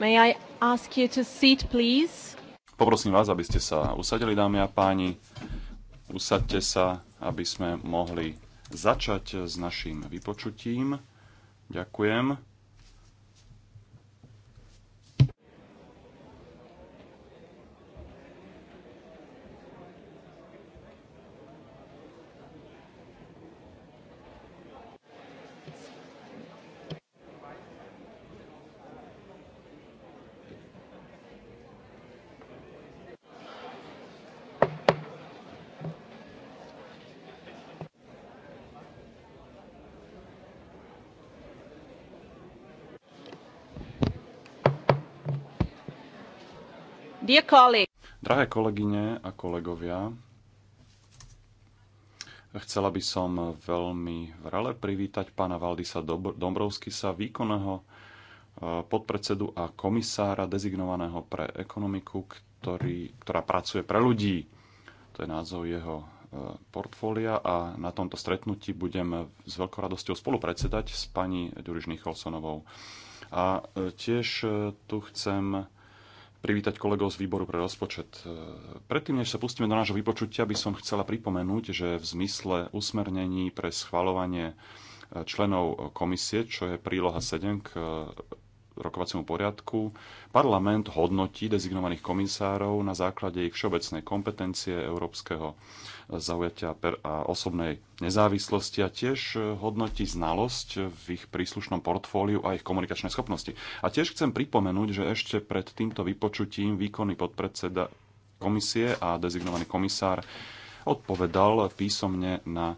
May I ask you to seat, please? Poprosím vás, aby ste sa usadili, dámy a páni. Usadte sa, aby sme mohli začať s našim vypočutím. Ďakujem. Dear colleague. Drahé kolegyne a kolegovia, Chcela by som veľmi vrale privítať pána Valdisa Dombrovskisa, výkonného e, podpredsedu a komisára dezignovaného pre ekonomiku, ktorý, ktorá pracuje pre ľudí. To je názov jeho e, portfólia a na tomto stretnutí budem s veľkou radosťou spolupredsedať s pani Duriš Nicholsonovou. A e, tiež tu chcem privítať kolegov z výboru pre rozpočet. E, predtým, než sa pustíme do nášho vypočutia, by som chcela pripomenúť, že v zmysle usmernení pre schvalovanie e, členov komisie, čo je príloha 7 k rokovaciemu poriadku, parlament hodnotí dezignovaných komisárov na základe ich všeobecnej kompetencie európskeho zaujatia a osobnej nezávislosti a tiež hodnotí znalosť v ich príslušnom portfóliu a ich komunikačné schopnosti. A tiež chcem pripomenúť, že ešte pred týmto vypočutím výkonný podpredseda komisie a dezignovaný komisár odpovedal písomne na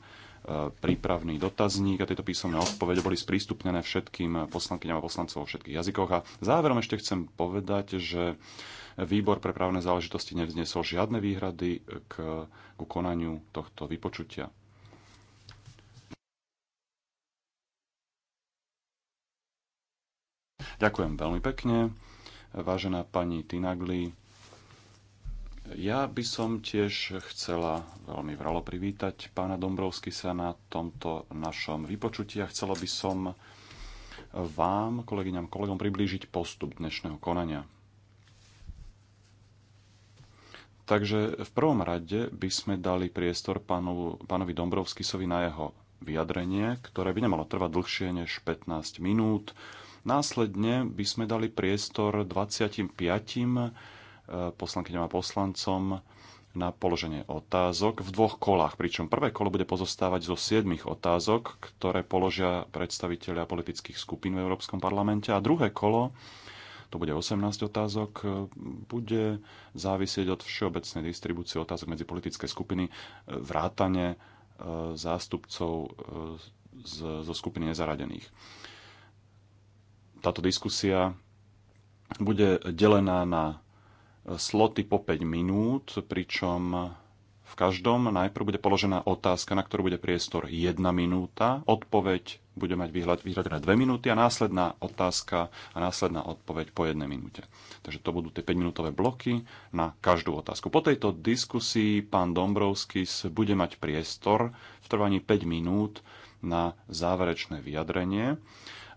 prípravný dotazník a tieto písomné odpovede boli sprístupnené všetkým poslankyňam a poslancom vo všetkých jazykoch. A záverom ešte chcem povedať, že výbor pre právne záležitosti nevznesol žiadne výhrady k, k konaniu tohto vypočutia. Ďakujem veľmi pekne. Vážená pani Tinagli, ja by som tiež chcela veľmi vralo privítať pána Dombrovsky sa na tomto našom vypočutí a chcela by som vám, kolegyňam, kolegom, priblížiť postup dnešného konania. Takže v prvom rade by sme dali priestor pánu, pánovi Dombrovskisovi na jeho vyjadrenie, ktoré by nemalo trvať dlhšie než 15 minút. Následne by sme dali priestor 25 poslankyňom a poslancom na položenie otázok v dvoch kolách, pričom prvé kolo bude pozostávať zo siedmých otázok, ktoré položia predstavitelia politických skupín v Európskom parlamente a druhé kolo, to bude 18 otázok, bude závisieť od všeobecnej distribúcie otázok medzi politické skupiny, vrátane e, zástupcov e, zo skupiny nezaradených. Táto diskusia bude delená na sloty po 5 minút, pričom v každom najprv bude položená otázka, na ktorú bude priestor 1 minúta, odpoveď bude mať vyhradené 2 minúty a následná otázka a následná odpoveď po 1 minúte. Takže to budú tie 5-minútové bloky na každú otázku. Po tejto diskusii pán Dombrovský bude mať priestor v trvaní 5 minút na záverečné vyjadrenie.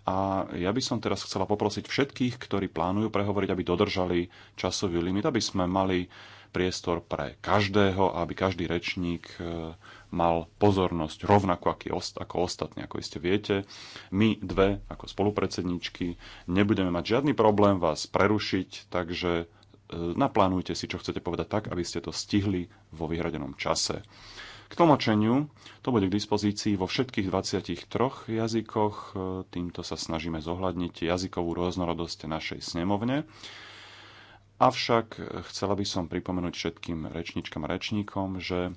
A ja by som teraz chcela poprosiť všetkých, ktorí plánujú prehovoriť, aby dodržali časový limit, aby sme mali priestor pre každého, aby každý rečník e, mal pozornosť rovnako ako ostatní, ako iste viete. My dve, ako spolupredsedničky, nebudeme mať žiadny problém vás prerušiť, takže e, naplánujte si, čo chcete povedať tak, aby ste to stihli vo vyhradenom čase tlmočeniu. To bude k dispozícii vo všetkých 23 jazykoch. E, Týmto sa snažíme zohľadniť jazykovú rôznorodosť našej snemovne. Avšak chcela by som pripomenúť všetkým rečničkám a rečníkom, že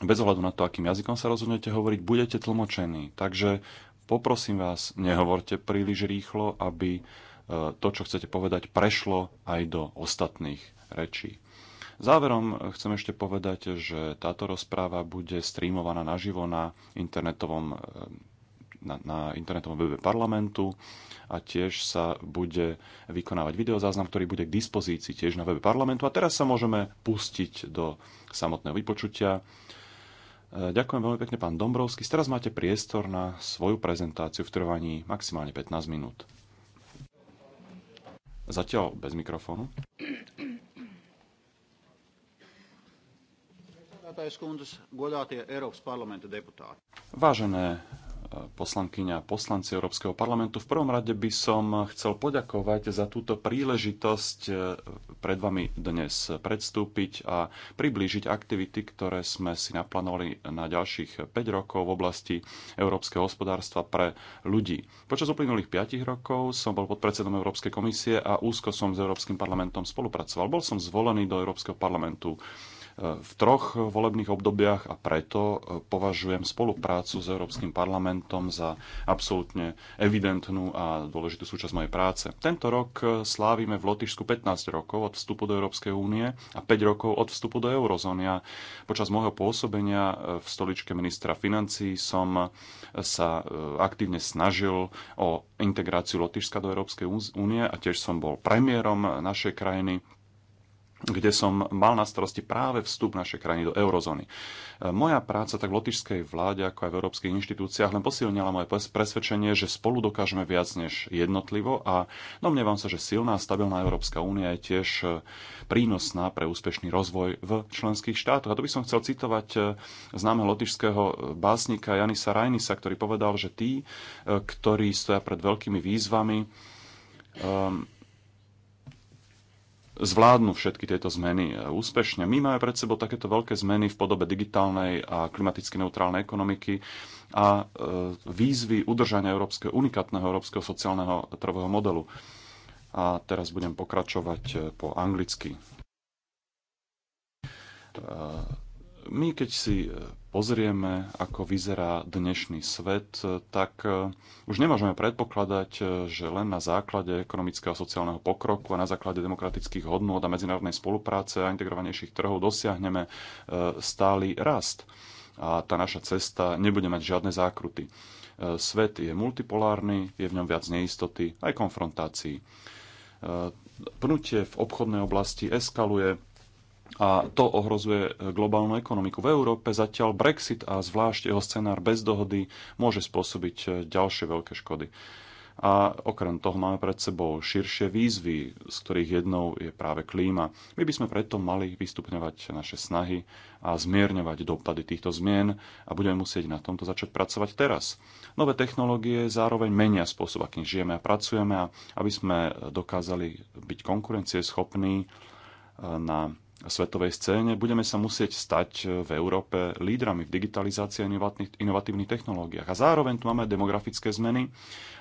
bez ohľadu na to, akým jazykom sa rozhodnete hovoriť, budete tlmočení. Takže poprosím vás, nehovorte príliš rýchlo, aby e, to, čo chcete povedať, prešlo aj do ostatných rečí. Záverom chcem ešte povedať, že táto rozpráva bude streamovaná naživo na internetovom eh, na, na internetovom webe parlamentu a tiež sa bude vykonávať videozáznam, ktorý bude k dispozícii tiež na webe parlamentu. A teraz sa môžeme pustiť do samotného vypočutia. Eh, ďakujem veľmi pekne, pán Dombrovský. Teraz máte priestor na svoju prezentáciu v trvaní maximálne 15 minút. Zatiaľ bez mikrofónu. Vážené e, poslankyňa a poslanci Európskeho parlamentu. V prvom rade by som chcel poďakovať za túto príležitosť e, pred vami dnes predstúpiť a priblížiť aktivity, ktoré sme si naplánovali na ďalších 5 rokov v oblasti európskeho hospodárstva pre ľudí. Počas uplynulých 5 rokov som bol podpredsedom Európskej komisie a úzko som s Európskym parlamentom spolupracoval. Bol som zvolený do Európskeho parlamentu v troch volebných obdobiach a preto e, považujem spoluprácu s Európskym parlamentom za absolútne evidentnú a dôležitú súčasť mojej práce. Tento rok e, slávime v Lotyšsku 15 rokov od vstupu do Európskej únie a 5 rokov od vstupu do eurozóny. A počas môjho pôsobenia e, v stoličke ministra financí som sa aktívne snažil o integráciu Lotyšska do Európskej únie a tiež som bol premiérom našej krajiny kde som mal na starosti práve vstup našej krajiny do eurozóny. Moja práca tak v lotišskej vláde, ako aj v európskych inštitúciách, len posilňala moje presvedčenie, že spolu dokážeme viac než jednotlivo a domnievam sa, že silná a stabilná Európska únia je tiež e, prínosná pre úspešný rozvoj v členských štátoch. A to by som chcel citovať e, známeho lotišského e, básnika Janisa Rajnisa, ktorý povedal, že tí, ktorí stoja pred veľkými výzvami, um, zvládnu všetky tieto zmeny e, úspešne. My máme pred sebou takéto veľké zmeny v podobe digitálnej a klimaticky neutrálnej ekonomiky a e, výzvy udržania európskeho, unikátneho európskeho sociálneho trhového modelu. A teraz budem pokračovať e, po anglicky. My, keď si e, pozrieme, ako vyzerá dnešný svet, e, tak e, už nemôžeme predpokladať, že len na základe ekonomického a sociálneho pokroku a na základe demokratických hodnôt a medzinárodnej spolupráce a integrovanejších trhov dosiahneme stály rast. A tá naša cesta nebude mať žiadne zákruty. Svet je multipolárny, je v ňom viac neistoty, aj konfrontácií. Pnutie v obchodnej oblasti eskaluje, a to ohrozuje e, globálnu ekonomiku. V Európe zatiaľ Brexit a zvlášť jeho scenár bez dohody môže spôsobiť e, ďalšie veľké škody. A okrem toho máme pred sebou širšie výzvy, z ktorých jednou je práve klíma. My by sme preto mali vystupňovať naše snahy a zmierňovať dopady týchto zmien a budeme musieť na tomto začať pracovať teraz. Nové technológie zároveň menia spôsob, akým žijeme a pracujeme a aby sme dokázali byť konkurencieschopní e, na svetovej scéne, budeme sa musieť stať e, v Európe lídrami v digitalizácii a inovatívnych technológiách. A zároveň tu máme demografické zmeny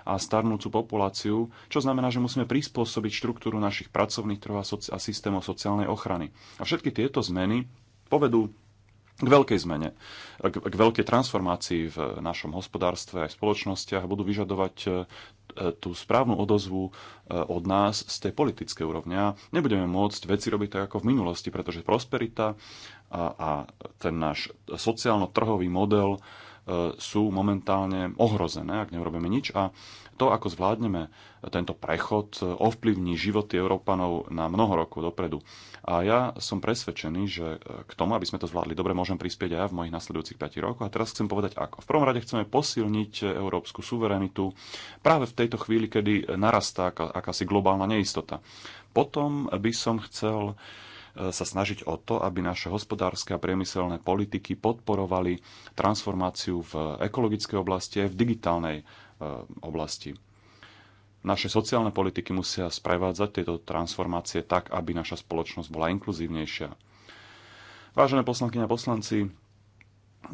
a starnúcu populáciu, čo znamená, že musíme prispôsobiť štruktúru našich pracovných trhov a, a systémov sociálnej ochrany. A všetky tieto zmeny povedú k veľkej zmene, k, k veľkej transformácii v našom hospodárstve aj v spoločnostiach budú vyžadovať e, tú správnu odozvu e, od nás z tej politickej úrovne. A nebudeme môcť veci robiť tak ako v minulosti, pretože prosperita a, a ten náš sociálno-trhový model e, sú momentálne ohrozené, ak neurobíme nič. A to, ako zvládneme tento prechod, ovplyvní životy Európanov na mnoho rokov dopredu. A ja som presvedčený, že k tomu, aby sme to zvládli dobre, môžem prispieť aj ja v mojich nasledujúcich 5 rokoch. A teraz chcem povedať ako. V prvom rade chceme posilniť európsku suverenitu práve v tejto chvíli, kedy narastá akási globálna neistota. Potom by som chcel e, sa snažiť o to, aby naše hospodárske a priemyselné politiky podporovali transformáciu v ekologickej oblasti aj v digitálnej E, oblasti. Naše sociálne politiky musia sprevádzať tieto transformácie tak, aby naša spoločnosť bola inkluzívnejšia. Vážené poslankyne a poslanci,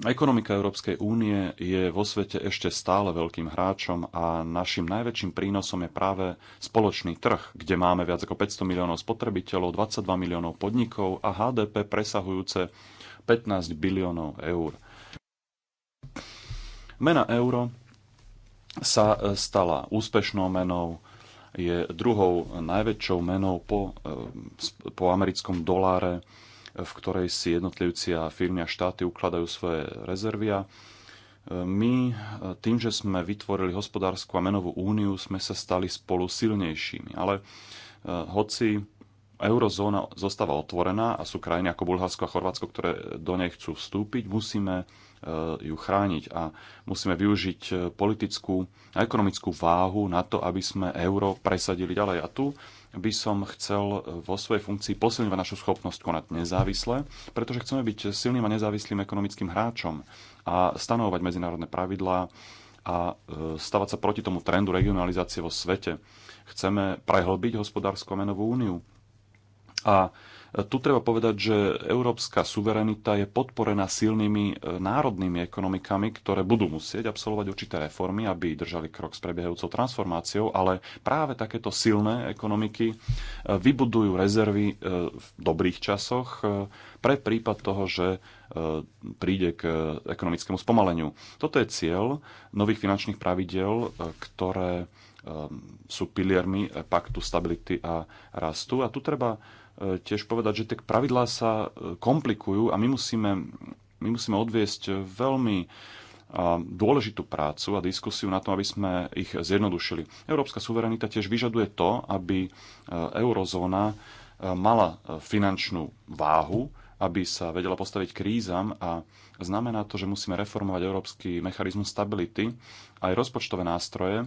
ekonomika Európskej únie je vo svete ešte stále veľkým hráčom a našim najväčším prínosom je práve spoločný trh, kde máme viac ako 500 miliónov spotrebiteľov, 22 miliónov podnikov a HDP presahujúce 15 biliónov eur. Mena euro sa e, stala úspešnou menou, je druhou najväčšou menou po, e, po americkom doláre, e, v ktorej si jednotlivci a firmy a štáty ukladajú svoje rezervia. My tým, že sme vytvorili hospodárskú a menovú úniu, sme sa stali spolu silnejšími. Ale hoci eurozóna zostáva otvorená a sú krajiny ako Bulharsko a Chorvátsko, ktoré do nej chcú vstúpiť, musíme e, ju chrániť a musíme využiť e, politickú a ekonomickú váhu na to, aby sme euro presadili ďalej. A tu by som chcel e, vo svojej funkcii posilňovať našu schopnosť konať nezávisle, pretože chceme byť silným a nezávislým ekonomickým hráčom a stanovovať medzinárodné pravidlá a stavať sa proti tomu trendu regionalizácie vo svete. Chceme prehlbiť hospodársko-menovú úniu a tu treba povedať, že európska suverenita je podporená silnými e, národnými ekonomikami, ktoré budú musieť absolvovať určité reformy, aby držali krok s prebiehajúcou transformáciou, ale práve takéto silné ekonomiky e, vybudujú rezervy e, v dobrých časoch pre prípad toho, že príde k ekonomickému spomaleniu. Toto je cieľ nových finančných pravidel, ktoré sú piliermi paktu stability a rastu. A tu treba E, tiež povedať, že tie pravidlá sa e, komplikujú a my musíme, my musíme odviesť veľmi e, dôležitú prácu a diskusiu na tom, aby sme ich zjednodušili. Európska suverenita tiež vyžaduje to, aby eurozóna mala finančnú váhu, aby sa vedela postaviť krízam a znamená to, že musíme reformovať európsky mechanizmus stability aj rozpočtové nástroje,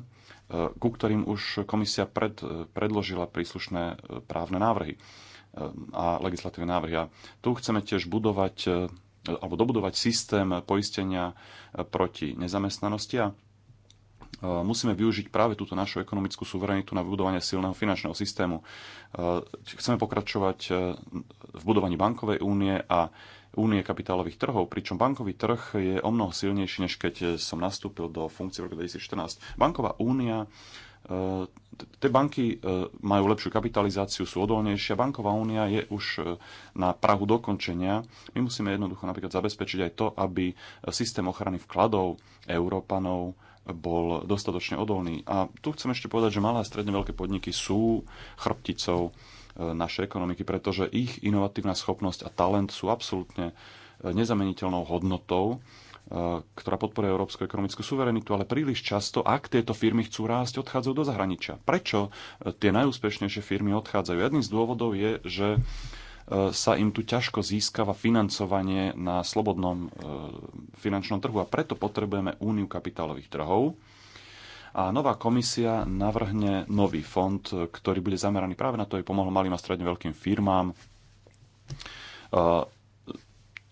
ku ktorým už komisia pred, predložila príslušné právne návrhy a legislatívne návrhy. A tu chceme tiež budovať e, alebo dobudovať systém poistenia e, proti nezamestnanosti a e, musíme využiť práve túto našu ekonomickú suverenitu na vybudovanie silného finančného systému. Chceme pokračovať v budovaní bankovej únie a únie kapitálových trhov, pričom bankový trh je o mnoho silnejší, než keď som nastúpil do funkcie v roku 2014. Banková únia tie banky e, majú lepšiu kapitalizáciu, sú odolnejšia. Banková únia je už e, na prahu dokončenia. My musíme jednoducho napríklad zabezpečiť aj to, aby systém ochrany vkladov Európanov bol dostatočne odolný. A tu chcem ešte povedať, že malé a stredne veľké podniky sú chrbticou e, našej ekonomiky, pretože ich inovatívna schopnosť a talent sú absolútne nezameniteľnou hodnotou E, ktorá podporuje európsku ekonomickú suverenitu, ale príliš často, ak tieto firmy chcú rásť, odchádzajú do zahraničia. Prečo e, tie najúspešnejšie firmy odchádzajú? Jedným z dôvodov je, že e, sa im tu ťažko získava financovanie na slobodnom finančnom trhu a preto potrebujeme úniu kapitálových trhov. A nová komisia navrhne nový fond, ktorý bude zameraný práve na to, aby pomohol malým a stredne veľkým firmám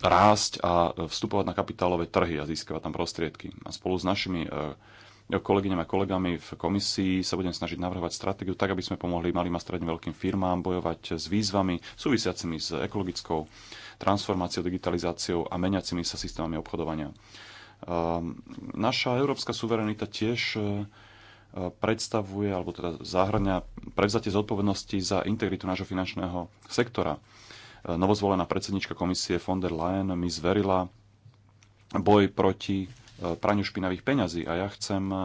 rásť a vstupovať na kapitálové trhy a získavať tam prostriedky. A spolu s našimi eh, kolegyňami a kolegami v komisii sa budem snažiť navrhovať stratégiu tak, aby sme pomohli malým a stredným veľkým firmám bojovať s výzvami súvisiacimi s ekologickou transformáciou, digitalizáciou a meniacimi sa systémami obchodovania. Eh, naša európska suverenita tiež eh, predstavuje, alebo teda zahrňa prevzatie zodpovednosti za integritu nášho finančného sektora novozvolená predsednička komisie von der Leyen mi zverila boj proti e, praniu špinavých peňazí a ja chcem e,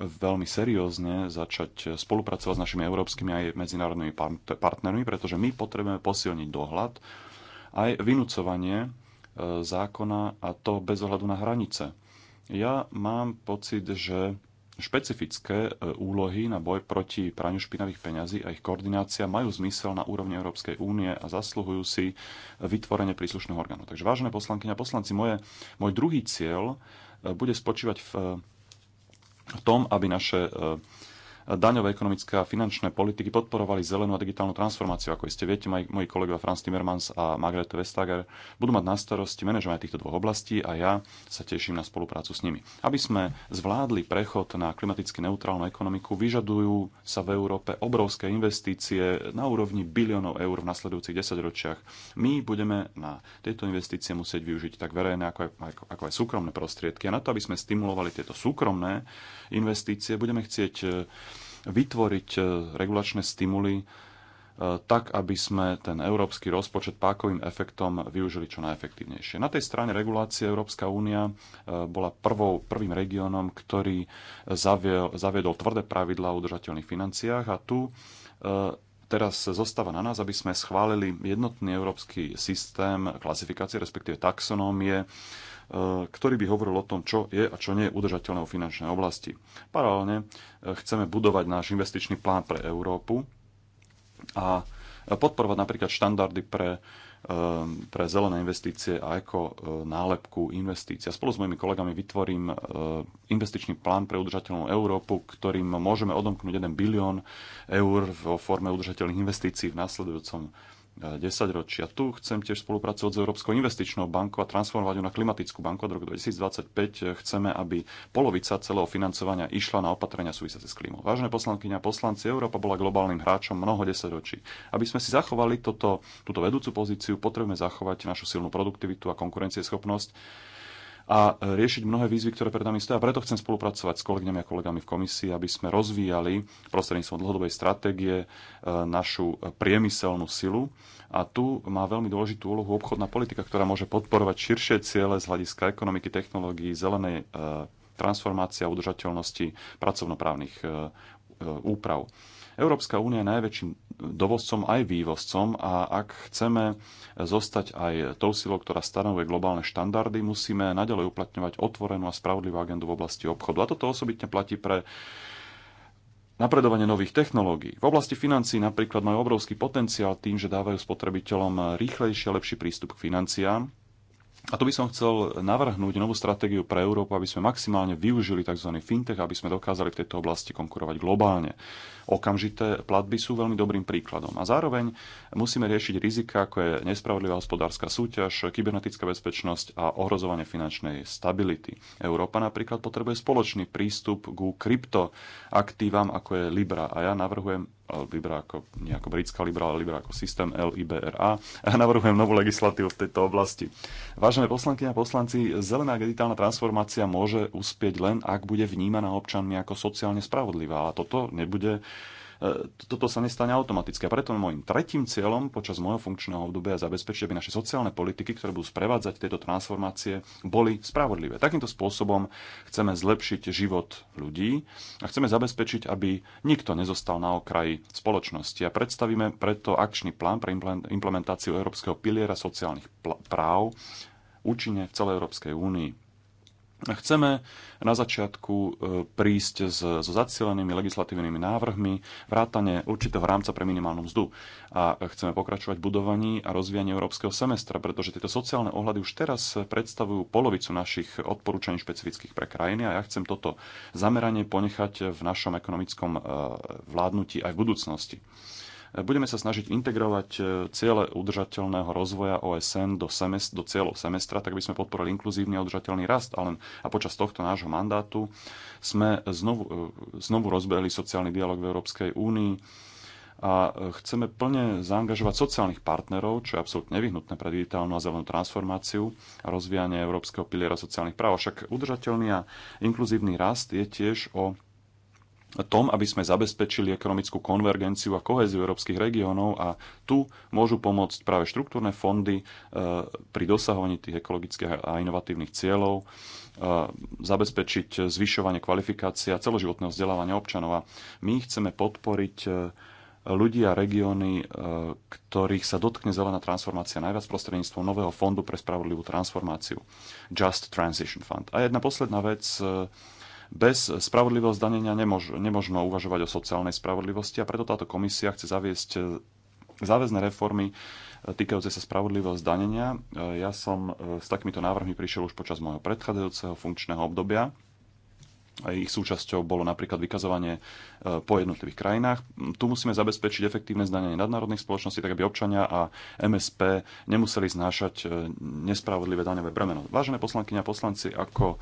veľmi seriózne začať e, spolupracovať s našimi európskymi aj medzinárodnými partnermi, pretože my potrebujeme posilniť dohľad aj vynúcovanie zákona a to bez ohľadu na hranice. Ja mám pocit, že špecifické e, úlohy na boj proti praniu špinavých peňazí a ich koordinácia majú zmysel na úrovni Európskej únie a zasluhujú si vytvorenie príslušného orgánu. Takže vážené poslanky a poslanci, moje, môj druhý cieľ e, bude spočívať v tom, aby naše e, daňové, ekonomické a finančné politiky podporovali zelenú a digitálnu transformáciu. Ako iste viete, maj, moji kolegovia Franz Timmermans a Margrethe Vestager budú mať na starosti manažovanie týchto dvoch oblastí a ja sa teším na spoluprácu s nimi. Aby sme zvládli prechod na klimaticky neutrálnu ekonomiku, vyžadujú sa v Európe obrovské investície na úrovni biliónov eur v nasledujúcich desaťročiach. My budeme na tieto investície musieť využiť tak verejné, ako aj, ako, ako aj súkromné prostriedky. A na to, aby sme stimulovali tieto súkromné investície, budeme chcieť vytvoriť e, regulačné stimuly e, tak, aby sme ten európsky rozpočet pákovým efektom využili čo najefektívnejšie. Na tej strane regulácie Európska únia e, bola prvou, prvým regiónom, ktorý zaviedol tvrdé pravidlá o udržateľných financiách a tu teraz zostáva na nás, aby sme schválili jednotný európsky systém klasifikácie, respektíve taxonómie, e, ktorý by hovoril o tom, čo je a čo nie je udržateľné v finančnej oblasti. Paralelne e, chceme budovať náš investičný plán pre Európu a podporovať napríklad štandardy pre Um, pre zelené investície a ako uh, nálepku investícia. Spolu s mojimi kolegami vytvorím uh, investičný plán pre udržateľnú Európu, ktorým môžeme odomknúť 1 bilión eur vo forme udržateľných investícií v následujúcom E, a Tu chcem tiež spolupracovať s Európskou investičnou bankou a transformovať ju na klimatickú banku. Od roku 2025 e, chceme, aby polovica celého financovania išla na opatrenia súvisiace s klímou. Vážené poslankyňa a poslanci, Európa bola globálnym hráčom mnoho ročí. Aby sme si zachovali toto, túto vedúcu pozíciu, potrebujeme zachovať našu silnú produktivitu a konkurencieschopnosť a e, riešiť mnohé výzvy, ktoré pred nami stojí. A preto chcem spolupracovať s kolegami a kolegami v komisii, aby sme rozvíjali prostredníctvom dlhodobej stratégie e, našu e, priemyselnú silu. A tu má veľmi dôležitú úlohu obchodná politika, ktorá môže podporovať širšie ciele z hľadiska ekonomiky, technológií, zelenej transformácie a udržateľnosti pracovnoprávnych úprav. Európska únia je najväčším dovozcom aj vývozcom a ak chceme zostať aj tou silou, ktorá stanovuje globálne štandardy, musíme naďalej uplatňovať otvorenú a spravodlivú agendu v oblasti obchodu. A toto osobitne platí pre napredovanie nových technológií. V oblasti financií napríklad majú obrovský potenciál tým, že dávajú spotrebiteľom rýchlejšie a lepší prístup k financiám, a tu by som chcel navrhnúť novú stratégiu pre Európu, aby sme maximálne využili tzv. fintech, aby sme dokázali v tejto oblasti konkurovať globálne. Okamžité platby sú veľmi dobrým príkladom. A zároveň musíme riešiť rizika, ako je nespravodlivá hospodárska súťaž, kybernetická bezpečnosť a ohrozovanie finančnej stability. Európa napríklad potrebuje spoločný prístup ku kryptoaktívam, ako je Libra. A ja navrhujem Libra ako, nie ako britská Libra, ale Libra ako systém LIBRA. A navrhujem novú legislatívu v tejto oblasti. Vážené poslanky a poslanci, zelená digitálna transformácia môže uspieť len, ak bude vnímaná občanmi ako sociálne spravodlivá. A toto nebude E, toto sa nestane automaticky. A preto môjim tretím cieľom počas môjho funkčného obdobia je zabezpečiť, aby naše sociálne politiky, ktoré budú sprevádzať tieto transformácie, boli spravodlivé. Takýmto spôsobom chceme zlepšiť život ľudí a chceme zabezpečiť, aby nikto nezostal na okraji spoločnosti. A predstavíme preto akčný plán pre implementáciu Európskeho piliera sociálnych práv účinne v celej Európskej únii. Chceme na začiatku e, prísť s, so zacielenými legislatívnymi návrhmi, vrátane určitého rámca pre minimálnu mzdu. A chceme pokračovať v budovaní a rozvíjanie európskeho semestra, pretože tieto sociálne ohľady už teraz predstavujú polovicu našich odporúčaní špecifických pre krajiny a ja chcem toto zameranie ponechať v našom ekonomickom e, vládnutí aj v budúcnosti. Budeme sa snažiť integrovať e, ciele udržateľného rozvoja OSN do, semest- do cieľov semestra, tak by sme podporili inkluzívny a udržateľný rast. Ale, a počas tohto nášho mandátu sme znovu, e, znovu rozbehli sociálny dialog v Európskej únii a e, chceme plne zaangažovať sociálnych partnerov, čo je absolútne nevyhnutné pre digitálnu a zelenú transformáciu a rozvíjanie Európskeho piliera sociálnych práv. Však udržateľný a inkluzívny rast je tiež o tom, aby sme zabezpečili ekonomickú konvergenciu a koheziu európskych regiónov a tu môžu pomôcť práve štruktúrne fondy e, pri dosahovaní tých ekologických a inovatívnych cieľov, e, zabezpečiť zvyšovanie kvalifikácie a celoživotného vzdelávania občanov. A my chceme podporiť e, ľudí a regióny, ktorých sa dotkne zelená transformácia najviac prostredníctvom nového fondu pre spravodlivú transformáciu, Just Transition Fund. A jedna posledná vec, bez spravodlivého zdanenia nemož, nemožno uvažovať o sociálnej spravodlivosti a preto táto komisia chce zaviesť e, záväzné reformy e, týkajúce sa spravodlivého zdanenia. E, ja som s takýmito návrhmi prišiel už počas môjho predchádzajúceho funkčného obdobia. Ich súčasťou bolo napríklad vykazovanie po jednotlivých krajinách. Tu musíme zabezpečiť efektívne zdanenie nadnárodných spoločností, tak aby občania a MSP nemuseli znášať nespravodlivé daňové bremeno. Vážené poslankyne a poslanci, ako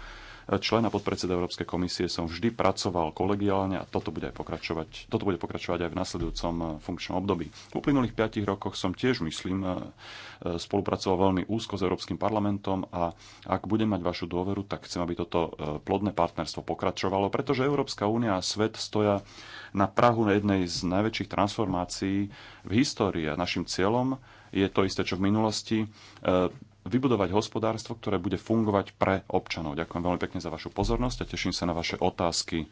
člena podpredseda Európskej komisie som vždy pracoval kolegiálne a toto bude, aj pokračovať, toto bude pokračovať aj v nasledujúcom eh, funkčnom období. V uplynulých 5 rokoch som tiež, myslím, eh, eh, spolupracoval veľmi úzko s Európskym parlamentom a ak budem mať vašu dôveru, tak chcem, aby toto plodné partnerstvo pokračovalo, pretože Európska únia a svet stoja na Prahu na jednej z najväčších transformácií v histórii a našim cieľom je to isté, čo v minulosti vybudovať hospodárstvo, ktoré bude fungovať pre občanov. Ďakujem veľmi pekne za vašu pozornosť a teším sa na vaše otázky.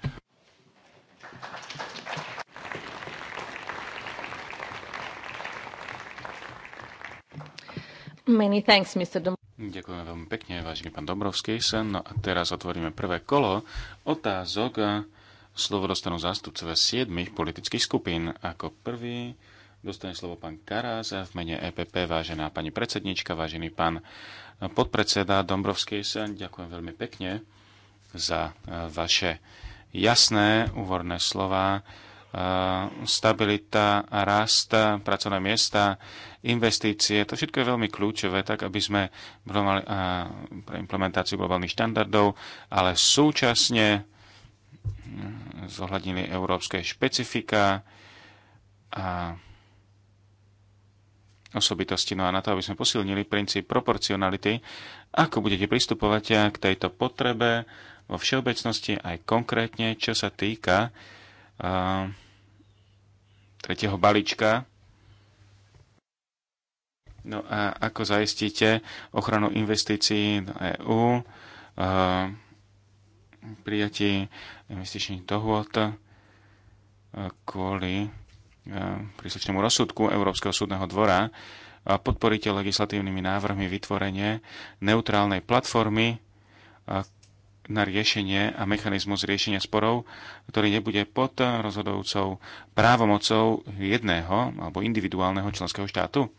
Many thanks, Mr. Dom- Ďakujem veľmi pekne, vážený pán Dobrovský. No a teraz otvoríme prvé kolo otázok. Slovo dostanú zástupcovia siedmých politických skupín. Ako prvý Dostane slovo pán Karás v mene EPP, vážená pani predsednička, vážený pán podpredseda Dombrovský sen. Ďakujem veľmi pekne za e, vaše jasné, úvorné slova. E, stabilita, rast, pracovné miesta, investície, to všetko je veľmi kľúčové, tak aby sme mali e, pre implementáciu globálnych štandardov, ale súčasne zohľadnili európske špecifika a osobitosti. No a na to, aby sme posilnili princíp proporcionality, ako budete pristupovať k tejto potrebe vo všeobecnosti aj konkrétne, čo sa týka uh, tretieho balíčka. No a ako zaistíte ochranu investícií do EÚ, uh, prijatí investičných dohôd uh, kvôli E, príslušnému rozsudku Európskeho súdneho dvora podporíte legislatívnymi návrhmi vytvorenie neutrálnej platformy e, na riešenie a mechanizmus riešenia sporov, ktorý nebude pod rozhodujúcou právomocou jedného alebo individuálneho členského štátu?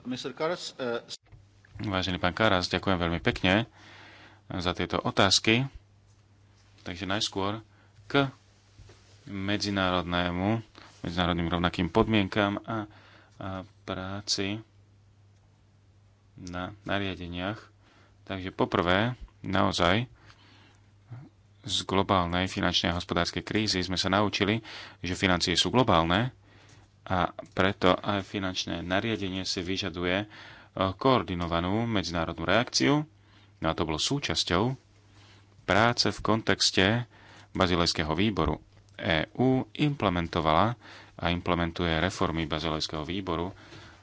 E, Vážený pán Karas, ďakujem veľmi pekne za tieto otázky. Takže najskôr k medzinárodnému medzinárodným rovnakým podmienkam a, a práci na nariadeniach. Takže poprvé, naozaj, z globálnej finančnej a hospodárskej krízy sme sa naučili, že financie sú globálne a preto aj finančné nariadenie si vyžaduje e, koordinovanú medzinárodnú reakciu. No a to bolo súčasťou práce v kontexte Bazilejského výboru. EÚ implementovala a implementuje reformy Bazilejského výboru,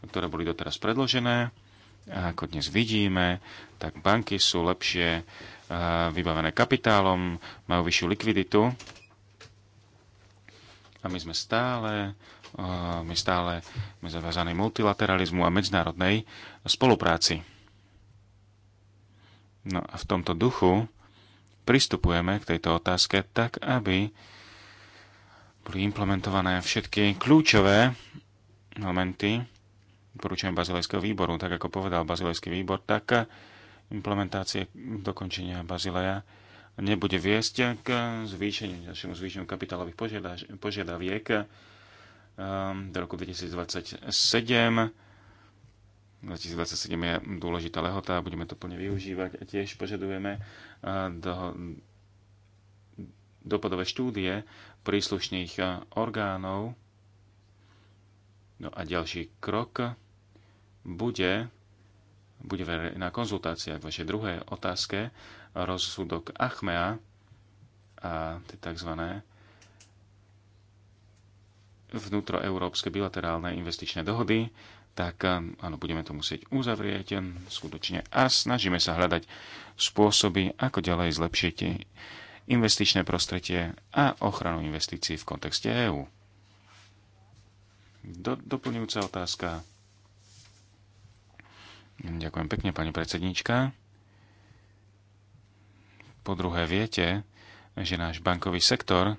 ktoré boli doteraz predložené. A ako dnes vidíme, tak banky sú lepšie e, vybavené kapitálom, majú vyššiu likviditu a my sme stále e, my stále sme zavázaní multilateralizmu a medzinárodnej spolupráci. No a v tomto duchu pristupujeme k tejto otázke tak, aby boli implementované všetky kľúčové momenty poručenia bazilejského výboru. Tak ako povedal bazilejský výbor, tak implementácie dokončenia bazileja nebude viesť k zvýšeniu, našemu zvýšeniu kapitálových požiadaviek ehm, do roku 2027. 2027 je dôležitá lehota, budeme to plne využívať a tiež požadujeme eh, do, dopadové štúdie príslušných e, orgánov. No a ďalší krok bude, bude verejná konzultácia k vašej druhej otázke, rozsudok Achmea a tie tzv. vnútroeurópske bilaterálne investičné dohody, tak e, áno, budeme to musieť uzavrieť e, skutočne a snažíme sa hľadať spôsoby, ako ďalej zlepšiť investičné prostredie a ochranu investícií v kontexte EÚ. Do, doplňujúca otázka. Ďakujem pekne, pani predsednička. Po druhé, viete, že náš bankový sektor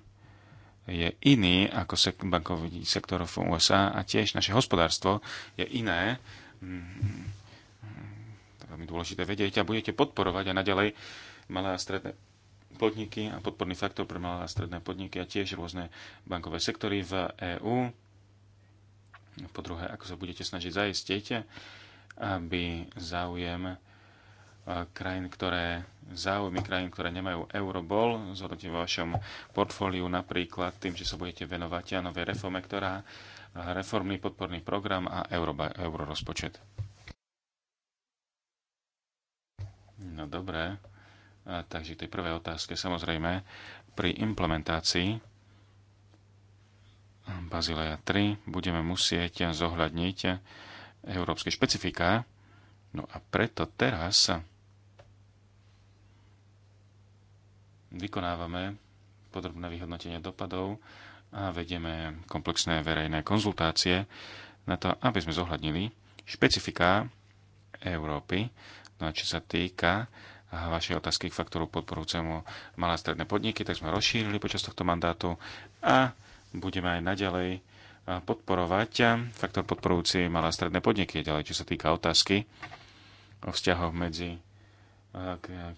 je iný ako sek- bankový sektor v USA a tiež naše hospodárstvo je iné. Mm, mm, mm, to je veľmi dôležité vedieť a budete podporovať a naďalej malé a stredné podniky a podporný faktor pre malé a stredné podniky a tiež rôzne bankové sektory v EÚ. Po druhé, ako sa budete snažiť zaistiť, aby záujem e, krajín, ktoré záujmy krajín, ktoré nemajú euro, bol zhodnotený vo vašom portfóliu napríklad tým, že sa budete venovať a novej reforme, ktorá e, reformný podporný program a euro, euro rozpočet. No dobré takže k tej prvej otázke samozrejme pri implementácii Bazileja 3 budeme musieť zohľadniť európske špecifika. No a preto teraz vykonávame podrobné vyhodnotenie dopadov a vedieme komplexné verejné konzultácie na to, aby sme zohľadnili špecifiká Európy, no a čo sa týka vaše otázky k faktoru podporujúcemu malé a stredné podniky, tak sme rozšírili počas tohto mandátu a budeme aj naďalej podporovať faktor podporujúci malé a stredné podniky. Ďalej, čo sa týka otázky o vzťahoch medzi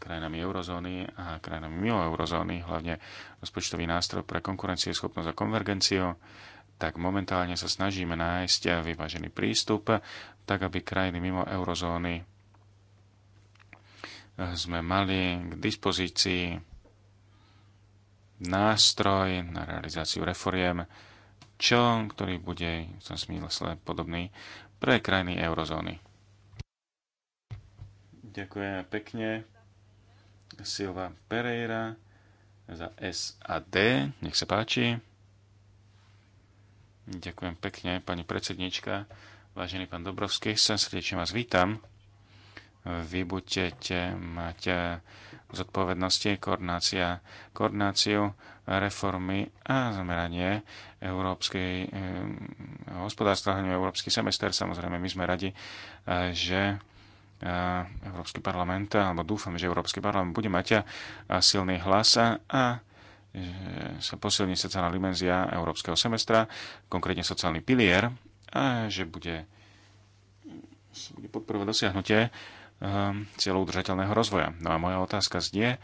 krajinami eurozóny a krajinami mimo eurozóny, hlavne rozpočtový nástroj pre schopnosť a konvergenciu, tak momentálne sa snažíme nájsť vyvážený prístup, tak aby krajiny mimo eurozóny sme mali k dispozícii nástroj na realizáciu reforiem, čo, ktorý bude, som smýle podobný, pre krajiny eurozóny. Ďakujem pekne. Silva Pereira za SAD. Nech sa páči. Ďakujem pekne, pani predsednička. Vážený pán Dobrovský, sa srdečne vás vítam vy budete mať eh, zodpovednosti, koordinácia, koordináciu reformy a zameranie európskej eh, hospodárstva, hlavne európsky semester. Samozrejme, my sme radi, eh, že eh, Európsky parlament, alebo dúfam, že Európsky parlament bude mať a eh, silný hlas a, sa posilní sociálna dimenzia európskeho semestra, konkrétne sociálny pilier, a že bude, bude podporovať dosiahnutie Ehm, cieľov udržateľného rozvoja. No a moja otázka znie,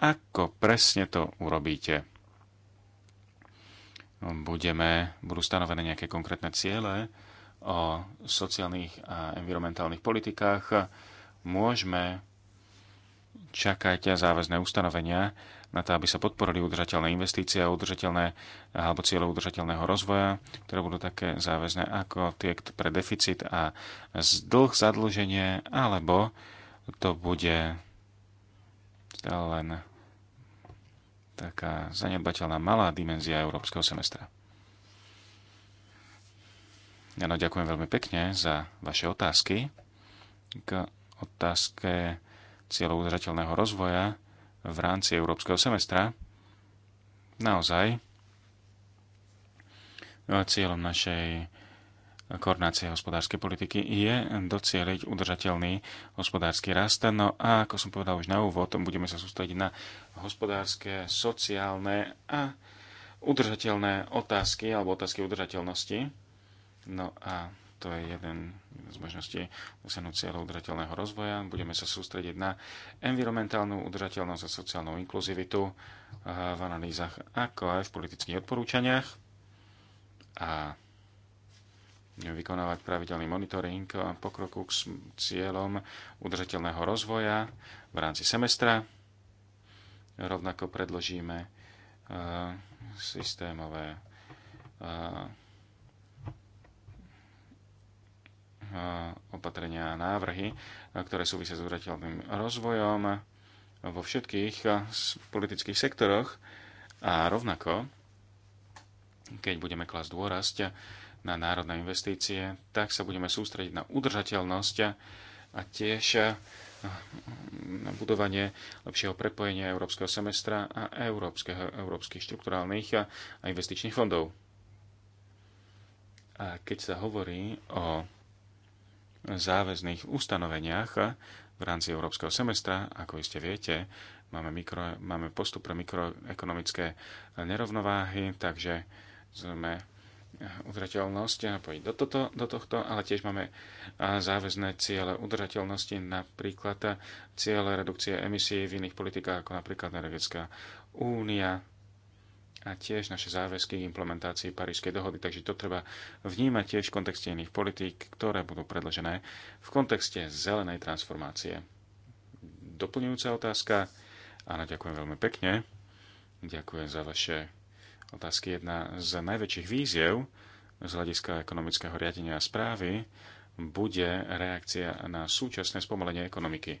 ako presne to urobíte? Budeme, budú stanovené nejaké konkrétne ciele o sociálnych a environmentálnych politikách. Môžeme čakať záväzné ustanovenia na to, aby sa podporili udržateľné investície a udržateľné, alebo cieľe udržateľného rozvoja, ktoré budú také záväzné ako tie pre deficit a dlh zadlženie, alebo to bude len taká zanedbateľná malá dimenzia európskeho semestra. Áno, ja ďakujem veľmi pekne za vaše otázky k otázke cieľov udržateľného rozvoja v rámci európskeho semestra. Naozaj, no cieľom našej koordinácie hospodárskej politiky je docieliť udržateľný hospodársky rast. No a ako som povedal už na úvod, budeme sa sústrediť na hospodárske, sociálne a udržateľné otázky alebo otázky udržateľnosti. No a to je jeden z možností dosiahnuť cieľov udržateľného rozvoja. Budeme sa sústrediť na environmentálnu udržateľnosť a sociálnu inkluzivitu eh, v analýzach, ako aj v politických odporúčaniach. A vykonávať pravidelný monitoring pokroku k cieľom udržateľného rozvoja v rámci semestra. Rovnako predložíme eh, systémové eh, Eh, opatrenia a návrhy, eh, ktoré súvisia s udateľným rozvojom vo všetkých eh, politických sektoroch a rovnako, keď budeme klasť dôrazť na národné investície, tak sa budeme sústrediť na udržateľnosť a tiež na budovanie lepšieho prepojenia európskeho semestra a európskeho, európskych štrukturálnych a investičných fondov. A keď sa hovorí o záväzných ustanoveniach v rámci európskeho semestra. Ako iste viete, máme, mikro, máme postup pre mikroekonomické nerovnováhy, takže sme udržateľnosť napojiť do, toto, do tohto, ale tiež máme záväzné ciele udržateľnosti, napríklad ciele redukcie emisí v iných politikách, ako napríklad Energetická únia, a tiež naše záväzky k implementácii Parížskej dohody. Takže to treba vnímať tiež v kontexte iných politík, ktoré budú predložené v kontexte zelenej transformácie. Doplňujúca otázka. Áno, ďakujem veľmi pekne. Ďakujem za vaše otázky. Jedna z najväčších víziev z hľadiska ekonomického riadenia a správy bude reakcia na súčasné spomalenie ekonomiky.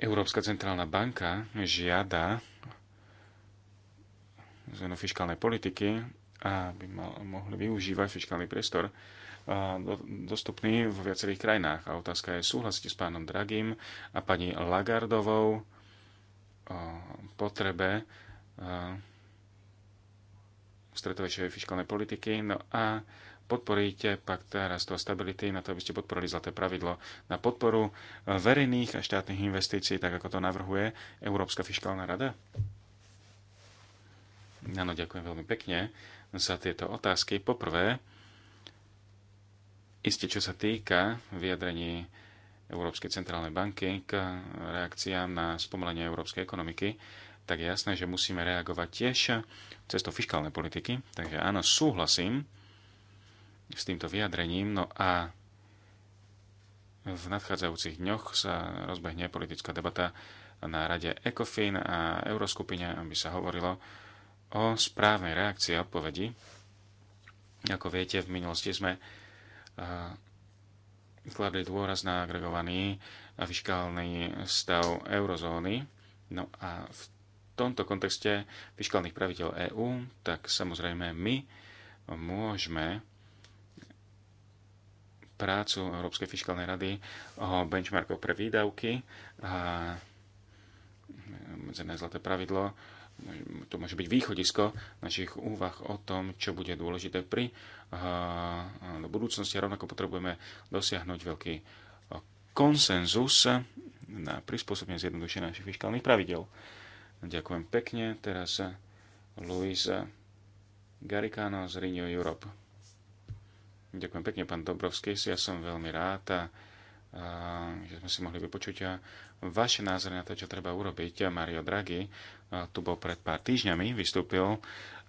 Európska centrálna banka žiada zmenu fiskálnej politiky a aby mal, mohli využívať fiskálny priestor do, dostupný vo viacerých krajinách. A otázka je, súhlasíte s pánom Dragim a pani Lagardovou o potrebe stretovejšej fiskálnej politiky. No a podporíte pakt rastu a stability na to, aby ste podporili zlaté pravidlo na podporu verejných a štátnych investícií, tak ako to navrhuje Európska fiskálna rada? Áno, ďakujem veľmi pekne za tieto otázky. Poprvé, iste čo sa týka vyjadrení Európskej centrálnej banky k reakciám na spomalenie európskej ekonomiky, tak je jasné, že musíme reagovať tiež cestou fiskálnej politiky. Takže áno, súhlasím s týmto vyjadrením. No a v nadchádzajúcich dňoch sa rozbehne politická debata na rade ECOFIN a Euroskupine, aby sa hovorilo o správnej reakcii a odpovedi. Ako viete, v minulosti sme eh, kladli dôraz na agregovaný a fiskálny stav eurozóny. No a v tomto kontexte fiskálnych pravidel EÚ, tak samozrejme my môžeme prácu Európskej fiskálnej rady o benchmarkoch pre výdavky a medzené zlaté pravidlo to môže byť východisko našich úvah o tom, čo bude dôležité pri do budúcnosti. Rovnako potrebujeme dosiahnuť veľký konsenzus na prispôsobenie zjednodušenia našich fiskálnych pravidel. Ďakujem pekne. Teraz Luisa Garikano z Renew Europe. Ďakujem pekne, pán Dobrovský. Ja som veľmi rád že sme si mohli vypočuť a vaše názory na to, čo treba urobiť. Mario Draghi tu bol pred pár týždňami, vystúpil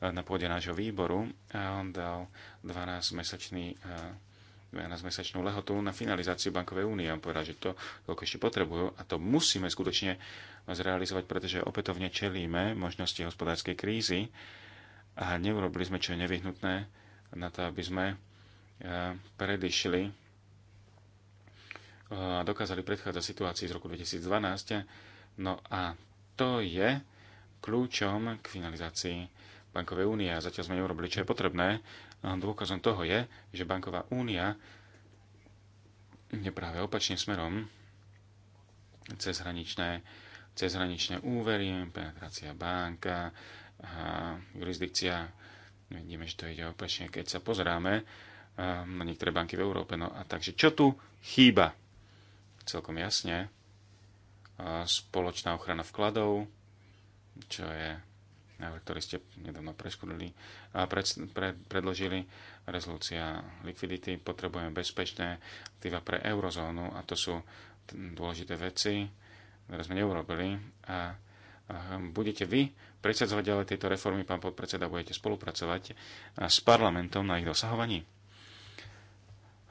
na pôde nášho výboru a on dal 12-mesačný 12-mesačnú lehotu na finalizáciu bankovej únie. On povedal, že to toľko ešte potrebujú a to musíme skutočne zrealizovať, pretože opätovne čelíme možnosti hospodárskej krízy a neurobili sme čo je nevyhnutné na to, aby sme predišli dokázali predchádzať situácii z roku 2012. No a to je kľúčom k finalizácii bankovej únie. A zatiaľ sme neurobili, čo je potrebné. Dôkazom toho je, že banková únia je práve opačným smerom cezhraničné, cezhraničné úvery, penetrácia banka, a jurisdikcia. Vidíme, že to ide opačne, keď sa pozeráme na niektoré banky v Európe. No a takže čo tu chýba? celkom jasne. Spoločná ochrana vkladov, čo je návrh, ktorý ste nedávno preškodili a pred, pred, predložili. Rezolúcia likvidity. Potrebujeme bezpečné aktíva pre eurozónu a to sú dôležité veci, ktoré sme neurobili. A, a hm, budete vy predsedzovať ďalej tieto reformy, pán podpredseda, budete spolupracovať s parlamentom na ich dosahovaní?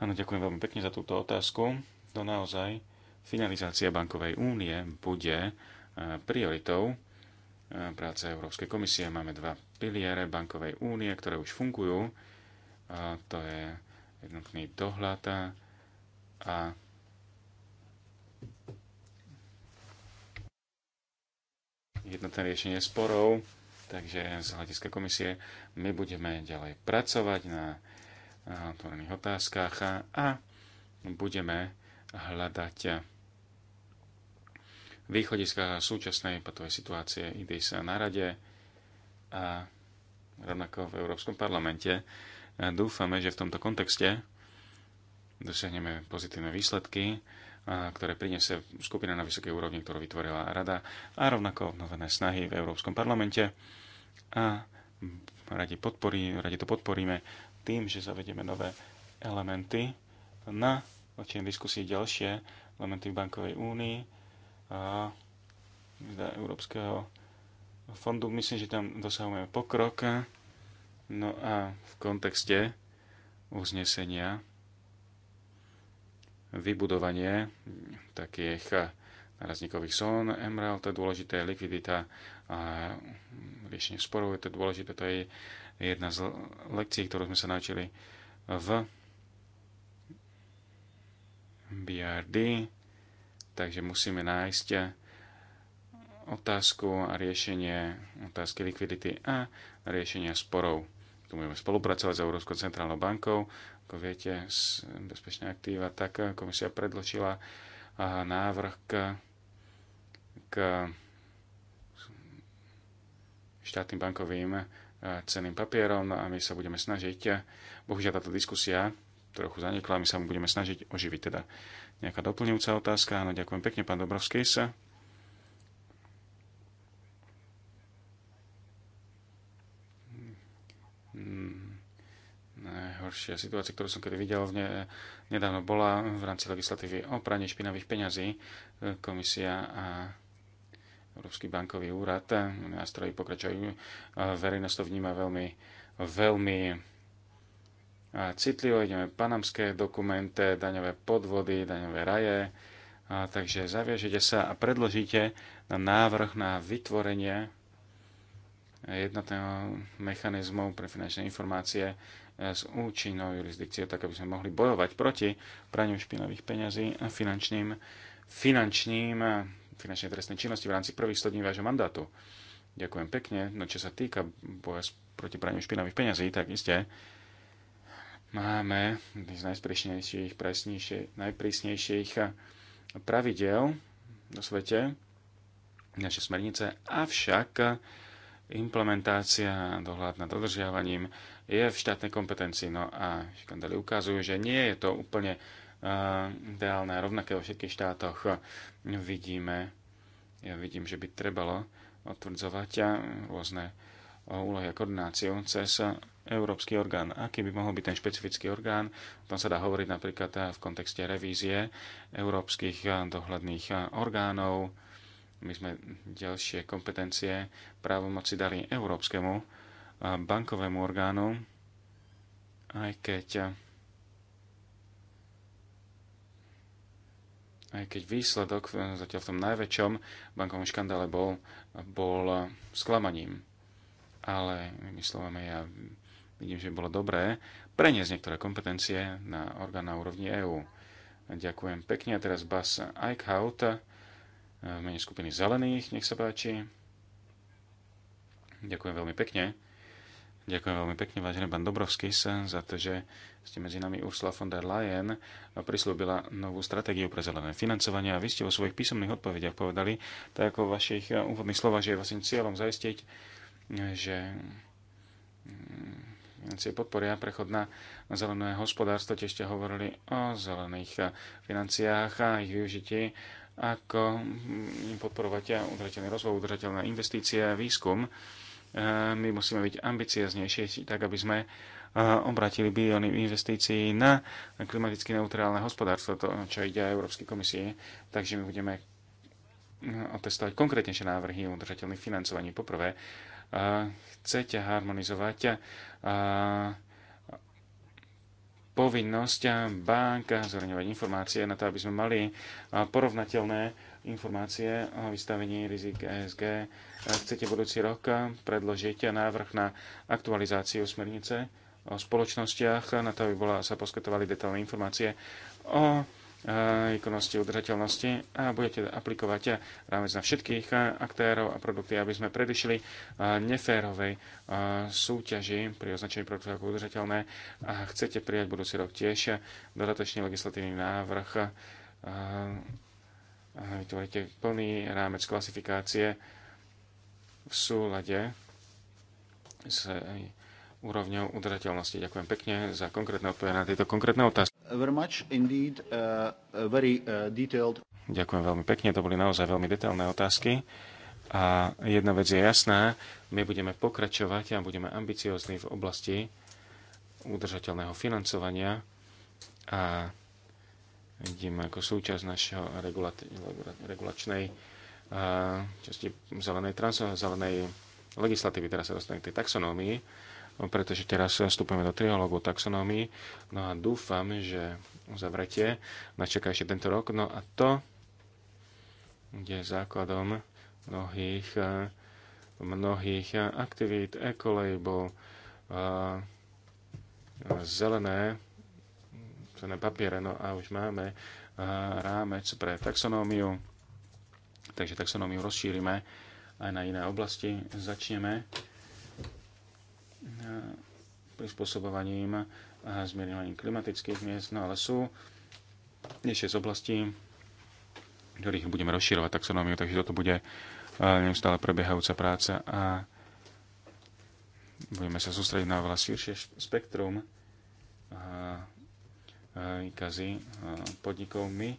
Áno, ďakujem veľmi pekne za túto otázku no naozaj finalizácia bankovej únie bude e, prioritou e, práce Európskej komisie. Máme dva piliere bankovej únie, ktoré už fungujú. A to je jednotný dohľad a jednotné riešenie sporov. Takže z hľadiska komisie my budeme ďalej pracovať na otvorených otázkach a budeme hľadať východiska súčasnej patovej situácie IDIS na rade a rovnako v Európskom parlamente. A dúfame, že v tomto kontexte dosiahneme pozitívne výsledky, ktoré priniesie skupina na vysokej úrovni, ktorú vytvorila Rada a rovnako obnovené snahy v Európskom parlamente. A radi, podporí, radi to podporíme tým, že zavedieme nové elementy na určite vyskúsiť ďalšie elementy v bankovej únii a zda Európskeho fondu. Myslím, že tam dosahujeme pokrok. No a v kontexte uznesenia vybudovanie takých narazníkových zón MRL, to je dôležité, likvidita a riešenie sporov, je to dôležité, to je jedna z lekcií, ktorú sme sa naučili v BRD, takže musíme nájsť otázku a riešenie otázky likvidity a riešenia sporov. Tu budeme spolupracovať s Európskou centrálnou bankou. Ako viete, bezpečné aktíva, tak komisia predložila návrh k, k štátnym bankovým cenným papierom no a my sa budeme snažiť. Bohužiaľ táto diskusia trochu zanikla my sa mu budeme snažiť oživiť. Teda nejaká doplňujúca otázka. Áno, ďakujem pekne, pán Dobrovský sa. Hmm. najhoršia situácia, ktorú som kedy videl, ne, nedávno bola v rámci legislatívy o pranie špinavých peňazí. Komisia a Európsky bankový úrad nástroji pokračujú. Verejnosť to vníma veľmi, veľmi citlivo, ideme panamské dokumenty, daňové podvody, daňové raje, a takže zaviažete sa a predložíte na návrh na vytvorenie jednotného mechanizmu pre finančné informácie e, s účinnou jurisdikciou, tak aby sme mohli bojovať proti praniu špinavých peňazí a finančným, finančným e, finančnej trestnej činnosti v rámci prvých 100 dní vášho mandátu. Ďakujem pekne. No čo sa týka boja proti praniu špinavých peňazí, tak iste máme z najprísnejších, najprísnejších pravidel na svete, naše smernice, avšak implementácia, dohľad nad dodržiavaním je v štátnej kompetencii. No a škandály ukazujú, že nie je to úplne uh, ideálne a rovnaké vo všetkých štátoch. Vidíme, ja vidím, že by trebalo otvrdzovať eh, rôzne eh, úlohy a koordináciu cez európsky orgán. Aký by mohol byť ten špecifický orgán? O tom sa dá hovoriť napríklad eh, v kontexte revízie európskych eh, dohľadných eh, orgánov. My sme ďalšie kompetencie právomoci dali európskemu bankovému orgánu, aj keď aj keď výsledok zatiaľ v tom najväčšom bankovom škandále bol, bol sklamaním. Ale my slovami ja Vidím, že bolo dobré preniesť niektoré kompetencie na orgán na úrovni EÚ. Ďakujem pekne. A teraz Bas Eichhout eh, v mene skupiny Zelených. Nech sa páči. Ďakujem veľmi pekne. Ďakujem veľmi pekne, vážený pán Dobrovský, za to, že ste medzi nami Ursula von der Leyen prislúbila novú stratégiu pre zelené financovanie a vy ste vo svojich písomných odpovediach povedali, tak ako v vašich úvodných slovách, že je vlastne cieľom zaistiť, že mm, financie podporia prechod na zelené hospodárstvo. Tiež ste hovorili o zelených eh, financiách a ich využití ako mm, podporovať eh, udržateľný rozvoj, udržateľné investície a výskum. Eh, my musíme byť ambicioznejšie, tak aby sme obratili bilióny investícií na klimaticky neutrálne hospodárstvo, to, čo ide aj Európskej komisie. Takže my budeme otestovať konkrétnejšie návrhy o udržateľných financovaní. Poprvé, chcete harmonizovať povinnosť banka zhrňovať informácie na to, aby sme mali porovnateľné informácie o vystavení rizik ESG. Chcete budúci rok predložiť návrh na aktualizáciu smernice o spoločnostiach, na to, aby bola, sa poskytovali detailné informácie o E, výkonnosti, udržateľnosti a budete aplikovať rámec na všetkých aktérov a produkty, aby sme predišli e, neférovej e, súťaži pri označení produktov ako udržateľné a chcete prijať budúci rok tiež dodatočný legislatívny návrh vytvoríte plný rámec klasifikácie v súlade s úrovňou udržateľnosti. Ďakujem pekne za konkrétne odpovede na tieto konkrétne otázky very much indeed, uh, uh, very, uh, detailed. Ďakujem veľmi pekne, to boli naozaj veľmi detailné otázky. A jedna vec je jasná, my budeme pokračovať a budeme ambiciozni v oblasti udržateľného financovania a ideme ako súčasť našeho regulačnej uh, časti zelenej, trans- zelenej legislatívy, teraz sa dostaneme k tej taxonómii, pretože teraz vstupujeme do trialógu o taxonómii. No a dúfam, že uzavretie nás čaká ešte tento rok. No a to je základom mnohých, mnohých aktivít, ekolabel, eh, zelené, zelené papiere, no a už máme eh, rámec pre taxonómiu, takže taxonómiu rozšírime aj na iné oblasti. Začneme Eh, prispôsobovaním a zmierňovaním klimatických miest, no ale sú ešte z oblastí, ktorých budeme rozširovať taxonómiu, takže toto bude eh, neustále prebiehajúca práca a budeme sa sústrediť na veľa širšie spektrum eh, kazy podnikov. My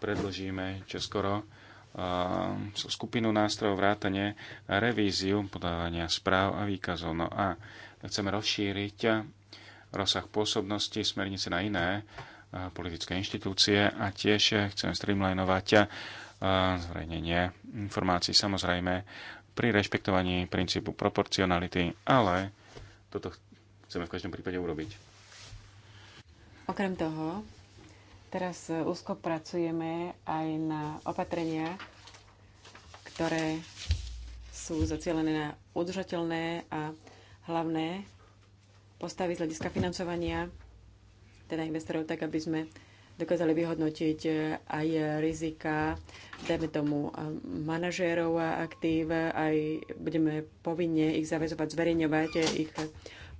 predložíme čoskoro skupinu nástrojov vrátane revíziu podávania správ a výkazov. No a chceme rozšíriť rozsah pôsobnosti smernice na iné politické inštitúcie a tiež chceme streamlinovať zverejnenie informácií samozrejme pri rešpektovaní princípu proporcionality, ale toto chceme v každom prípade urobiť. Okrem toho, Teraz e, úzko pracujeme aj na opatrenia, ktoré sú zacielené na udržateľné a hlavné postavy z hľadiska financovania, teda investorov, tak aby sme dokázali vyhodnotiť e, aj rizika, dajme tomu e, manažérov a aktív, aj budeme povinne ich zavezovať, zverejňovať ich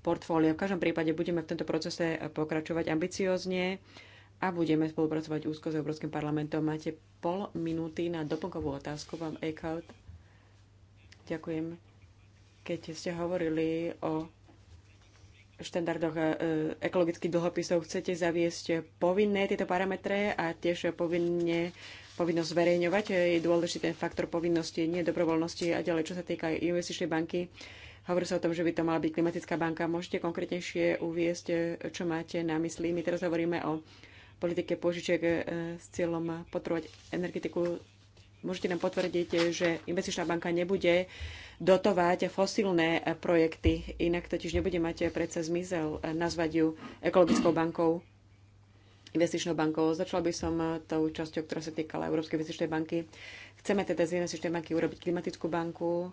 portfólio. V každom prípade budeme v tomto procese pokračovať ambiciozne a budeme spolupracovať úzko s Európskym parlamentom. Máte pol minúty na doplnkovú otázku vám Eckhout. Ďakujem. Keď ste hovorili o štandardoch e, ekologických dlhopisov, chcete zaviesť povinné tieto parametre a tiež povinne povinnosť zverejňovať. E, je dôležitý ten faktor povinnosti, nie dobrovoľnosti a ďalej, čo sa týka investičnej banky. Hovorí sa o tom, že by to mala byť klimatická banka. Môžete konkrétnejšie uviesť, čo máte na mysli. My teraz hovoríme o politike požičiek e, s cieľom podporovať energetiku. Môžete nám potvrdiť, že investičná banka nebude dotovať fosílne projekty, inak totiž nebude mať e, predsa zmysel e, nazvať ju ekologickou bankou, investičnou bankou. Začala by som tou časťou, ktorá sa týkala Európskej investičnej banky. Chceme teda z investičnej banky urobiť klimatickú banku,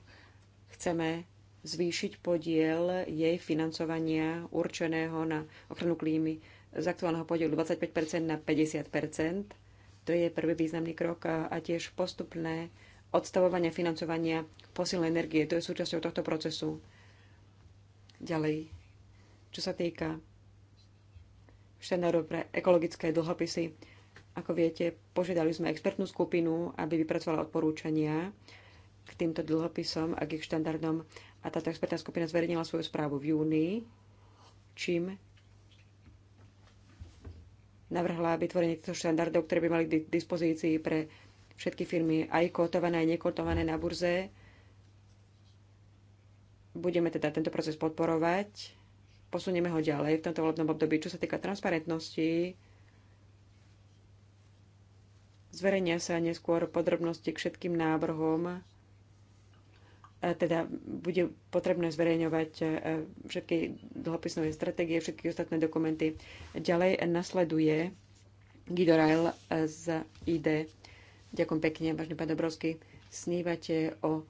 chceme zvýšiť podiel jej financovania určeného na ochranu klímy z aktuálneho podielu 25 na 50 To je prvý významný krok a tiež postupné odstavovanie financovania fosilnej energie. To je súčasťou tohto procesu. Ďalej, čo sa týka štandardov pre ekologické dlhopisy, ako viete, požiadali sme expertnú skupinu, aby vypracovala odporúčania k týmto dlhopisom a k ich štandardom. A táto expertná skupina zverejnila svoju správu v júni, čím navrhla vytvorenie týchto štandardov, ktoré by mali k dispozícii pre všetky firmy, aj kotované, aj nekotované na burze. Budeme teda tento proces podporovať. Posunieme ho ďalej v tomto volebnom období. Čo sa týka transparentnosti, zverejnia sa neskôr podrobnosti k všetkým návrhom teda bude potrebné zverejňovať e, všetky dlhopisové stratégie, všetky ostatné dokumenty. Ďalej nasleduje Guido Rail e, z ID. Ďakujem pekne, vážny pán Dobrovský. Snívate o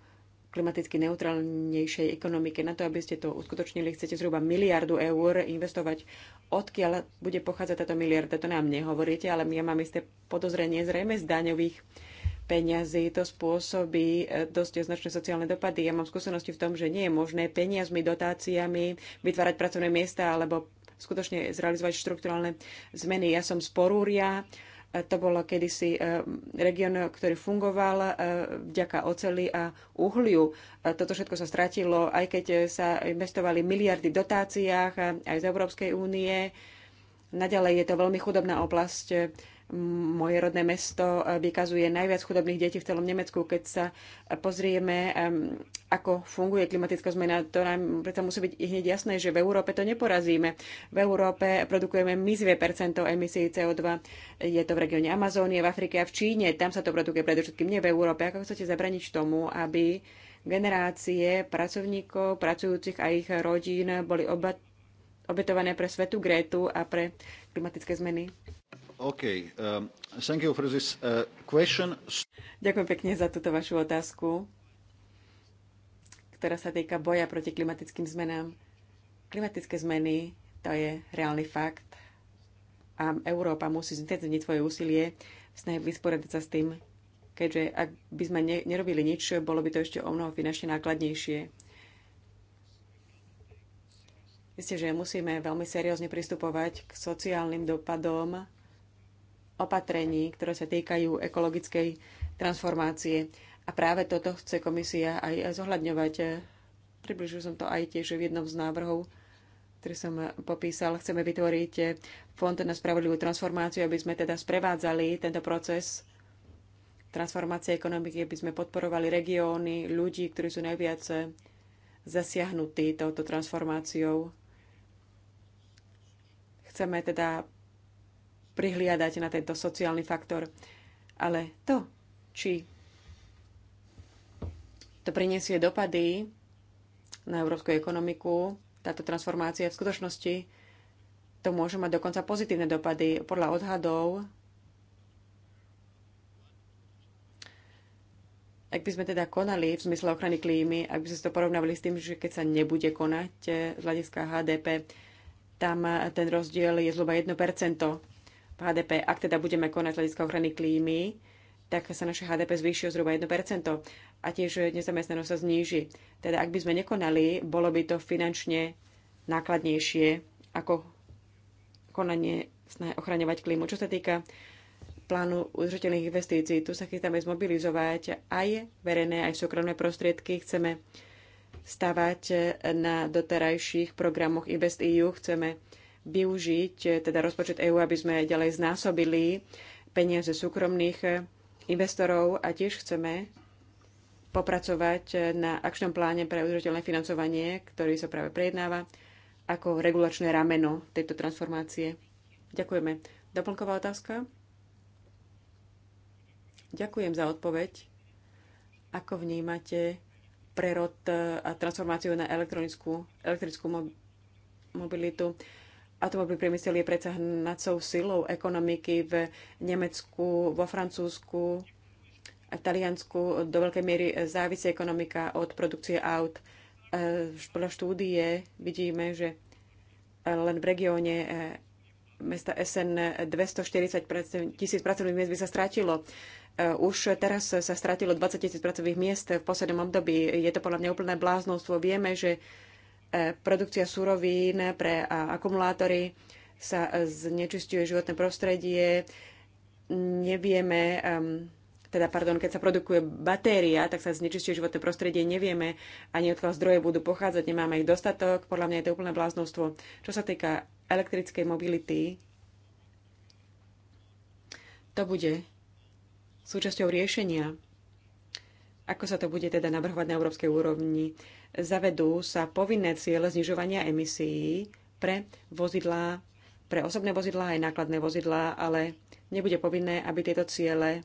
klimaticky neutrálnejšej ekonomike. Na to, aby ste to uskutočnili, chcete zhruba miliardu eur investovať. Odkiaľ bude pochádzať táto miliarda, to nám nehovoríte, ale ja mám isté podozrenie zrejme z daňových peňazí. To spôsobí eh, dosť značné sociálne dopady. Ja mám skúsenosti v tom, že nie je možné peniazmi, dotáciami vytvárať pracovné miesta alebo skutočne zrealizovať štruktúralne zmeny. Ja som z Porúria, eh, to bolo kedysi eh, región, ktorý fungoval vďaka oceli a uhliu. Toto všetko sa stratilo, aj keď sa investovali miliardy v dotáciách aj z Európskej únie. Naďalej je to veľmi chudobná oblasť moje rodné mesto eh, vykazuje najviac chudobných detí v celom Nemecku. Keď sa eh, pozrieme, ako funguje klimatická zmena, to nám preto musí byť hneď jasné, že v Európe to neporazíme. V Európe produkujeme mizivé percento emisí CO2. Je to v regióne Amazónie, v Afrike a v Číne. Tam sa to produkuje predovšetkým nie v Európe. Ako chcete zabraniť tomu, aby generácie pracovníkov, pracujúcich a ich rodín boli obetované pre svetu Grétu a pre klimatické zmeny. Okay. Um, this, uh, Ďakujem pekne za túto vašu otázku, ktorá sa týka boja proti klimatickým zmenám. Klimatické zmeny to je reálny fakt a Európa musí zintenzívniť svoje úsilie v snahe vysporiadať sa s tým, keďže ak by sme ne, nerobili nič, bolo by to ešte o mnoho finančne nákladnejšie. Myslím, že musíme veľmi seriózne pristupovať k sociálnym dopadom opatrení, ktoré sa týkajú ekologickej transformácie. A práve toto chce komisia aj zohľadňovať. Približil som to aj tiež v jednom z návrhov, ktorý som popísal. Chceme vytvoriť fond na spravodlivú transformáciu, aby sme teda sprevádzali tento proces transformácie ekonomiky, aby sme podporovali regióny, ľudí, ktorí sú najviac zasiahnutí touto transformáciou. Chceme teda prihliadať na tento sociálny faktor. Ale to, či to prinesie dopady na európsku ekonomiku, táto transformácia v skutočnosti, to môže mať dokonca pozitívne dopady. Podľa odhadov, ak by sme teda konali v zmysle ochrany klímy, ak by sme to porovnávali s tým, že keď sa nebude konať eh, z hľadiska HDP, tam eh, ten rozdiel je zhruba 1%. HDP. Ak teda budeme konať hľadiska ochrany klímy, tak sa naše HDP zvýši o zhruba 1% a tiež nezamestnanosť sa zníži. Teda ak by sme nekonali, bolo by to finančne nákladnejšie ako konanie snahy ochraňovať klímu. Čo sa týka plánu udržateľných investícií, tu sa chystáme zmobilizovať aj verejné, aj súkromné prostriedky. Chceme stavať na doterajších programoch InvestEU, chceme využiť eh, teda rozpočet EÚ, aby sme ďalej znásobili peniaze súkromných eh, investorov a tiež chceme popracovať eh, na akčnom pláne pre udržateľné financovanie, ktorý sa práve prejednáva, ako regulačné rameno tejto transformácie. Ďakujeme. Doplnková otázka? Ďakujem za odpoveď. Ako vnímate prerod a transformáciu na elektronickú, elektrickú mobilitu? Atomový priemysel je predsa hnacou silou ekonomiky v Nemecku, vo Francúzsku, v Taliansku. Do veľkej miery závisí ekonomika od produkcie aut. E, podľa štúdie vidíme, že len v regióne e, mesta SN 240 tisíc pracovných miest by sa stratilo. E, už teraz sa stratilo 20 tisíc pracovných miest v poslednom období. Je to podľa mňa úplné bláznostvo. Vieme, že E, produkcia surovín pre akumulátory sa e, znečisťuje životné prostredie. Nevieme, teda pardon, keď sa produkuje batéria, tak sa znečistuje životné prostredie. Nevieme ani odkiaľ zdroje budú pochádzať, nemáme ich dostatok. Podľa mňa je to úplné bláznostvo. Čo sa týka elektrickej mobility, to bude súčasťou riešenia. Ako sa to bude teda navrhovať na európskej úrovni? Zavedú sa povinné ciele znižovania emisií pre vozidlá, pre osobné vozidlá aj nákladné vozidlá, ale nebude povinné, aby tieto ciele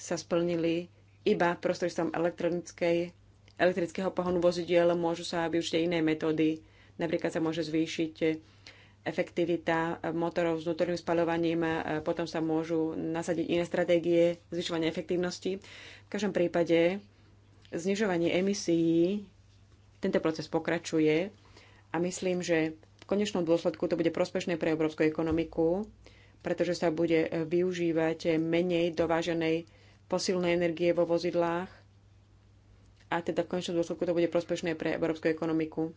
sa splnili iba prostredstvom elektronickej, elektrického pohonu vozidiel. Môžu sa využiť iné metódy. Napríklad sa môže zvýšiť efektivita motorov s vnútorným spalovaním, potom sa môžu nasadiť iné stratégie zvyšovania efektívnosti. V každom prípade znižovanie emisí. Tento proces pokračuje a myslím, že v konečnom dôsledku to bude prospešné pre európsku ekonomiku, pretože sa bude využívať menej dováženej posilnej energie vo vozidlách a teda v konečnom dôsledku to bude prospešné pre európsku ekonomiku.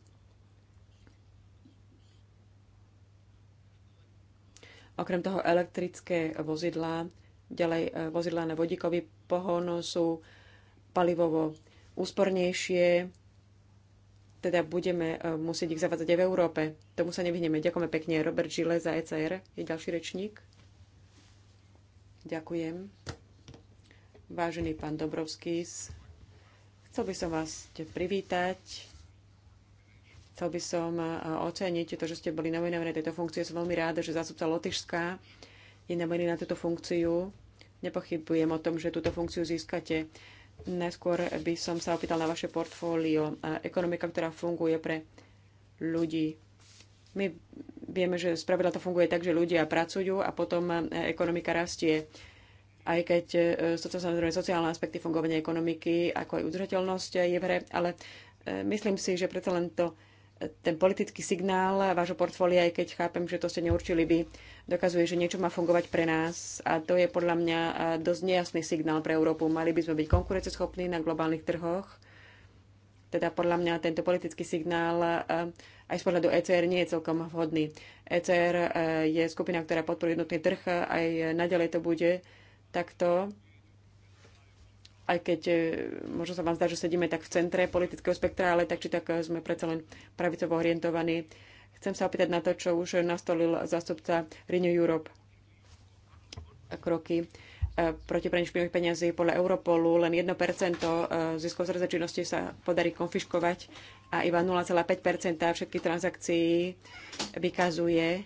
Okrem toho elektrické vozidlá, ďalej e, vozidlá na vodíkový pohon sú palivovo úspornejšie, teda budeme e, musieť ich zavádzať aj v Európe. Tomu sa nevyhneme. Ďakujeme pekne. Robert Žile za ECR je ďalší rečník. Ďakujem. Vážený pán Dobrovský, chcel by som vás privítať. Chcel by som e, oceniť to, že ste boli nominovaní na tejto funkcie. Som veľmi ráda, že zástupca Lotyšská je nominovaný na túto funkciu. Nepochybujem o tom, že túto funkciu získate. Najskôr by som sa opýtal na vaše portfólio. Ekonomika, ktorá funguje pre ľudí. My vieme, že spravidla to funguje tak, že ľudia pracujú a potom e, ekonomika rastie. Aj keď e, sú to samozrejme sociálne aspekty fungovania ekonomiky, ako aj udržateľnosť e, je v hre, ale myslím si, že predsa len to ten politický signál vášho portfólia, aj keď chápem, že to ste neurčili vy, dokazuje, že niečo má fungovať pre nás a to je podľa mňa dosť nejasný signál pre Európu. Mali by sme byť konkurenceschopní na globálnych trhoch. Teda podľa mňa tento politický signál aj z pohľadu ECR nie je celkom vhodný. ECR je skupina, ktorá podporuje jednotný trh a aj naďalej to bude takto aj keď e, možno sa vám zdá, že sedíme tak v centre politického spektra, ale tak či tak e, sme predsa len pravicovo orientovaní. Chcem sa opýtať na to, čo už nastolil zástupca Renew Europe kroky e, proti praní špinavých peniazí podľa Europolu len 1% ziskov z činnosti sa podarí konfiškovať a iba 0,5% všetkých transakcií vykazuje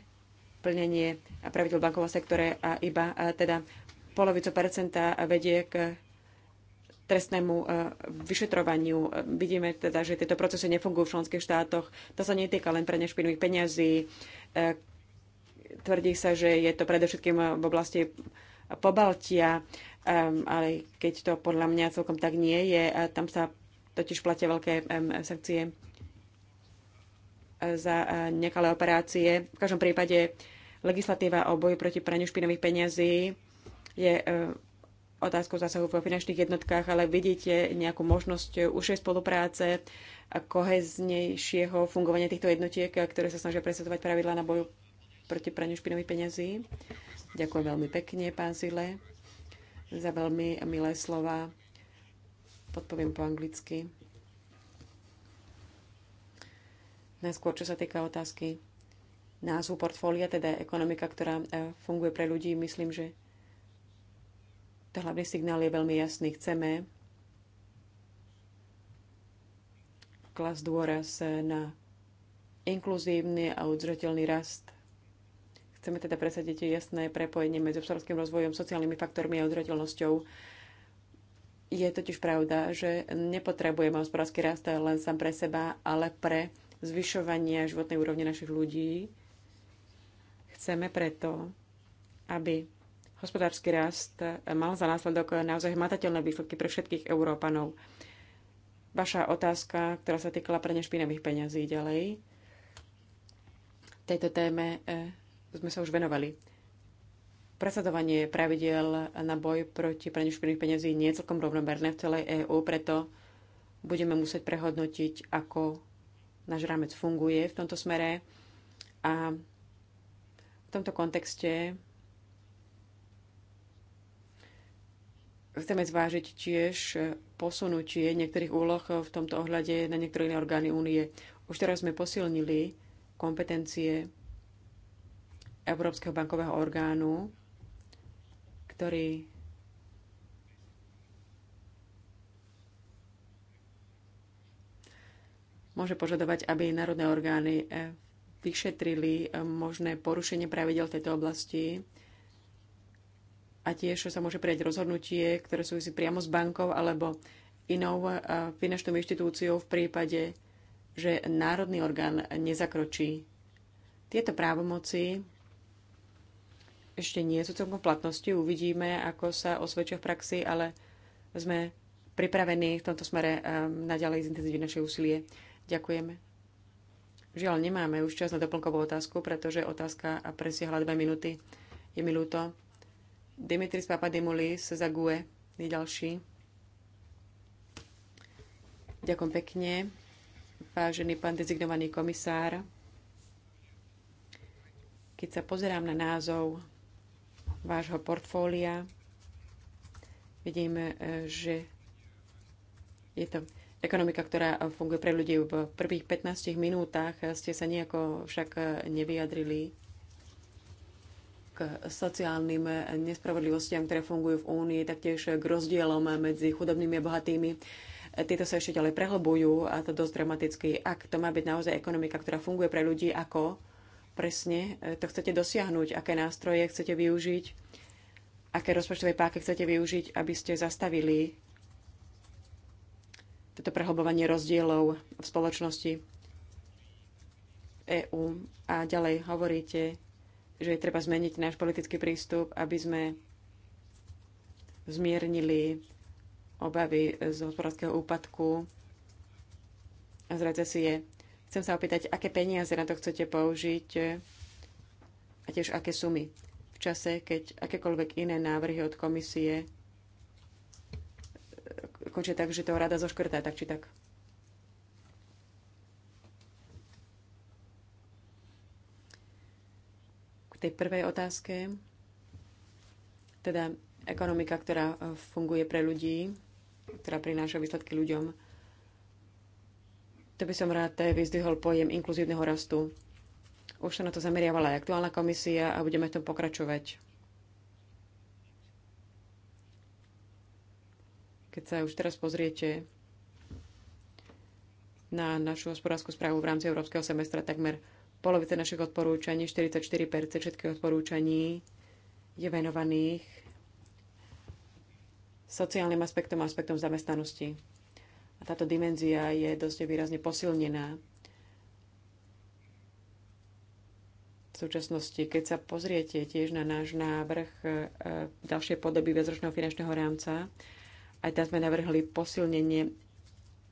plnenie pravidel bankového sektore a iba teda polovicu percenta vedie k trestnému e, vyšetrovaniu. E, vidíme teda, že tieto procesy nefungujú v členských štátoch. To sa netýka len prania špinových peňazí. E, tvrdí sa, že je to predovšetkým v oblasti pobaltia, ale keď to podľa mňa celkom tak nie je, tam sa totiž platia veľké sankcie za nekalé operácie. V každom prípade legislatíva o boji proti praniu špinových peňazí je otázkou zásahu vo finančných jednotkách, ale vidíte nejakú možnosť užšej spolupráce a koheznejšieho fungovania týchto jednotiek, ktoré sa snažia presvedovať pravidlá na boju proti praniu špinových peňazí. Ďakujem veľmi pekne, pán Zile, za veľmi milé slova. Podpoviem po anglicky. Najskôr, čo sa týka otázky názvu portfólia, teda ekonomika, ktorá eh, funguje pre ľudí, myslím, že ten hlavný signál je veľmi jasný. Chceme klas dôraz na inkluzívny a udržateľný rast. Chceme teda presadiť jasné prepojenie medzi obsahským rozvojom, sociálnymi faktormi a udržateľnosťou. Je totiž pravda, že nepotrebujeme hospodársky rast len sám pre seba, ale pre zvyšovanie životnej úrovne našich ľudí. Chceme preto, aby hospodársky rast mal za následok naozaj hmatateľné výsledky pre všetkých Európanov. Vaša otázka, ktorá sa týkala pre špinavých peňazí ďalej. Tejto téme eh, sme sa už venovali. Presadovanie pravidel na boj proti praniu špinavých peňazí nie je celkom rovnomerné v celej EÚ, preto budeme musieť prehodnotiť, ako náš rámec funguje v tomto smere. A v tomto kontexte Chceme zvážiť tiež posunutie niektorých úloh v tomto ohľade na niektoré iné orgány únie. Už teraz sme posilnili kompetencie Európskeho bankového orgánu, ktorý môže požadovať, aby národné orgány vyšetrili možné porušenie pravidel v tejto oblasti a tiež sa môže prijať rozhodnutie, ktoré súvisí priamo s bankou alebo inou e, finančnou inštitúciou v prípade, že národný orgán nezakročí. Tieto právomoci ešte nie sú celkom platnosti. Uvidíme, ako sa osvedčia v praxi, ale sme pripravení v tomto smere e, naďalej zintenzívne naše úsilie. Ďakujeme. Žiaľ, nemáme už čas na doplnkovú otázku, pretože otázka presiahla dve minúty. Je mi ľúto. Dimitris Papadimulis za GUE je ďalší. Ďakujem pekne. Vážený pán dezignovaný komisár, keď sa pozerám na názov vášho portfólia, vidím, e, že je to ekonomika, ktorá funguje pre ľudí. V prvých 15 minútach ste sa nejako však nevyjadrili k sociálnym nespravodlivostiam, ktoré fungujú v Únii, taktiež k rozdielom medzi chudobnými a bohatými. Tieto sa ešte ďalej prehlbujú a to dosť dramaticky. Ak to má byť naozaj ekonomika, ktorá funguje pre ľudí, ako presne to chcete dosiahnuť, aké nástroje chcete využiť, aké rozpočtové páky chcete využiť, aby ste zastavili toto prehlbovanie rozdielov v spoločnosti EÚ. A ďalej hovoríte že je treba zmeniť náš politický prístup, aby sme zmiernili obavy z hospodárskeho úpadku a z recesie. Chcem sa opýtať, aké peniaze na to chcete použiť a tiež aké sumy v čase, keď akékoľvek iné návrhy od komisie e, končia tak, že to rada zoškrtá, tak či tak. tej prvej otázke, teda ekonomika, ktorá e, funguje pre ľudí, ktorá prináša výsledky ľuďom. To by som rád e, vyzdvihol pojem inkluzívneho rastu. Už sa na to zameriavala aj aktuálna komisia a budeme v tom pokračovať. Keď sa už teraz pozriete na našu hospodárskú správu v rámci európskeho semestra, takmer Polovice našich odporúčaní, 44% všetkých odporúčaní je venovaných sociálnym aspektom a aspektom zamestnanosti. A táto dimenzia je dosť výrazne posilnená v súčasnosti. Keď sa pozriete tiež na náš návrh e, ďalšie podoby viacročného finančného rámca, aj tam sme navrhli posilnenie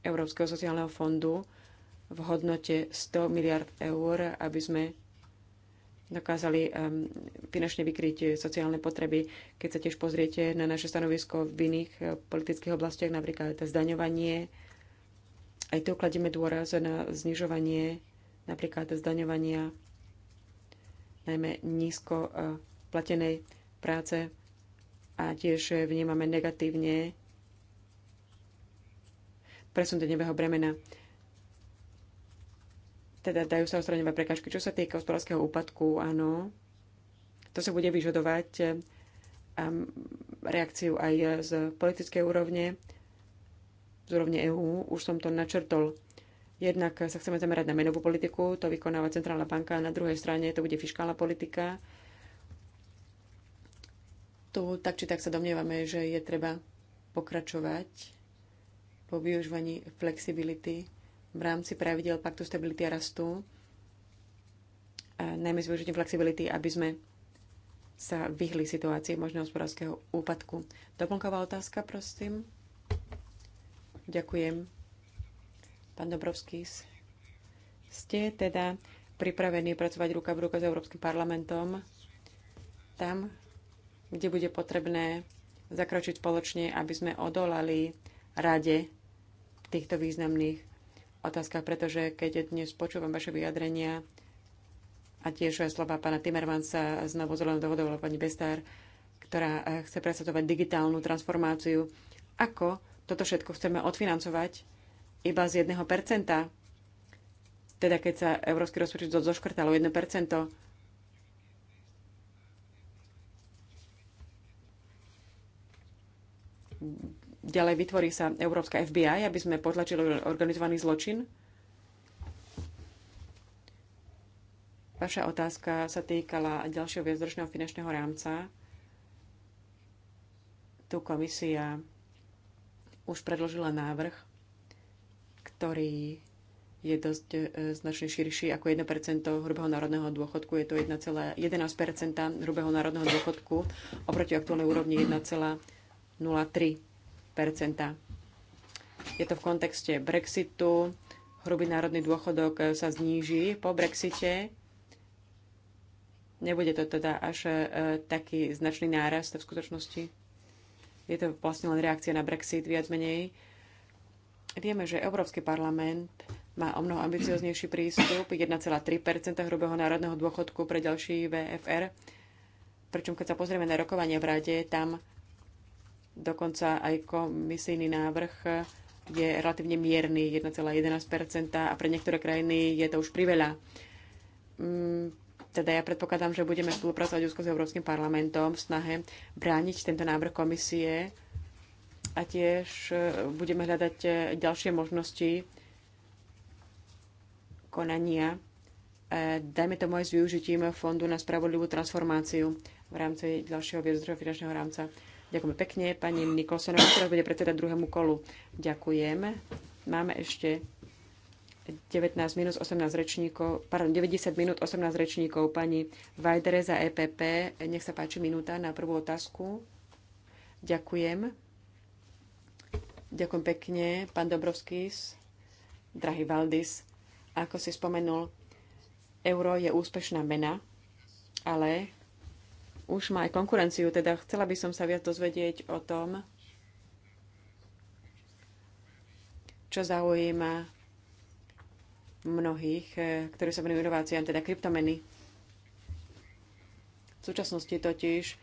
Európskeho sociálneho fondu v hodnote 100 miliard eur, aby sme dokázali finančne vykryť sociálne potreby. Keď sa tiež pozriete na naše stanovisko v iných eh, politických oblastiach, napríklad zdaňovanie, aj tu kladieme dôraz na znižovanie napríklad zdaňovania najmä nízko eh, platenej práce a tiež eh, vnímame negatívne presun daňového bremena. Teda dajú sa odstraňovať prekažky. Čo sa týka hospodárskeho úpadku, áno, to sa bude vyžadovať ehm, reakciu aj z politickej úrovne, z úrovne EÚ. Už som to načrtol. Jednak sa chceme zamerať na menovú politiku, to vykonáva Centrálna banka, a na druhej strane to bude fiskálna politika. Tu tak či tak sa domnievame, že je treba pokračovať po využívaní flexibility v rámci pravidel paktu stability a rastu, a najmä s využitím flexibility, aby sme sa vyhli situácii možného hospodárskeho úpadku. Doplnková otázka, prosím. Ďakujem. Pán Dobrovský, ste teda pripravení pracovať ruka v ruka s Európskym parlamentom tam, kde bude potrebné zakročiť spoločne, aby sme odolali rade týchto významných otázkach, pretože keď dnes počúvam vaše vyjadrenia a tiež slova pána Timmermansa z novozelenou dohodou, pani Bestár, ktorá eh, chce presadovať digitálnu transformáciu, ako toto všetko chceme odfinancovať iba z 1%, teda keď sa európsky rozpočet zoškrtalo 1%, Ďalej vytvorí sa Európska FBI, aby sme potlačili organizovaný zločin. Vaša otázka sa týkala ďalšieho viacročného finančného rámca. Tu komisia už predložila návrh, ktorý je dosť e, značne širší ako 1% hrubého národného dôchodku. Je to 1,11% hrubého národného dôchodku oproti aktuálnej úrovni 1,03 je to v kontexte Brexitu. Hrubý národný dôchodok eh, sa zníži po Brexite. Nebude to teda až eh, taký značný nárast v skutočnosti. Je to vlastne len reakcia na Brexit, viac menej. Vieme, že Európsky parlament má o mnoho ambicioznejší prístup, 1,3 hrubého národného dôchodku pre ďalší VFR. Pričom keď sa pozrieme na rokovanie v rade, tam Dokonca aj komisijný návrh je relatívne mierny, 1,11 a pre niektoré krajiny je to už priveľa. Mm, teda ja predpokladám, že budeme spolupracovať úzko s Európskym parlamentom v snahe brániť tento návrh komisie a tiež e, budeme hľadať e, ďalšie možnosti konania, e, dajme tomu aj s využitím Fondu na spravodlivú transformáciu v rámci ďalšieho viedzdroho finančného rámca. Ďakujem pekne pani Nikolsonová, ktorá bude predsedať druhému kolu. Ďakujem. Máme ešte 19 minút 18 rečníkov, pardon, 90 minút 18 rečníkov. Pani Vajdere za EPP, nech sa páči minúta na prvú otázku. Ďakujem. Ďakujem pekne, pán Dobrovskis, drahý Valdis. Ako si spomenul, euro je úspešná mena, ale už má aj konkurenciu, teda chcela by som sa viac dozvedieť o tom, čo zaujíma mnohých, e, ktorí sa venujú inováciám, teda kryptomeny. V súčasnosti totiž e,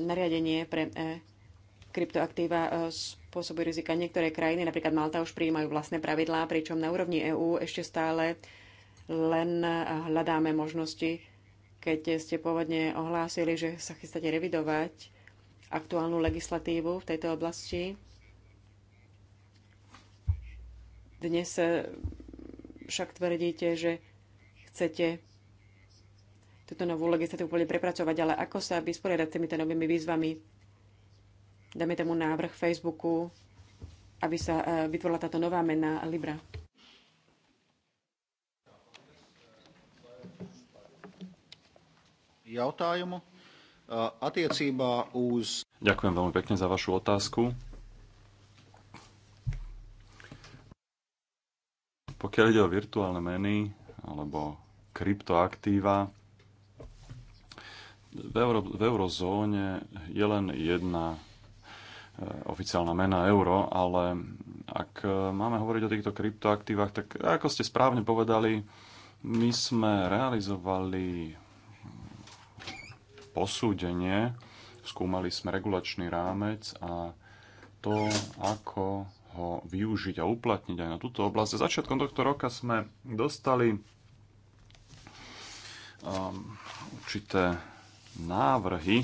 nariadenie pre e, kryptoaktíva spôsobuje rizika. Niektoré krajiny, napríklad Malta, už prijímajú vlastné pravidlá, pričom na úrovni EÚ ešte stále len hľadáme možnosti keď ste pôvodne ohlásili, že sa chystáte revidovať aktuálnu legislatívu v tejto oblasti. Dnes eh, však tvrdíte, že chcete túto novú legislatívu úplne prepracovať, ale ako sa vysporiadať s týmito novými výzvami? Dáme tomu návrh Facebooku, aby sa eh, vytvorila táto nová mena Libra. jautājumu. Attiecībā uz... Ďakujem veľmi pekne za vašu otázku. Pokiaľ ide o virtuálne meny alebo kryptoaktíva, v, euro, v eurozóne je len jedna e, oficiálna mena euro, ale ak e, máme hovoriť o týchto kryptoaktívach, tak ako ste správne povedali, my sme realizovali posúdenie. Skúmali sme regulačný rámec a to, ako ho využiť a uplatniť aj na túto oblasť. A začiatkom tohto roka sme dostali um, určité návrhy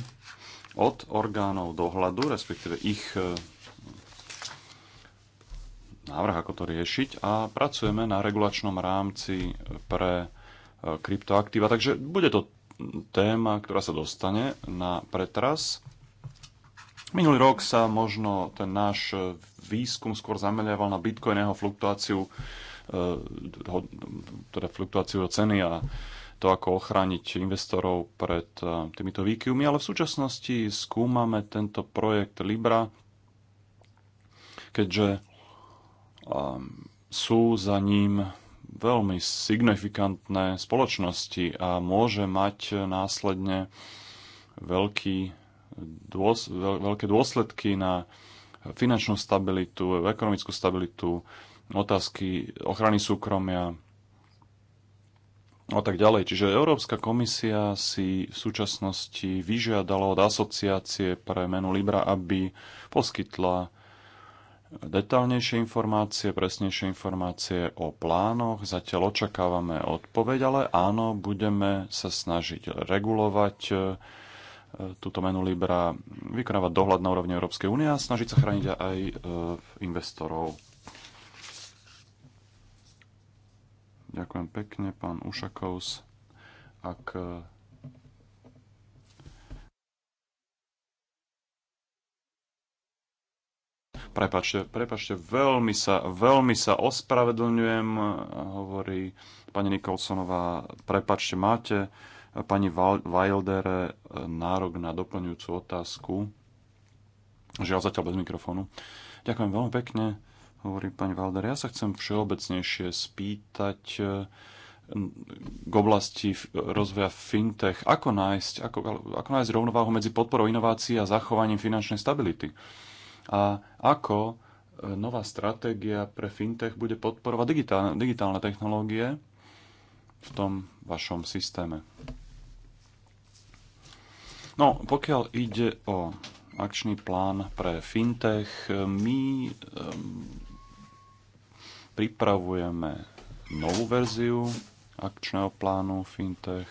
od orgánov dohľadu, respektíve ich eh, návrh, ako to riešiť a pracujeme na regulačnom rámci pre eh, kryptoaktíva. Takže bude to téma, ktorá sa dostane na pretras. Minulý rok sa možno ten náš výskum skôr zameliaval na Bitcoin, jeho fluktuáciu, eh, teda fluktuáciu ceny a to, ako ochrániť investorov pred eh, týmito výkyvmi, ale v súčasnosti skúmame tento projekt Libra, keďže eh, sú za ním veľmi signifikantné spoločnosti a môže mať následne veľký dôs- veľké dôsledky na finančnú stabilitu, ekonomickú stabilitu, otázky ochrany súkromia a tak ďalej. Čiže Európska komisia si v súčasnosti vyžiadala od asociácie pre menu Libra, aby poskytla detálnejšie informácie, presnejšie informácie o plánoch. Zatiaľ očakávame odpoveď, ale áno, budeme sa snažiť regulovať e, túto menu Libra, vykonávať dohľad na úrovni Európskej únie a snažiť sa chrániť aj e, investorov. Ďakujem pekne, pán Ušakovs. Ak e, Prepačte, prepačte, veľmi sa, veľmi sa ospravedlňujem, hovorí pani Nikolsonová. Prepačte, máte pani Wilder nárok na doplňujúcu otázku. Žiaľ zatiaľ bez mikrofónu. Ďakujem veľmi pekne, hovorí pani Wilder. Ja sa chcem všeobecnejšie spýtať k oblasti rozvoja fintech. Ako nájsť, ako, ako nájsť rovnováhu medzi podporou inovácií a zachovaním finančnej stability? a ako e, nová stratégia pre fintech bude podporovať digitálne, digitálne technológie v tom vašom systéme. No, pokiaľ ide o akčný plán pre fintech, e, my um, pripravujeme novú verziu akčného plánu fintech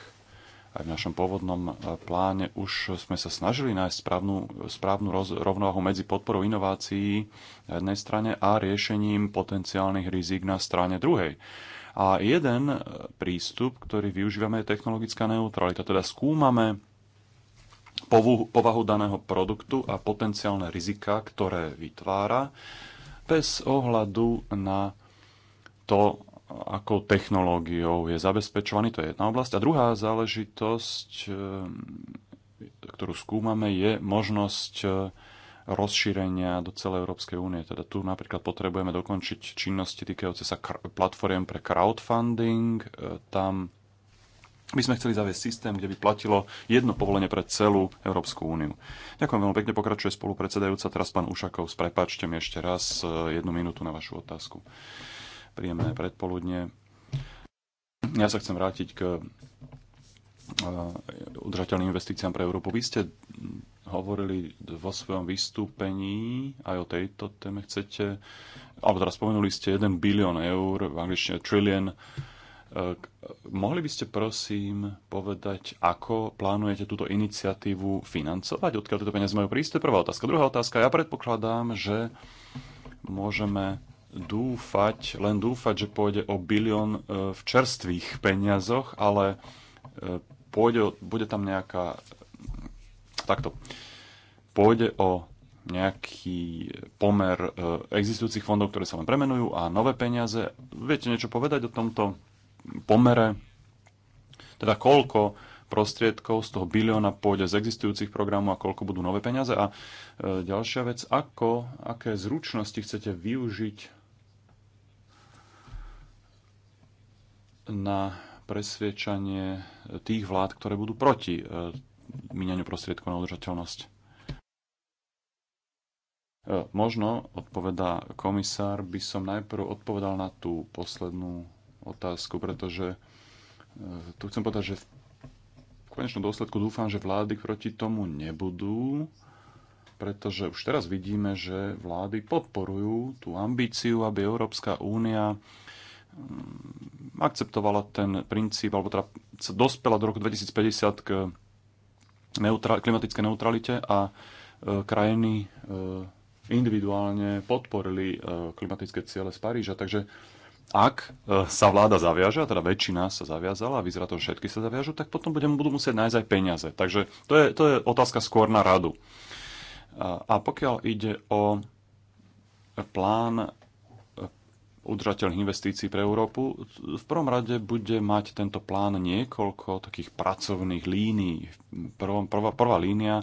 aj v našom pôvodnom e, pláne už sme sa snažili nájsť správnu, správnu roz, rovnováhu medzi podporou inovácií na jednej strane a riešením potenciálnych rizik na strane druhej. A jeden e, prístup, ktorý využívame, je technologická neutralita. Teda skúmame povahu daného produktu a potenciálne rizika, ktoré vytvára, bez ohľadu na to, akou technológiou je zabezpečovaný, to je jedna oblasť. A druhá záležitosť, ehm, ktorú skúmame, je možnosť e, rozšírenia do celej Európskej únie. Teda tu napríklad potrebujeme dokončiť činnosti týkajúce sa platformiem pre crowdfunding. E, tam by sme chceli zaviesť systém, kde by platilo jedno povolenie pre celú Európsku úniu. Ďakujem veľmi pekne, pokračuje spolupredsedajúca. Teraz pán Ušakov, prepačte mi ešte raz e, jednu minútu na vašu otázku. Príjemné predpoludne. Ja sa chcem vrátiť k eh, udržateľným investíciám pre Európu. Vy ste hovorili vo svojom vystúpení aj o tejto téme. Chcete, alebo teraz spomenuli ste 1 bilión eur, v angličtine trillion. Eh, mohli by ste prosím povedať, ako plánujete túto iniciatívu financovať? Odkiaľ tieto peniaze majú prísť? To je prvá otázka. Druhá otázka. Ja predpokladám, že môžeme dúfať, len dúfať, že pôjde o bilión e, v čerstvých peniazoch, ale e, pôjde, bude tam nejaká... Takto. Pôjde o nejaký pomer e, existujúcich fondov, ktoré sa len premenujú a nové peniaze. Viete niečo povedať o tomto pomere? Teda koľko prostriedkov z toho bilióna pôjde z existujúcich programov a koľko budú nové peniaze. A ďalšia vec, ako, aké zručnosti chcete využiť na presviečanie tých vlád, ktoré budú proti e, míňaniu prostriedkov na udržateľnosť. E, možno, odpovedá komisár, by som najprv odpovedal na tú poslednú otázku, pretože e, tu chcem povedať, že v konečnom dôsledku dúfam, že vlády proti tomu nebudú, pretože už teraz vidíme, že vlády podporujú tú ambíciu, aby Európska únia Mm, akceptovala ten princíp, alebo teda dospela do roku 2050 k neutra- klimatickej neutralite a e, krajiny e, individuálne podporili e, klimatické ciele z Paríža. Takže ak sa vláda zaviaže, a teda väčšina sa zaviazala a vyzerá to, že všetky sa zaviažu, tak potom budeme, budú musieť nájsť aj peniaze. Takže to je, to je otázka skôr na radu. A pokiaľ ide o plán udržateľných investícií pre Európu. V prvom rade bude mať tento plán niekoľko takých pracovných línií. Prvom, prvá, prvá línia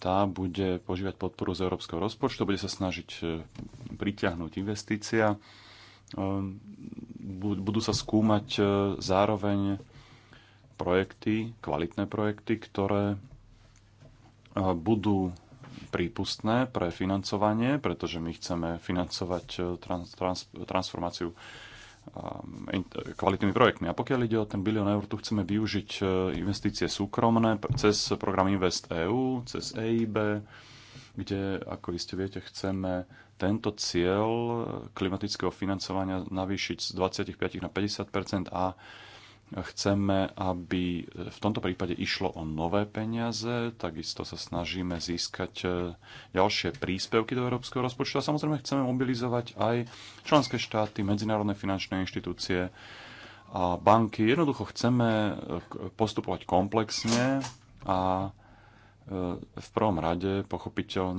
tá bude požívať podporu z európskeho rozpočtu, bude sa snažiť e, pritiahnuť investícia, e, budú sa skúmať e, zároveň projekty, kvalitné projekty, ktoré budú prípustné pre financovanie, pretože my chceme financovať eh, trans, trans, transformáciu eh, kvalitnými projektmi. A pokiaľ ide o ten bilión eur, tu chceme využiť eh, investície súkromné cez program Invest EU, cez EIB, kde, ako iste viete, chceme tento cieľ klimatického financovania navýšiť z 25 na 50 a Chceme, aby v tomto prípade išlo o nové peniaze, takisto sa snažíme získať e, ďalšie príspevky do európskeho rozpočtu a samozrejme chceme mobilizovať aj členské štáty, medzinárodné finančné inštitúcie a banky. Jednoducho chceme e, postupovať komplexne a e, v prvom rade pochopiteľne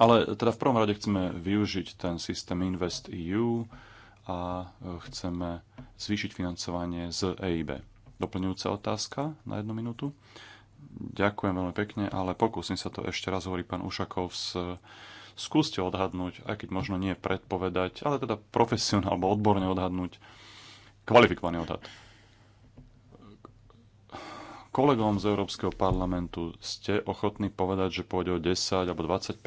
Ale teda v prvom rade chceme využiť ten systém Invest EU a e, chceme zvýšiť financovanie z EIB. Doplňujúca otázka na jednu minútu. Ďakujem veľmi pekne, ale pokúsim sa to ešte raz, hovorí pán Ušakov, s skúste odhadnúť, aj keď možno nie predpovedať, ale teda profesionálne alebo odborne odhadnúť, kvalifikovaný odhad kolegom z Európskeho parlamentu ste ochotní povedať, že pôjde o 10 alebo 20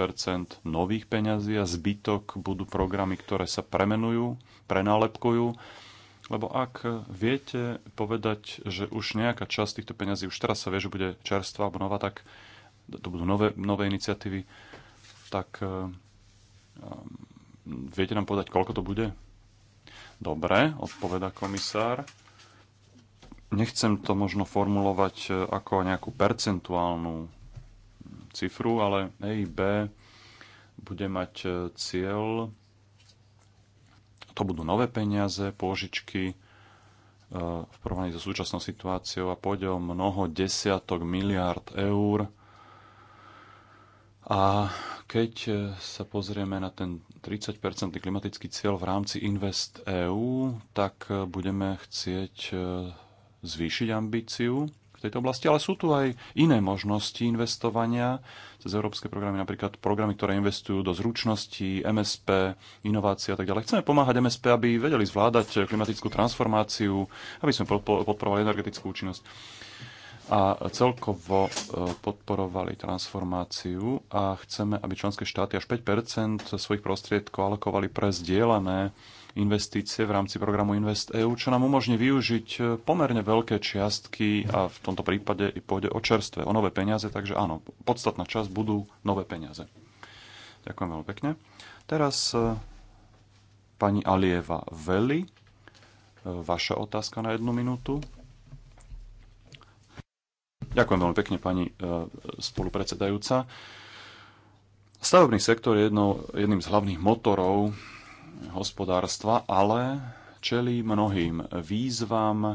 nových peňazí a zbytok budú programy, ktoré sa premenujú, prenálepkujú? Lebo ak viete povedať, že už nejaká časť týchto peňazí už teraz sa vie, že bude čerstvá alebo nová, tak to budú nové, nové iniciatívy, tak eh, viete nám povedať, koľko to bude? Dobre, odpoveda komisár nechcem to možno formulovať e, ako nejakú percentuálnu cifru, ale EIB bude mať e, cieľ, to budú nové peniaze, pôžičky e, v porovnaní so súčasnou situáciou a pôjde o mnoho desiatok miliárd eur. A keď sa pozrieme na ten 30-percentný klimatický cieľ v rámci Invest EU, tak budeme chcieť zvýšiť ambíciu v tejto oblasti, ale sú tu aj iné možnosti investovania cez európske programy, napríklad programy, ktoré investujú do zručností, MSP, inovácie a tak ďalej. Chceme pomáhať MSP, aby vedeli zvládať klimatickú transformáciu, aby sme podporovali energetickú účinnosť a celkovo e, podporovali transformáciu a chceme, aby členské štáty až 5 svojich prostriedkov alokovali pre zdieľané investície v rámci programu Invest EU, čo nám umožní využiť e, pomerne veľké čiastky a v tomto prípade i pôjde o čerstvé, o nové peniaze, takže áno, podstatná časť budú nové peniaze. Ďakujem veľmi pekne. Teraz e, pani Alieva Veli, e, vaša otázka na jednu minútu. Ďakujem veľmi pekne, pani spolupredsedajúca. Stavebný sektor je jedno, jedným z hlavných motorov hospodárstva, ale čelí mnohým výzvam, e,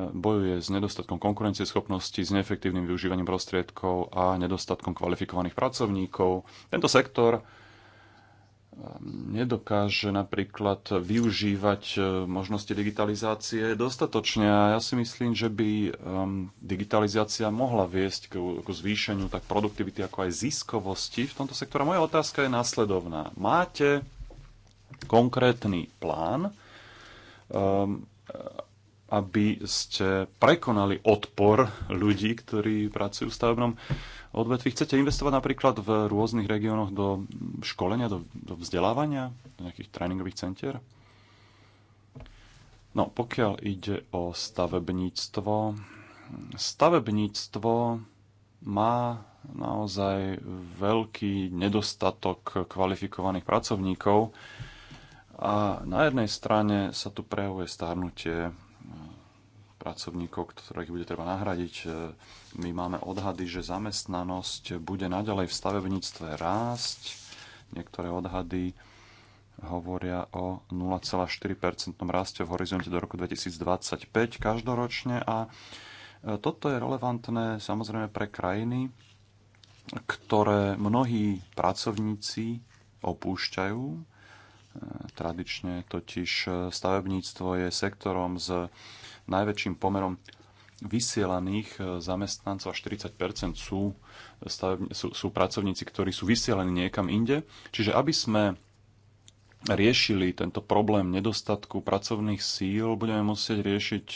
bojuje s nedostatkom konkurencieschopnosti, s neefektívnym využívaním prostriedkov a nedostatkom kvalifikovaných pracovníkov. Tento sektor e, nedokáže napríklad využívať e, možnosti digitalizácie dostatočne. A ja si myslím, že by digitalizácia mohla viesť k, zvýšeniu tak produktivity, ako aj ziskovosti v tomto sektore. Moja otázka je následovná. Máte konkrétny plán, um, aby ste prekonali odpor ľudí, ktorí pracujú v stavebnom odvetví. Chcete investovať napríklad v rôznych regiónoch do školenia, do, do vzdelávania, do nejakých tréningových centier? No, pokiaľ ide o stavebníctvo, stavebníctvo má naozaj veľký nedostatok kvalifikovaných pracovníkov a na jednej strane sa tu prejavuje starnutie e, pracovníkov, ktorých bude treba nahradiť. E, my máme odhady, že zamestnanosť bude naďalej v stavebníctve rásť. Niektoré odhady hovoria o 0,4% raste v horizonte do roku 2025 každoročne a e, toto je relevantné samozrejme pre krajiny, ktoré mnohí pracovníci opúšťajú Tradične totiž e, stavebníctvo je sektorom s najväčším pomerom vysielaných e, zamestnancov, až 40 sú, e, stavební, sú, sú pracovníci, ktorí sú vysielaní niekam inde. Čiže aby sme riešili tento problém nedostatku pracovných síl, budeme musieť riešiť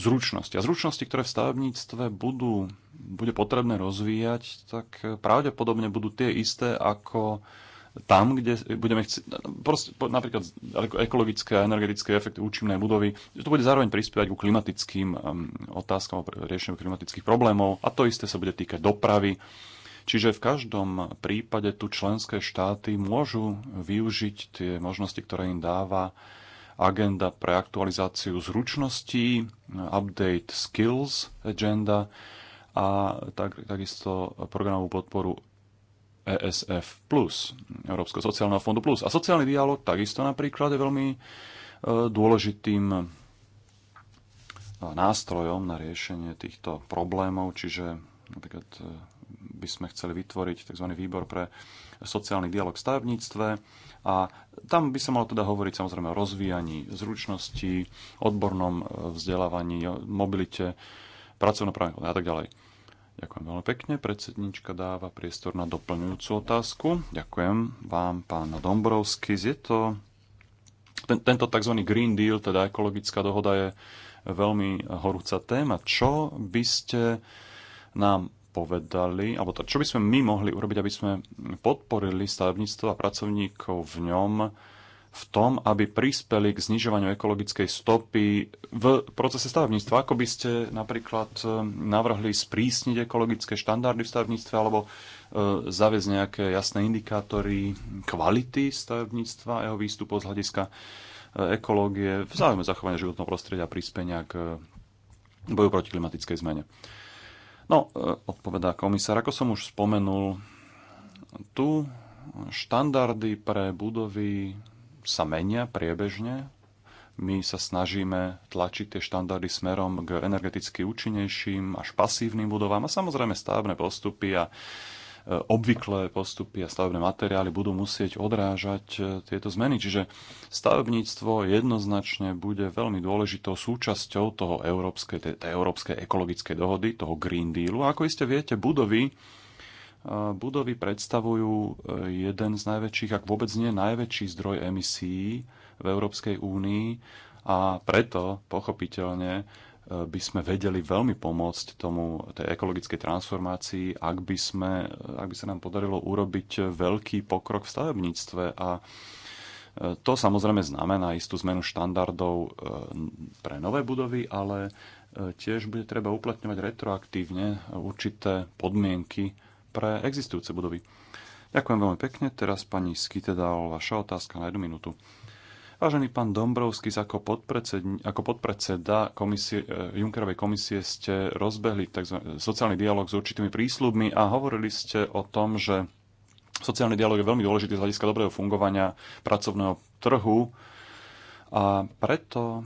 zručnosti. A zručnosti, ktoré v stavebníctve budú, bude potrebné rozvíjať, tak pravdepodobne budú tie isté ako tam, kde budeme chcieť, proste, napríklad ekologické a energetické efekty účinné budovy, že to bude zároveň prispievať ku klimatickým um, otázkam o riešeniu klimatických problémov a to isté sa bude týkať dopravy. Čiže v každom prípade tu členské štáty môžu využiť tie možnosti, ktoré im dáva agenda pre aktualizáciu zručností, update skills agenda a tak, takisto programovú podporu ESF+, Európskeho sociálneho fondu+. Plus. A sociálny dialog takisto napríklad je veľmi e, dôležitým e, nástrojom na riešenie týchto problémov, čiže napríklad e, by sme chceli vytvoriť tzv. výbor pre sociálny dialog v stavebníctve a tam by sa malo teda hovoriť samozrejme o rozvíjaní zručnosti, odbornom vzdelávaní, mobilite, pracovnoprávnych a tak ďalej. Ďakujem veľmi pekne. Predsednička dáva priestor na doplňujúcu otázku. Ďakujem vám, pán Dombrovský. Je to... Ten, tento tzv. Green Deal, teda ekologická dohoda, je veľmi horúca téma. Čo by ste nám povedali, alebo to, čo by sme my mohli urobiť, aby sme podporili stavebníctvo a pracovníkov v ňom, v tom, aby prispeli k znižovaniu ekologickej stopy v procese stavebníctva? Ako by ste napríklad e, navrhli sprísniť ekologické štandardy v stavebníctve alebo e, zaviesť nejaké jasné indikátory kvality stavebníctva a jeho výstupu z hľadiska e, ekológie v záujme zachovania životného prostredia a prispenia k boju proti klimatickej zmene. No, odpovedá komisár, ako som už spomenul, tu štandardy pre budovy sa menia priebežne. My sa snažíme tlačiť tie štandardy smerom k energeticky účinnejším až pasívnym budovám a samozrejme stavebné postupy a e, obvyklé postupy a stavebné materiály budú musieť odrážať e, tieto zmeny. Čiže stavebníctvo jednoznačne bude veľmi dôležitou súčasťou toho európskej, tej, tej európskej ekologickej dohody, toho Green Dealu. A ako iste viete, budovy budovy predstavujú eh, jeden z najväčších, ak vôbec nie najväčší zdroj emisí v Európskej únii a preto pochopiteľne eh, by sme vedeli veľmi pomôcť tomu, tej ekologickej transformácii, ak by, sme, eh, ak by sa nám podarilo urobiť veľký pokrok v stavebníctve a to samozrejme znamená istú zmenu štandardov pre nové budovy, ale tiež bude treba uplatňovať retroaktívne určité podmienky pre existujúce budovy. Ďakujem veľmi pekne. Teraz pani Skitedal, vaša otázka na jednu minútu. Vážený pán Dombrovský, ako, ako podpredseda komisie, e, Junkerovej komisie ste rozbehli tzv. sociálny dialog s určitými prísľubmi a hovorili ste o tom, že sociálny dialog je veľmi dôležitý z hľadiska dobrého fungovania pracovného trhu a preto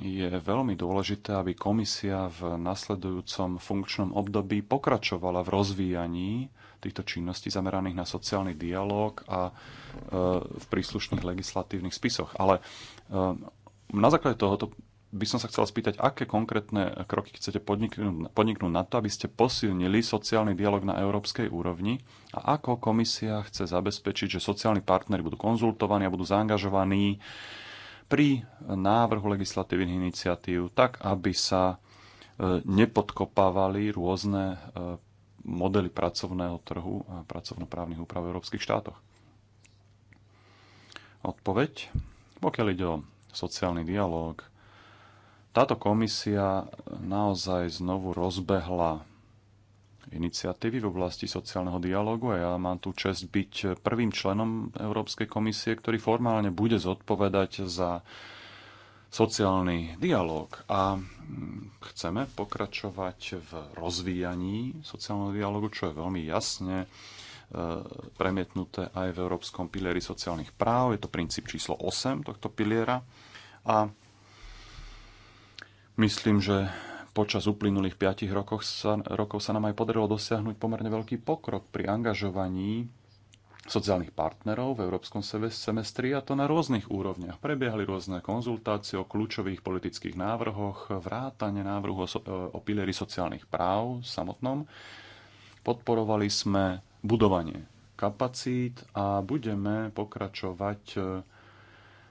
je veľmi dôležité, aby komisia v nasledujúcom funkčnom období pokračovala v rozvíjaní týchto činností zameraných na sociálny dialog a e, v príslušných legislatívnych spisoch. Ale e, na základe tohoto by som sa chcela spýtať, aké konkrétne kroky chcete podniknúť, podniknúť na to, aby ste posilnili sociálny dialog na európskej úrovni a ako komisia chce zabezpečiť, že sociálni partnery budú konzultovaní a budú zaangažovaní pri návrhu legislatívnych iniciatív, tak aby sa e, nepodkopávali rôzne e, modely pracovného trhu a pracovnoprávnych úprav v európskych štátoch. Odpoveď. Pokiaľ ide o sociálny dialog, táto komisia naozaj znovu rozbehla iniciatívy v oblasti sociálneho dialógu a ja mám tu čest byť prvým členom Európskej komisie, ktorý formálne bude zodpovedať za sociálny dialóg a mm, chceme pokračovať v rozvíjaní sociálneho dialógu, čo je veľmi jasne e, premietnuté aj v Európskom pilieri sociálnych práv. Je to princíp číslo 8 tohto piliera a myslím, že počas uplynulých 5 rokov sa, rokov sa nám aj podarilo dosiahnuť pomerne veľký pokrok pri angažovaní sociálnych partnerov v Európskom semestri a to na rôznych úrovniach. Prebiehali rôzne konzultácie o kľúčových politických návrhoch, vrátane návrhu o, so, e, o pilieri sociálnych práv samotnom. Podporovali sme budovanie kapacít a budeme pokračovať e,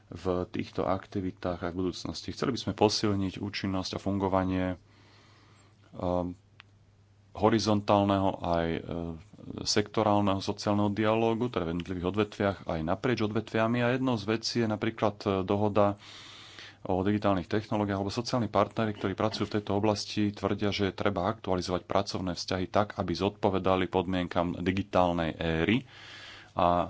v týchto aktivitách aj v budúcnosti. Chceli by sme posilniť účinnosť a fungovanie Ehm, horizontálneho aj e, sektorálneho sociálneho dialógu, teda v jednotlivých odvetviach aj naprieč odvetviami. A jednou z vecí je napríklad e, dohoda o digitálnych technológiách, alebo sociálni partnery, ktorí pracujú v tejto oblasti, tvrdia, že treba aktualizovať pracovné vzťahy tak, aby zodpovedali podmienkam digitálnej éry. A e,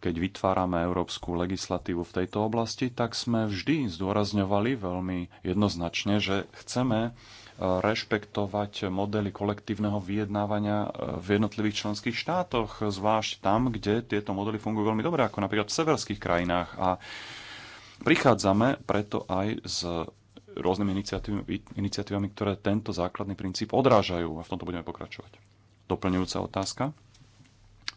keď vytvárame európsku legislatívu v tejto oblasti, tak sme vždy zdôrazňovali veľmi jednoznačne, že chceme rešpektovať modely kolektívneho vyjednávania eh, v jednotlivých členských štátoch, zvlášť tam, kde tieto modely fungujú veľmi dobre, ako napríklad v severských krajinách. A prichádzame preto aj s rôznymi iniciatívami, ktoré tento základný princíp odrážajú. A v tomto budeme pokračovať. Doplňujúca otázka.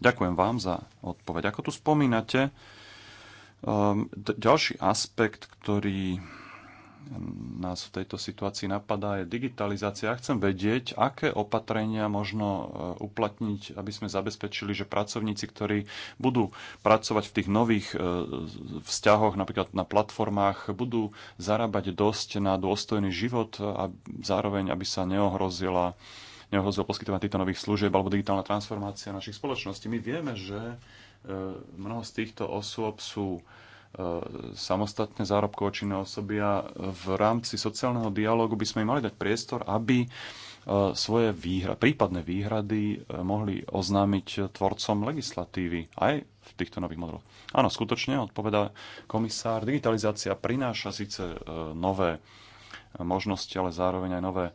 Ďakujem vám za odpoveď. Ako tu spomínate, ehm, ďalší aspekt, ktorý nás v tejto situácii napadá, je digitalizácia. Ja chcem vedieť, aké opatrenia možno e, uplatniť, aby sme zabezpečili, že pracovníci, ktorí budú pracovať v tých nových e, vzťahoch, napríklad na platformách, budú zarábať dosť na dôstojný život a zároveň, aby sa neohrozila neohrozil poskytovať týchto nových služieb alebo digitálna transformácia našich spoločností. My vieme, že e, mnoho z týchto osôb sú E, samostatne zárobkovo činné osoby a v rámci sociálneho dialógu by sme im mali dať priestor, aby e, svoje výhra, prípadné výhrady e, mohli oznámiť tvorcom legislatívy aj v týchto nových modeloch. Áno, skutočne, odpovedá komisár, digitalizácia prináša síce nové možnosti, ale zároveň aj nové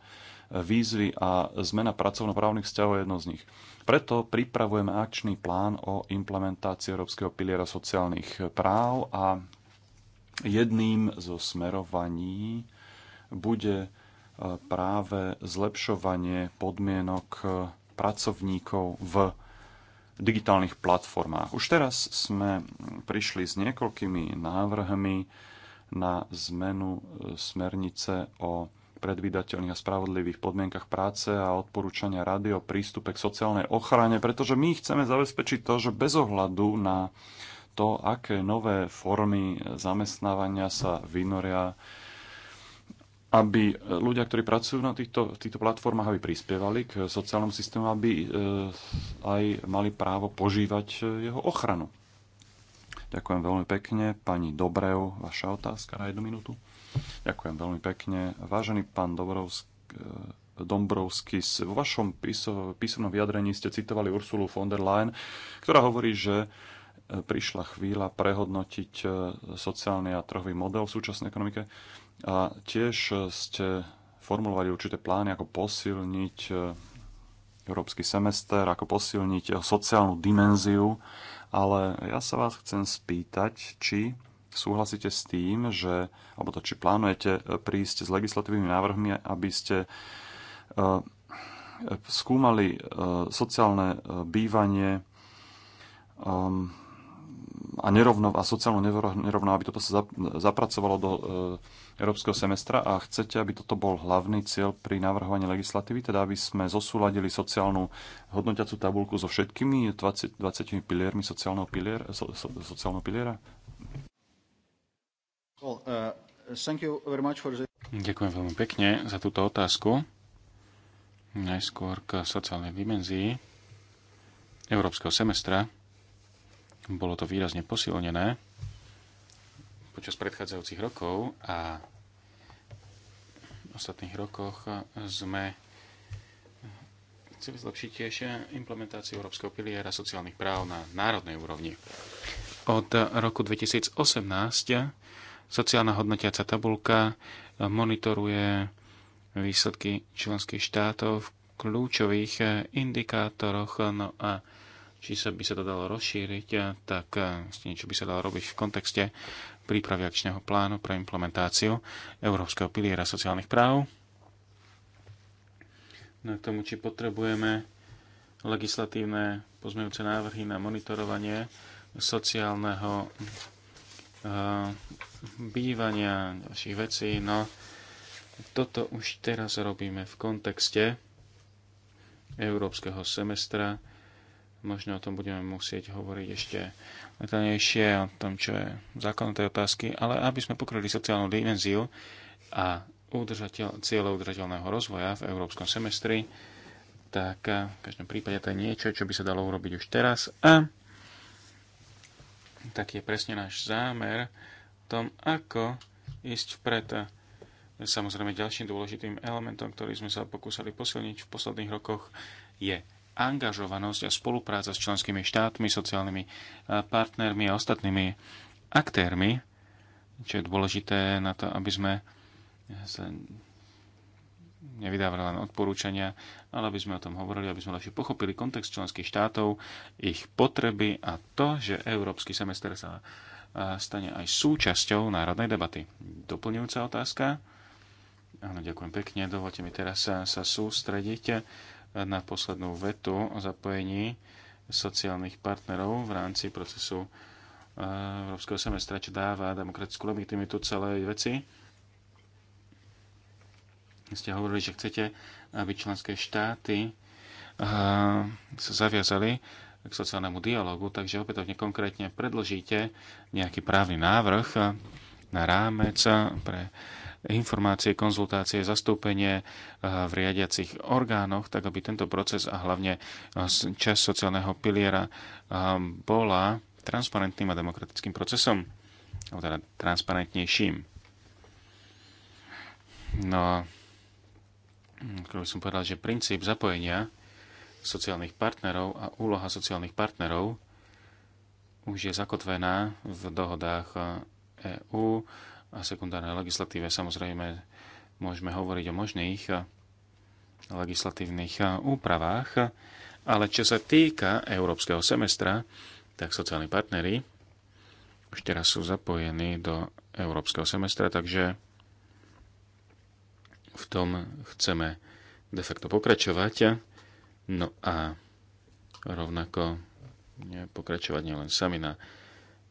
výzvy a zmena pracovnoprávnych vzťahov je jedno z nich. Preto pripravujeme akčný plán o implementácii Európskeho piliera sociálnych práv a jedným zo smerovaní bude e, práve zlepšovanie podmienok e, pracovníkov v digitálnych platformách. Už teraz sme prišli s niekoľkými návrhmi na zmenu e, smernice o predvydateľných a spravodlivých podmienkach práce a odporúčania rady o prístupe k sociálnej ochrane, pretože my chceme zabezpečiť to, že bez ohľadu na to, aké nové formy zamestnávania sa vynoria, aby ľudia, ktorí pracujú na týchto, týchto platformách, aby prispievali k sociálnemu systému, aby e, aj mali právo požívať e, jeho ochranu. Ďakujem veľmi pekne. Pani Dobrev, vaša otázka na jednu minútu. Ďakujem veľmi pekne. Vážený pán eh, Dombrovský, vo vašom písomnom vyjadrení ste citovali Ursulu von der Leyen, ktorá hovorí, že eh, prišla chvíľa prehodnotiť eh, sociálny a trhový model v súčasnej ekonomike. A tiež ste formulovali určité plány, ako posilniť európsky semester, ako posilniť sociálnu dimenziu, ale ja sa vás chcem spýtať, či súhlasíte s tým, že, alebo to, či plánujete e, prísť s legislatívnymi návrhmi, aby ste e, skúmali e, sociálne bývanie a, nerovno, a sociálnu nerovno, aby toto sa zapracovalo do európskeho semestra a chcete, aby toto bol hlavný cieľ pri navrhovaní legislatívy, teda aby sme zosúladili sociálnu hodnotiacu tabulku so všetkými 20, 20 piliermi sociálneho, pilier, so, so, sociálneho piliera? Uh, Ďakujem veľmi pekne za túto otázku. Najskôr k sociálnej dimenzii európskeho semestra. Bolo to výrazne posilnené počas predchádzajúcich rokov a v ostatných rokoch sme chceli zlepšiť tiež implementáciu Európskeho piliera sociálnych práv na národnej úrovni. Od roku 2018 Sociálna hodnotiaca tabulka monitoruje výsledky členských štátov v kľúčových eh, indikátoroch. No a či sa by sa to dalo rozšíriť, eh, tak niečo eh, by sa dalo robiť v kontexte prípravy akčného plánu pre implementáciu Európskeho piliera sociálnych práv. No tomu, či potrebujeme legislatívne pozmeňujúce návrhy na monitorovanie sociálneho bývania, ďalších vecí. No, toto už teraz robíme v kontexte európskeho semestra. Možno o tom budeme musieť hovoriť ešte letanejšie, o tom, čo je základné tej otázky, ale aby sme pokryli sociálnu dimenziu a udržateľ, cieľe udržateľného rozvoja v európskom semestri, tak v každom prípade to je niečo, čo by sa dalo urobiť už teraz a taký je presne náš zámer v tom, ako ísť vpred. Samozrejme, ďalším dôležitým elementom, ktorý sme sa pokúsali posilniť v posledných rokoch, je angažovanosť a spolupráca s členskými štátmi, sociálnymi eh, partnermi a ostatnými aktérmi, čo je dôležité na to, aby sme sa nevydávali len odporúčania, ale aby sme o tom hovorili, aby sme lepšie pochopili kontext členských štátov, ich potreby a to, že európsky semester sa stane aj súčasťou národnej debaty. Doplňujúca otázka? Áno, ďakujem pekne. Dovolte mi teraz sa, sa sústrediť na poslednú vetu o zapojení sociálnych partnerov v rámci procesu Európskeho semestra, čo dáva demokratickú legitimitu celej veci ste hovorili, že chcete, aby členské štáty eh, sa zaviazali k sociálnemu dialogu, takže opätovne konkrétne predložíte nejaký právny návrh na rámec pre informácie, konzultácie, zastúpenie eh, v riadiacich orgánoch, tak aby tento proces a hlavne eh, časť sociálneho piliera bola transparentným a demokratickým procesom, alebo teda transparentnejším. No Hm, ktorý by som povedal, že princíp zapojenia sociálnych partnerov a úloha sociálnych partnerov už je zakotvená v dohodách EÚ a sekundárnej legislatíve. Samozrejme, môžeme hovoriť o možných legislatívnych úpravách, ale čo sa týka európskeho semestra, tak sociálni partnery už teraz sú zapojení do európskeho semestra, takže v tom chceme de facto pokračovať. No a rovnako pokračovať nielen sami na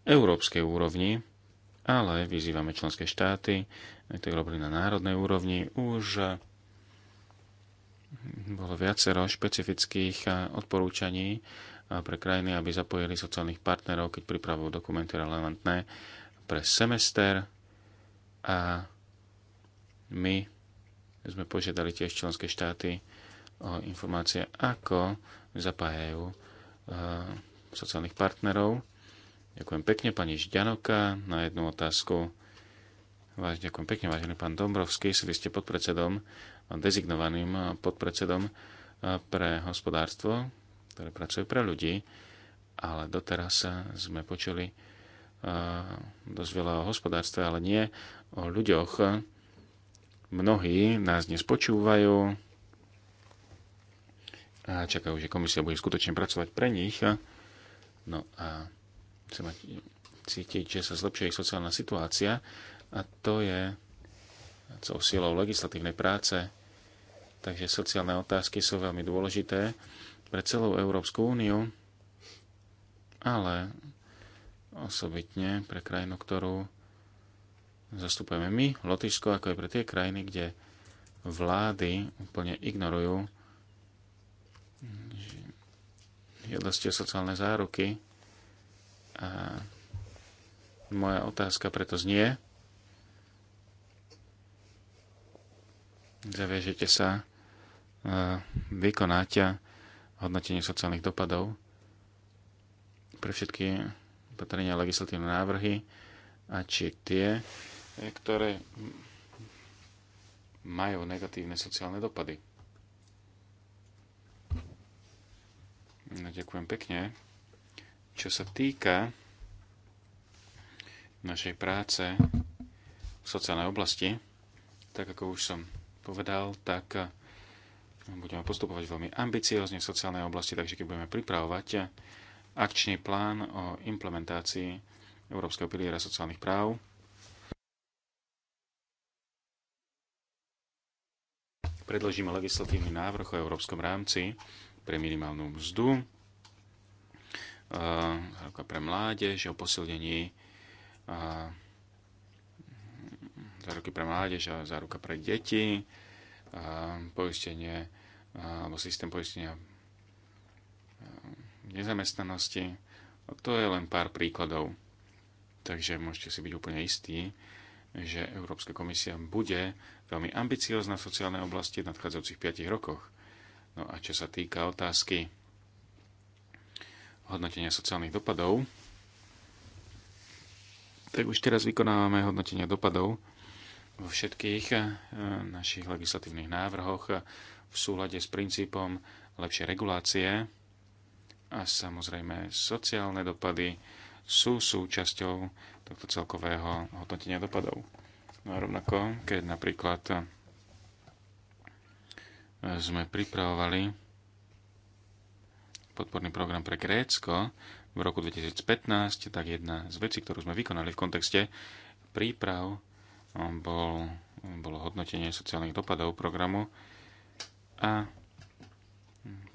európskej úrovni, ale vyzývame členské štáty, aj to robili na národnej úrovni, už bolo viacero špecifických odporúčaní pre krajiny, aby zapojili sociálnych partnerov, keď pripravujú dokumenty relevantné pre semester a my sme požiadali tiež členské štáty o informácie, ako zapájajú eh, sociálnych partnerov. Ďakujem pekne pani Žďanoka na jednu otázku. Váš, ďakujem pekne, vážený pán Dombrovský, vy ste podpredsedom, dezignovaným podpredsedom eh, pre hospodárstvo, ktoré pracuje pre ľudí, ale doteraz sme počuli eh, dosť veľa o hospodárstve, ale nie o ľuďoch. Mnohí nás dnes počúvajú a čakajú, že komisia bude skutočne pracovať pre nich. No a chcem cítiť, že sa zlepšuje ich sociálna situácia a to je celou silou legislatívnej práce. Takže sociálne otázky sú veľmi dôležité pre celú Európsku úniu, ale osobitne pre krajinu, ktorú zastupujeme my, Lotyšsko, ako aj pre tie krajiny, kde vlády úplne ignorujú jednosti sociálne záruky. A moja otázka preto znie, zaviažete sa e, vykonať hodnotenie sociálnych dopadov pre všetky opatrenia a legislatívne návrhy a či tie ktoré majú negatívne sociálne dopady. No, ďakujem pekne. Čo sa týka našej práce v sociálnej oblasti, tak ako už som povedal, tak budeme postupovať veľmi ambiciozne v sociálnej oblasti, takže keď budeme pripravovať akčný plán o implementácii Európskeho piliera sociálnych práv, predložíme legislatívny návrh o európskom rámci pre minimálnu mzdu, pre mládež, o posilnení záruky pre mládež a záruka pre deti, poistenie alebo systém poistenia nezamestnanosti. To je len pár príkladov. Takže môžete si byť úplne istí, že Európska komisia bude veľmi ambiciozna v sociálnej oblasti v nadchádzajúcich 5 rokoch. No a čo sa týka otázky hodnotenia sociálnych dopadov, tak už teraz vykonávame hodnotenie dopadov vo všetkých eh, našich legislatívnych návrhoch v súlade s princípom lepšie regulácie a samozrejme sociálne dopady sú súčasťou tohto celkového hodnotenia dopadov. No a rovnako, keď napríklad e, sme pripravovali podporný program pre Grécko v roku 2015, tak jedna z vecí, ktorú sme vykonali v kontexte príprav, e, bol, bolo hodnotenie sociálnych dopadov programu a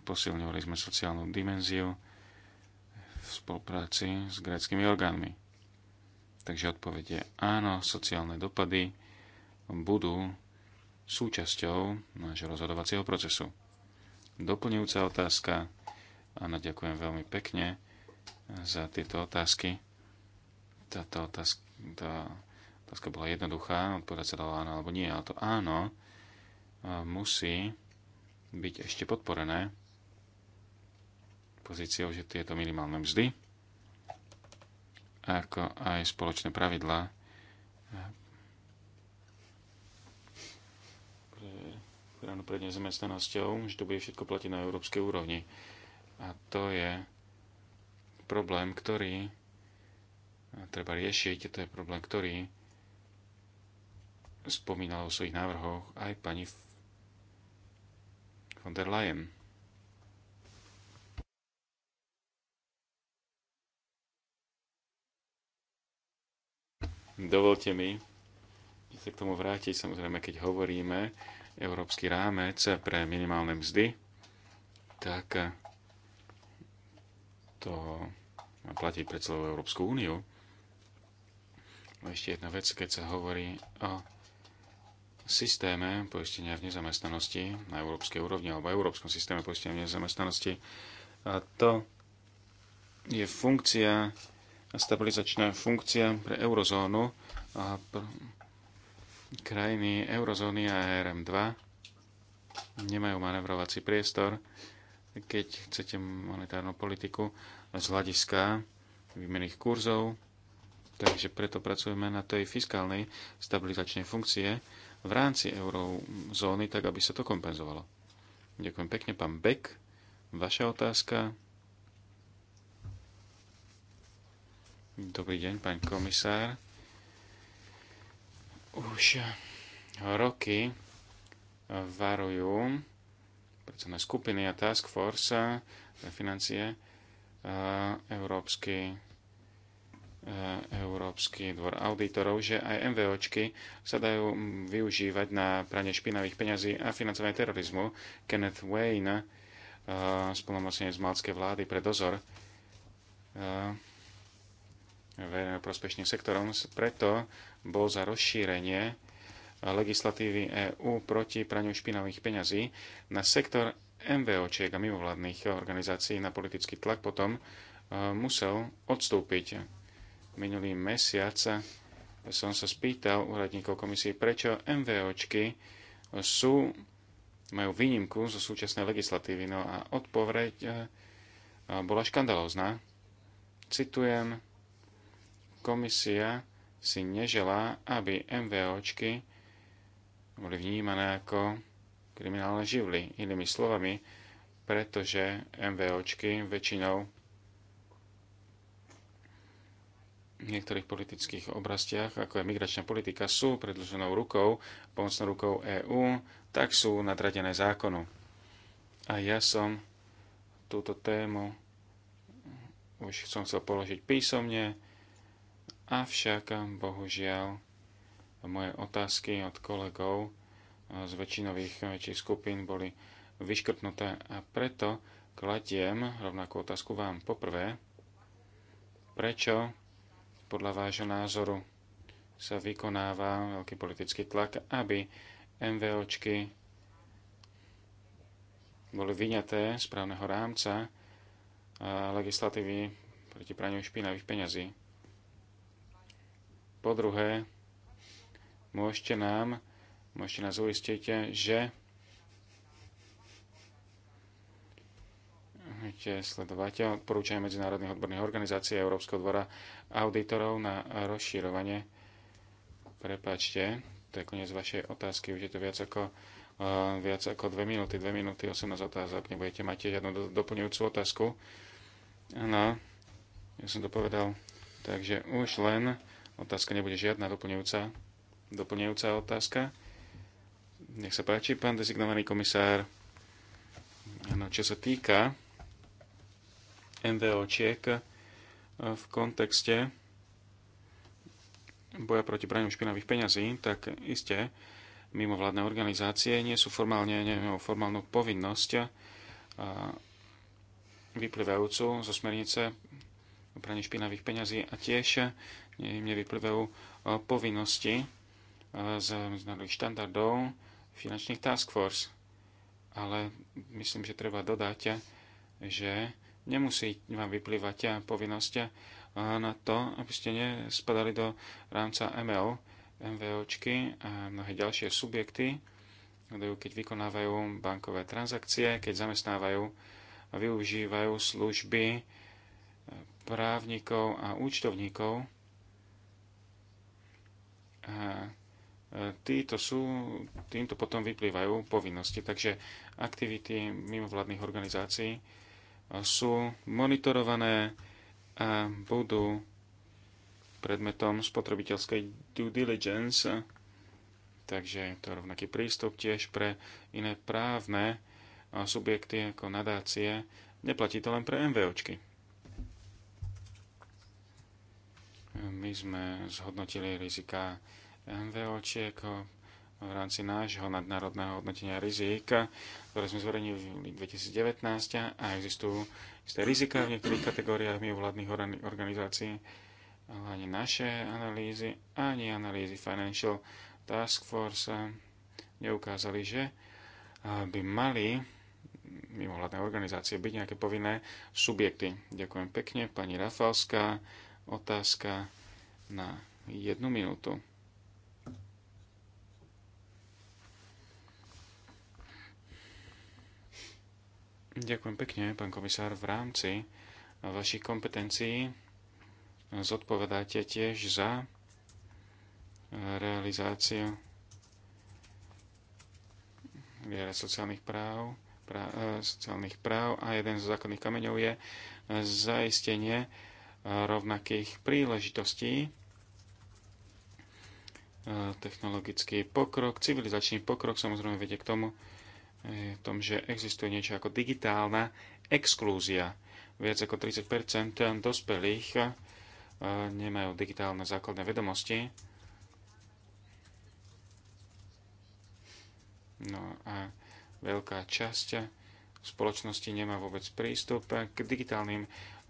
posilňovali sme sociálnu dimenziu v spolupráci s gréckými orgánmi. Takže odpovede áno, sociálne dopady budú súčasťou nášho rozhodovacieho procesu. Doplňujúca otázka. Áno, ďakujem veľmi pekne za tieto otázky. Táto otázka, tá otázka bola jednoduchá, odpovedať sa dalo áno alebo nie, ale to áno e, musí byť ešte podporené pozíciou, že tieto minimálne mzdy ako aj spoločné pravidlá eh, ráno pred nezamestnanosťou, že to bude všetko platiť na európskej úrovni. A to je problém, ktorý treba riešiť, to je problém, ktorý spomínala o svojich návrhoch aj pani von der Leyen. Dovolte mi sa k tomu vrátiť, samozrejme, keď hovoríme európsky rámec pre minimálne mzdy, tak to platí pre celú Európsku úniu. Ešte jedna vec, keď sa hovorí o systéme poistenia v nezamestnanosti na európskej úrovni alebo európskom systéme poistenia v nezamestnanosti, a to je funkcia stabilizačná funkcia pre eurozónu a pr- krajiny eurozóny a e RM2 nemajú manevrovací priestor, keď chcete monetárnu politiku z hľadiska výmených kurzov, takže preto pracujeme na tej fiskálnej stabilizačnej funkcie v rámci eurozóny, tak aby sa to kompenzovalo. Ďakujem pekne, pán Beck. Vaša otázka. Dobrý deň, pán komisár. Už roky varujú pracovné skupiny a task force pre financie Európsky, Európsky dvor auditorov, že aj MVOčky sa dajú využívať na pranie špinavých peňazí a financovanie terorizmu. Kenneth Wayne, z malskej vlády pre dozor, verejne prospešným sektorom. Preto bol za rozšírenie legislatívy EÚ proti praniu špinavých peňazí na sektor MVOčiek a mimovládnych organizácií na politický tlak potom e, musel odstúpiť. Minulý mesiac som sa spýtal úradníkov komisie, prečo MVOčky sú, majú výnimku zo súčasnej legislatívy. No a odpoveď e, bola škandalózna. Citujem, komisia si neželá, aby MVOčky boli vnímané ako kriminálne živly. Inými slovami, pretože MVOčky väčšinou v niektorých politických oblastiach, ako je migračná politika, sú predlženou rukou, pomocnou rukou EÚ, tak sú nadradené zákonu. A ja som túto tému už som chcel položiť písomne, Avšak, bohužiaľ, moje otázky od kolegov e, z väčšinových e, či skupín boli vyškrtnuté a preto kladiem rovnakú otázku vám poprvé. Prečo podľa vášho názoru sa vykonáva veľký politický tlak, aby MVOčky boli vyňaté z právneho rámca e, legislatívy proti praniu špinavých peňazí? Po druhé, môžete nám, môžete nás uistiť, že Viete, sledovať odporúčania medzinárodných odborných organizácií Európskeho dvora auditorov na rozširovanie. Prepačte, to je koniec vašej otázky, už je to viac ako, uh, viac ako 2 minúty, 2 minúty 18 otázok, nebudete mať žiadnu do, doplňujúcu otázku. No, ja som to povedal, takže už len otázka nebude žiadna doplňujúca, doplňujúca otázka. Nech sa páči, pán dezignovaný komisár. Ano, čo sa týka NVOčiek eh, v kontexte boja proti praniu špinavých peňazí, tak iste mimovládne organizácie nie sú formálne, nemajú formálnu povinnosť eh, vyplývajúcu zo smernice o praní špinavých peňazí a tiež Vlastne im nevyplývajú e, povinnosti e, z medzinárodných štandardov finančných task force. Ale myslím, že treba dodať, že nemusí vám vyplývať povinnosť e, na to, aby ste nespadali do rámca ML, MVOčky a mnohé ďalšie subjekty, keď vykonávajú bankové transakcie, keď zamestnávajú a využívajú služby právnikov a účtovníkov, E, títo sú, týmto potom vyplývajú povinnosti. Takže aktivity mimovládnych organizácií e, sú monitorované a budú predmetom spotrebiteľskej due diligence, takže je to rovnaký prístup tiež pre iné právne e, subjekty ako nadácie. Neplatí to len pre MVOčky. My sme zhodnotili rizika MVOčiek v rámci nášho nadnárodného hodnotenia rizik, ktoré sme zverejnili v 2019 a existujú isté rizika v niektorých kategóriách mimovládnych organizácií, ale ani naše analýzy, ani analýzy Financial Task Force neukázali, že eh, by mali mimovládne organizácie byť nejaké povinné subjekty. Ďakujem pekne, pani Rafalská otázka na jednu minútu. Ďakujem pekne, pán komisár. V rámci vašich kompetencií zodpovedáte tiež za realizáciu viera sociálnych práv, práv, eh, sociálnych práv a jeden zo základných kameňov je zaistenie rovnakých príležitostí. E, technologický pokrok, civilizačný pokrok samozrejme vedie k tomu, e, tom, že existuje niečo ako digitálna exklúzia. Viac ako 30 dospelých e, nemajú digitálne základné vedomosti. No a veľká časť spoločnosti nemá vôbec prístup k digitálnym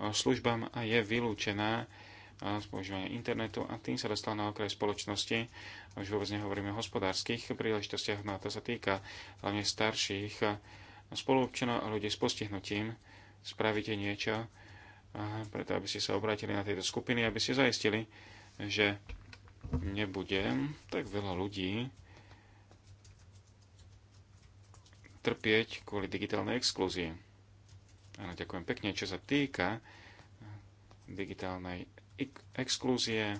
službám a je vylúčená z používania internetu a tým sa dostala na okraj spoločnosti. A už vôbec nehovoríme o hospodárskych príležitostiach, no a to sa týka hlavne starších spoluobčanov a ľudí s postihnutím. Spravíte niečo, preto aby ste sa obrátili na tieto skupiny, aby ste zaistili, že nebude tak veľa ľudí trpieť kvôli digitálnej exklúzii. Áno, ďakujem pekne. Čo sa týka eh, digitálnej exklúzie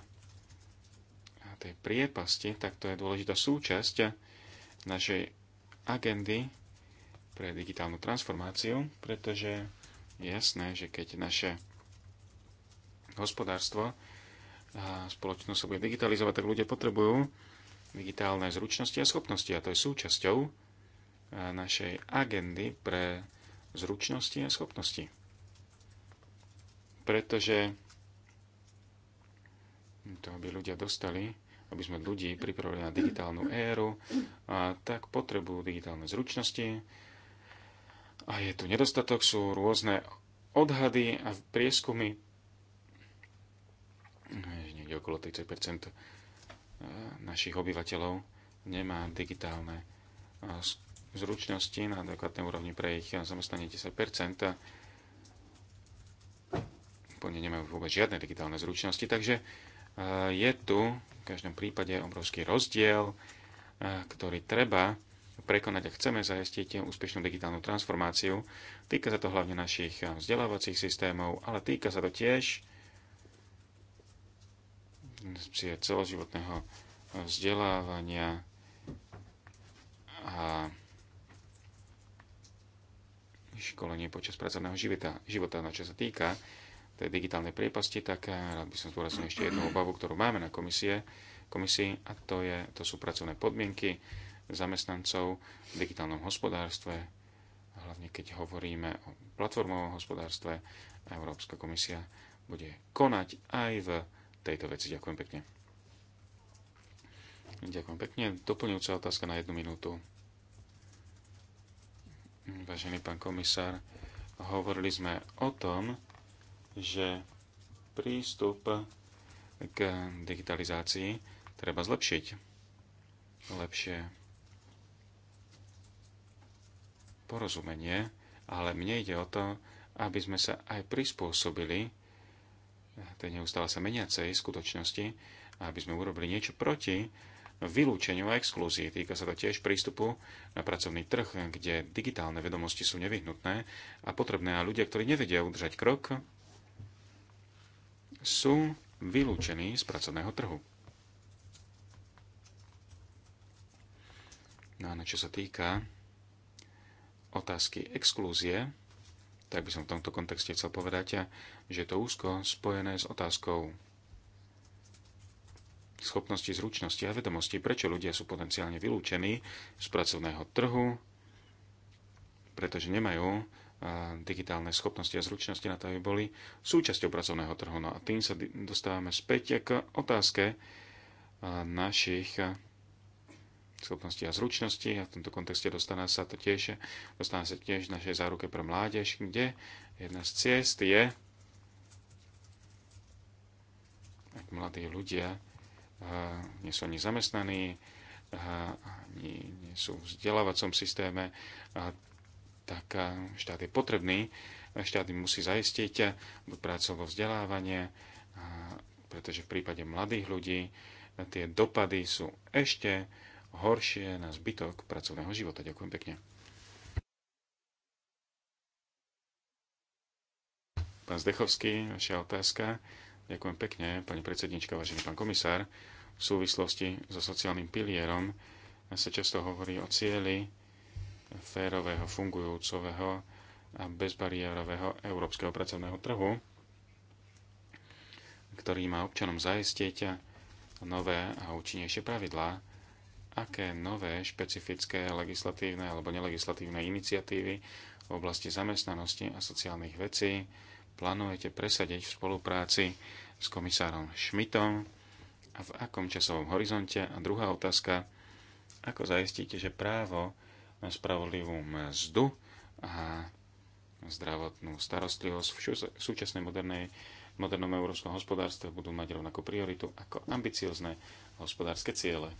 a tej priepasti, tak to je dôležitá súčasť našej agendy pre digitálnu transformáciu, pretože je jasné, že keď naše hospodárstvo a spoločnosť sa bude digitalizovať, tak ľudia potrebujú digitálne zručnosti a schopnosti a to je súčasťou eh, našej agendy pre zručnosti a schopnosti. Pretože to, aby ľudia dostali, aby sme ľudí pripravili na digitálnu éru, a tak potrebujú digitálne zručnosti. A je tu nedostatok, sú rôzne odhady a prieskumy, no, niekde okolo 30 e, našich obyvateľov nemá digitálne zručnosti na adekvátnej úrovni pre ich zamestnanie 10 Úplne nemajú vôbec žiadne digitálne zručnosti, takže eh, je tu v každom prípade obrovský rozdiel, eh, ktorý treba prekonať a chceme zajistiť úspešnú digitálnu transformáciu. Týka sa to hlavne našich eh, vzdelávacích systémov, ale týka sa to tiež celoživotného vzdelávania a školenie počas pracovného života. života. Na no, čo sa týka tej digitálnej priepasti, tak eh, rád by som zdôraznil ešte jednu obavu, ktorú máme na komisie, komisii, a to, je, to sú pracovné podmienky zamestnancov v digitálnom hospodárstve, hlavne keď hovoríme o platformovom hospodárstve, Európska komisia bude konať aj v tejto veci. Ďakujem pekne. Ďakujem pekne. Doplňujúca otázka na jednu minútu. Vážený pán komisár, hovorili sme o tom, že prístup k digitalizácii treba zlepšiť. Lepšie porozumenie, ale mne ide o to, aby sme sa aj prispôsobili tej neustále sa meniacej skutočnosti, aby sme urobili niečo proti vylúčeniu a exklúzii. Týka sa to tiež prístupu na pracovný trh, kde digitálne vedomosti sú nevyhnutné a potrebné a ľudia, ktorí nevedia udržať krok, sú vylúčení z pracovného trhu. No a čo sa týka otázky exklúzie, tak by som v tomto kontexte chcel povedať, že je to úzko spojené s otázkou schopnosti, zručnosti a vedomosti, prečo ľudia sú potenciálne vylúčení z pracovného trhu, pretože nemajú digitálne schopnosti a zručnosti na to, aby boli súčasťou pracovného trhu. No a tým sa dostávame späť k otázke našich schopností a zručností a v tomto kontexte dostane sa to tiež, dostane sa tiež našej záruke pre mládež, kde jedna z ciest je, ak mladí ľudia nie sú ani zamestnaní, ani nie sú v vzdelávacom systéme, tak štát je potrebný. Štát im musí zaistiť buď vo vzdelávanie, pretože v prípade mladých ľudí tie dopady sú ešte horšie na zbytok pracovného života. Ďakujem pekne. Pán Zdechovský, vaša otázka. Ďakujem pekne, pani predsednička, vážený pán komisár v súvislosti so sociálnym pilierom sa často hovorí o cieli férového, fungujúcového a bezbariérového európskeho pracovného trhu, ktorý má občanom zaistiť nové a účinnejšie pravidlá, aké nové špecifické legislatívne alebo nelegislatívne iniciatívy v oblasti zamestnanosti a sociálnych vecí plánujete presadiť v spolupráci s komisárom Schmidtom, v akom časovom horizonte? A druhá otázka, ako zaistíte, že právo na spravodlivú mzdu a zdravotnú starostlivosť v súčasnej modernej, modernom európskom hospodárstve budú mať rovnakú prioritu ako ambiciozne hospodárske ciele.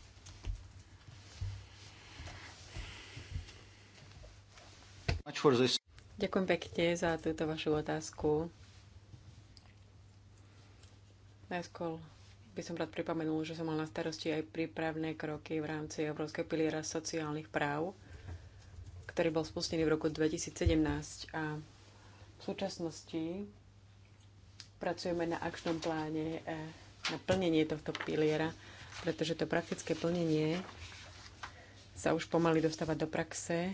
Ďakujem pekne za túto vašu otázku. Najskôr by som rád pripomenul, že som mal na starosti aj prípravné kroky v rámci Európskeho piliera sociálnych práv, ktorý bol spustený v roku 2017 a v súčasnosti pracujeme na akčnom pláne eh, na plnenie tohto piliera, pretože to praktické plnenie sa už pomaly dostáva do praxe,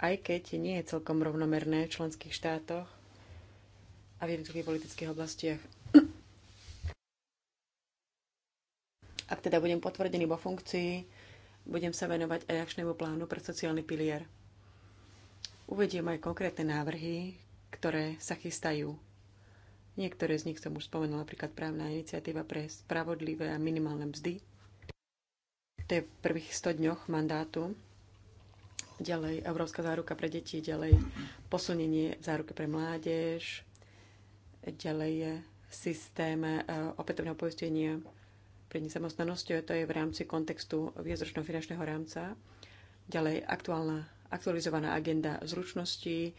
aj keď nie je celkom rovnomerné v členských štátoch a v jednotlivých politických oblastiach. ak teda budem potvrdený vo funkcii, budem sa venovať aj akčnému plánu pre sociálny pilier. Uvediem aj konkrétne návrhy, ktoré sa chystajú. Niektoré z nich som už spomenula, napríklad právna iniciatíva pre spravodlivé a minimálne mzdy. To je v prvých 100 dňoch mandátu. Ďalej Európska záruka pre deti, ďalej posunenie záruky pre mládež, ďalej systém e, opätovného poistenia pred nezamestnanosť. To je v rámci kontextu viezročného finančného rámca. Ďalej aktuálna, aktualizovaná agenda zručností,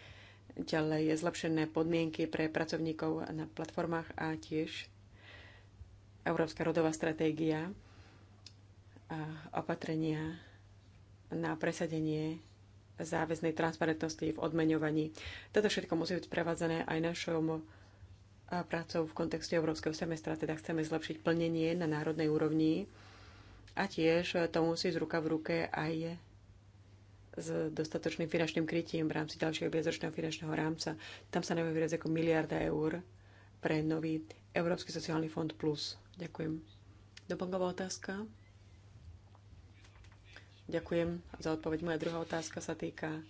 ďalej je zlepšené podmienky pre pracovníkov na platformách a tiež Európska rodová stratégia a opatrenia na presadenie záväznej transparentnosti v odmeňovaní. Toto všetko musí byť sprevádzané aj našom prácou v kontexte európskeho semestra, teda chceme zlepšiť plnenie na národnej úrovni a tiež to musí z ruka v ruke aj s dostatočným finančným krytím v rámci ďalšieho viacročného finančného rámca. Tam sa najmä viac ako miliarda eur pre nový Európsky sociálny fond plus. Ďakujem. Doplnková otázka? Ďakujem za odpoveď. Moja druhá otázka sa týka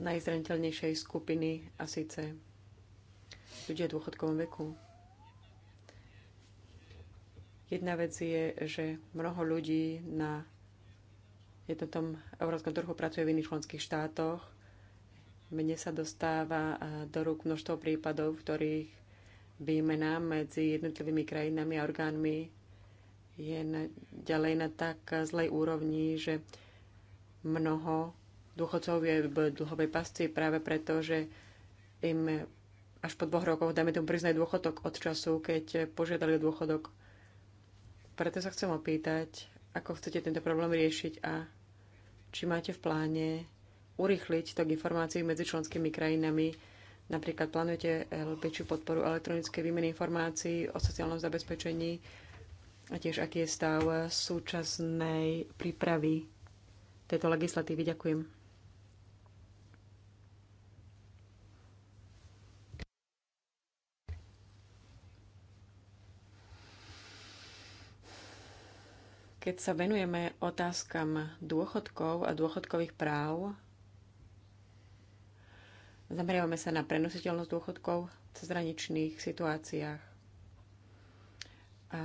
najzraniteľnejšej skupiny a síce ľudia v dôchodkovom veku. Jedna vec je, že mnoho ľudí na jednotnom európskom trhu pracuje v iných členských štátoch. Mne sa dostáva do rúk množstvo prípadov, v ktorých výmena medzi jednotlivými krajinami a orgánmi je na, ďalej na tak zlej úrovni, že mnoho dôchodcov je v dlhovej pasci práve preto, že im až po dvoch rokoch, dajme tomu priznať dôchodok od času, keď požiadali o dôchodok. Preto sa chcem opýtať, ako chcete tento problém riešiť a či máte v pláne urychliť tak informácií medzi členskými krajinami, napríklad plánujete väčšiu podporu elektronickej výmeny informácií o sociálnom zabezpečení a tiež aký je stav súčasnej prípravy tejto legislatívy. Ďakujem. Keď sa venujeme otázkam dôchodkov a dôchodkových práv, zameriavame sa na prenositeľnosť dôchodkov v cezraničných situáciách. A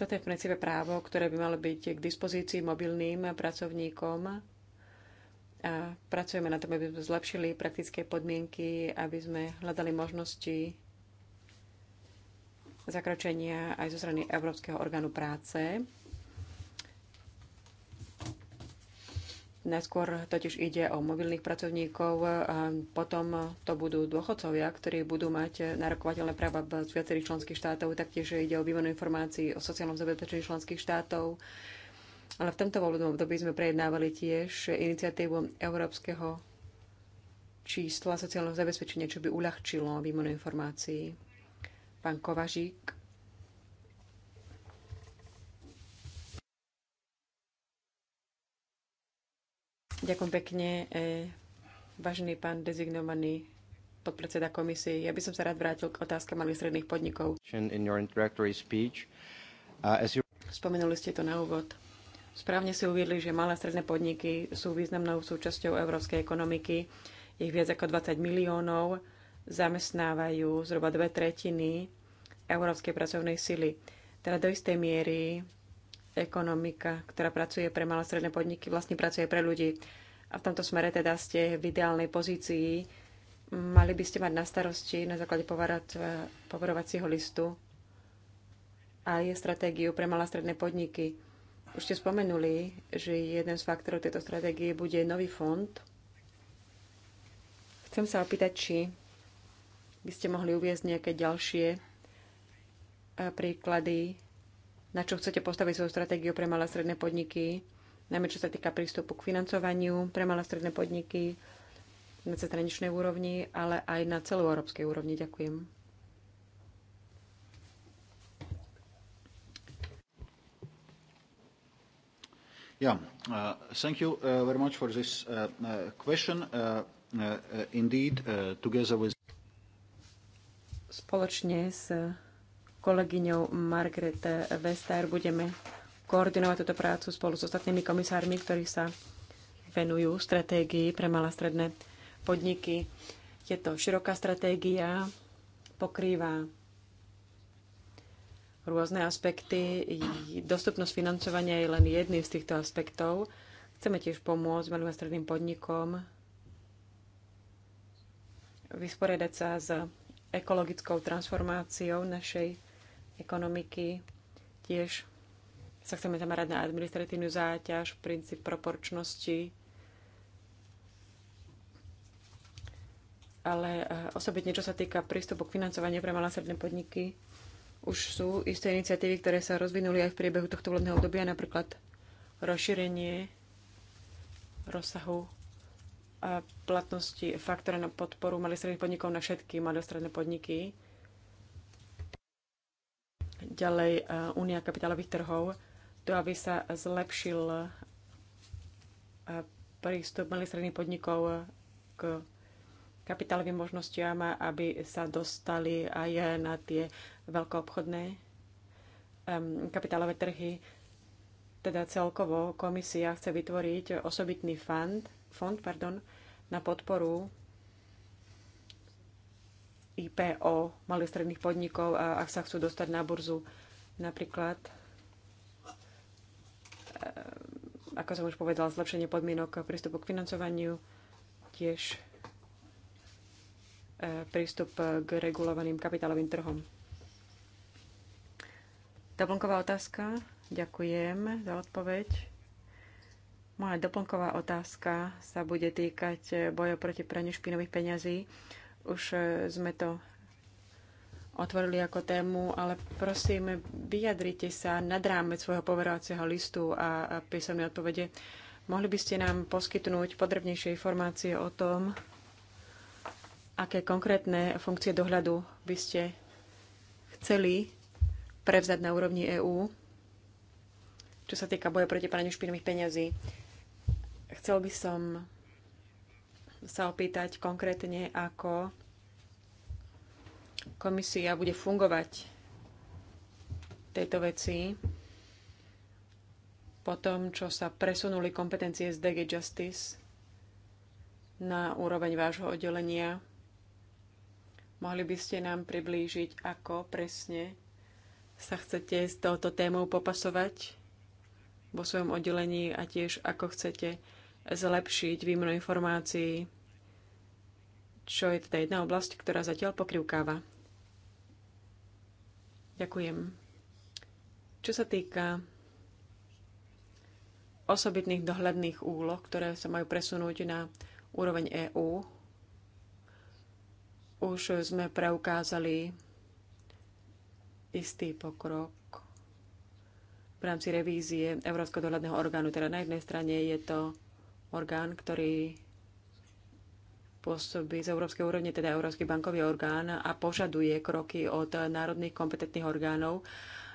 toto je v princípe právo, ktoré by malo byť k dispozícii mobilným pracovníkom a pracujeme na tom, aby sme zlepšili praktické podmienky, aby sme hľadali možnosti zakročenia aj zo strany Európskeho orgánu práce. Najskôr totiž ide o mobilných pracovníkov, a potom to budú dôchodcovia, ktorí budú mať narokovateľné práva z viacerých členských štátov, taktiež ide o výmenu informácií o sociálnom zabezpečení členských štátov. Ale v tomto volebnom období sme prejednávali tiež iniciatívu Európskeho čísla sociálneho zabezpečenia, čo by uľahčilo výmenu informácií. Pán Kovažík. Ďakujem pekne, eh, vážený pán dezignovaný podpredseda komisie. Ja by som sa rád vrátil k otázke malých stredných podnikov. Uh, Spomenuli ste to na úvod. Správne si uviedli, že malé stredné podniky sú významnou súčasťou európskej ekonomiky. Ich viac ako 20 miliónov zamestnávajú zhruba dve tretiny európskej pracovnej sily. Teda do istej miery ekonomika, ktorá pracuje pre malé stredné podniky, vlastne pracuje pre ľudí. A v tomto smere teda ste v ideálnej pozícii. Mali by ste mať na starosti na základe poverovacieho eh, listu a je stratégiu pre malé stredné podniky. Už ste spomenuli, že jeden z faktorov tejto stratégie bude nový fond. Chcem sa opýtať, či by ste mohli uviezť nejaké ďalšie e, príklady, na čo chcete postaviť svoju stratégiu pre malé a stredné podniky, najmä čo sa týka prístupu k financovaniu pre malé a stredné podniky na cestraničnej úrovni, ale aj na európskej úrovni. Ďakujem. Yeah, uh, thank you uh, very much for this uh, uh, question. Uh, uh, indeed, uh, together with Spoločne s kolegyňou Margaret Vestager budeme koordinovať túto prácu spolu s ostatnými komisármi, ktorí sa venujú stratégii pre malé stredné podniky. Je to široká stratégia, pokrýva rôzne aspekty. Dostupnosť financovania je len jedným z týchto aspektov. Chceme tiež pomôcť malým a stredným podnikom vysporiadať sa s ekologickou transformáciou našej ekonomiky. Tiež sa chceme zamerať na administratívnu záťaž, princíp proporčnosti, ale eh, osobitne čo sa týka prístupu k financovaniu pre malé stredné podniky, už sú isté iniciatívy, ktoré sa rozvinuli aj v priebehu tohto volebného obdobia, napríklad rozšírenie rozsahu platnosti faktora na podporu malých stredných podnikov na všetky malé stredné podniky. Ďalej e, Únia kapitálových trhov. To, aby sa zlepšil e, prístup malých stredných podnikov k kapitálovým možnostiam, aby sa dostali aj na tie veľkoobchodné kapitálové trhy. Teda celkovo komisia chce vytvoriť osobitný fond fond pardon, na podporu IPO malých stredných podnikov, a ak sa chcú dostať na burzu. Napríklad, eh, ako som už povedala, zlepšenie podmienok prístupu k financovaniu, tiež eh, prístup k regulovaným kapitálovým trhom. Doplnková otázka. Ďakujem za odpoveď. Moja doplnková otázka sa bude týkať boja proti praniu špinových peňazí. Už e, sme to otvorili ako tému, ale prosím, vyjadrite sa nad rámec svojho poverovacieho listu a písomnej odpovede. Mohli by ste nám poskytnúť podrobnejšie informácie o tom, aké konkrétne funkcie dohľadu by ste chceli prevzať na úrovni EÚ, čo sa týka boja proti praniu špinových peňazí. Chcel by som sa opýtať konkrétne, ako komisia bude fungovať tejto veci po tom, čo sa presunuli kompetencie z DG Justice na úroveň vášho oddelenia. Mohli by ste nám priblížiť, ako presne sa chcete s touto témou popasovať vo svojom oddelení a tiež ako chcete zlepšiť výmenu informácií, čo je teda jedna oblasť, ktorá zatiaľ pokrivkáva. Ďakujem. Čo sa týka osobitných dohľadných úloh, ktoré sa majú presunúť na úroveň EÚ, už sme preukázali istý pokrok v rámci revízie Európskeho dohľadného orgánu. Teda na jednej strane je to orgán, ktorý pôsobí z európskej úrovne, teda Európsky bankový orgán a požaduje kroky od národných kompetentných orgánov.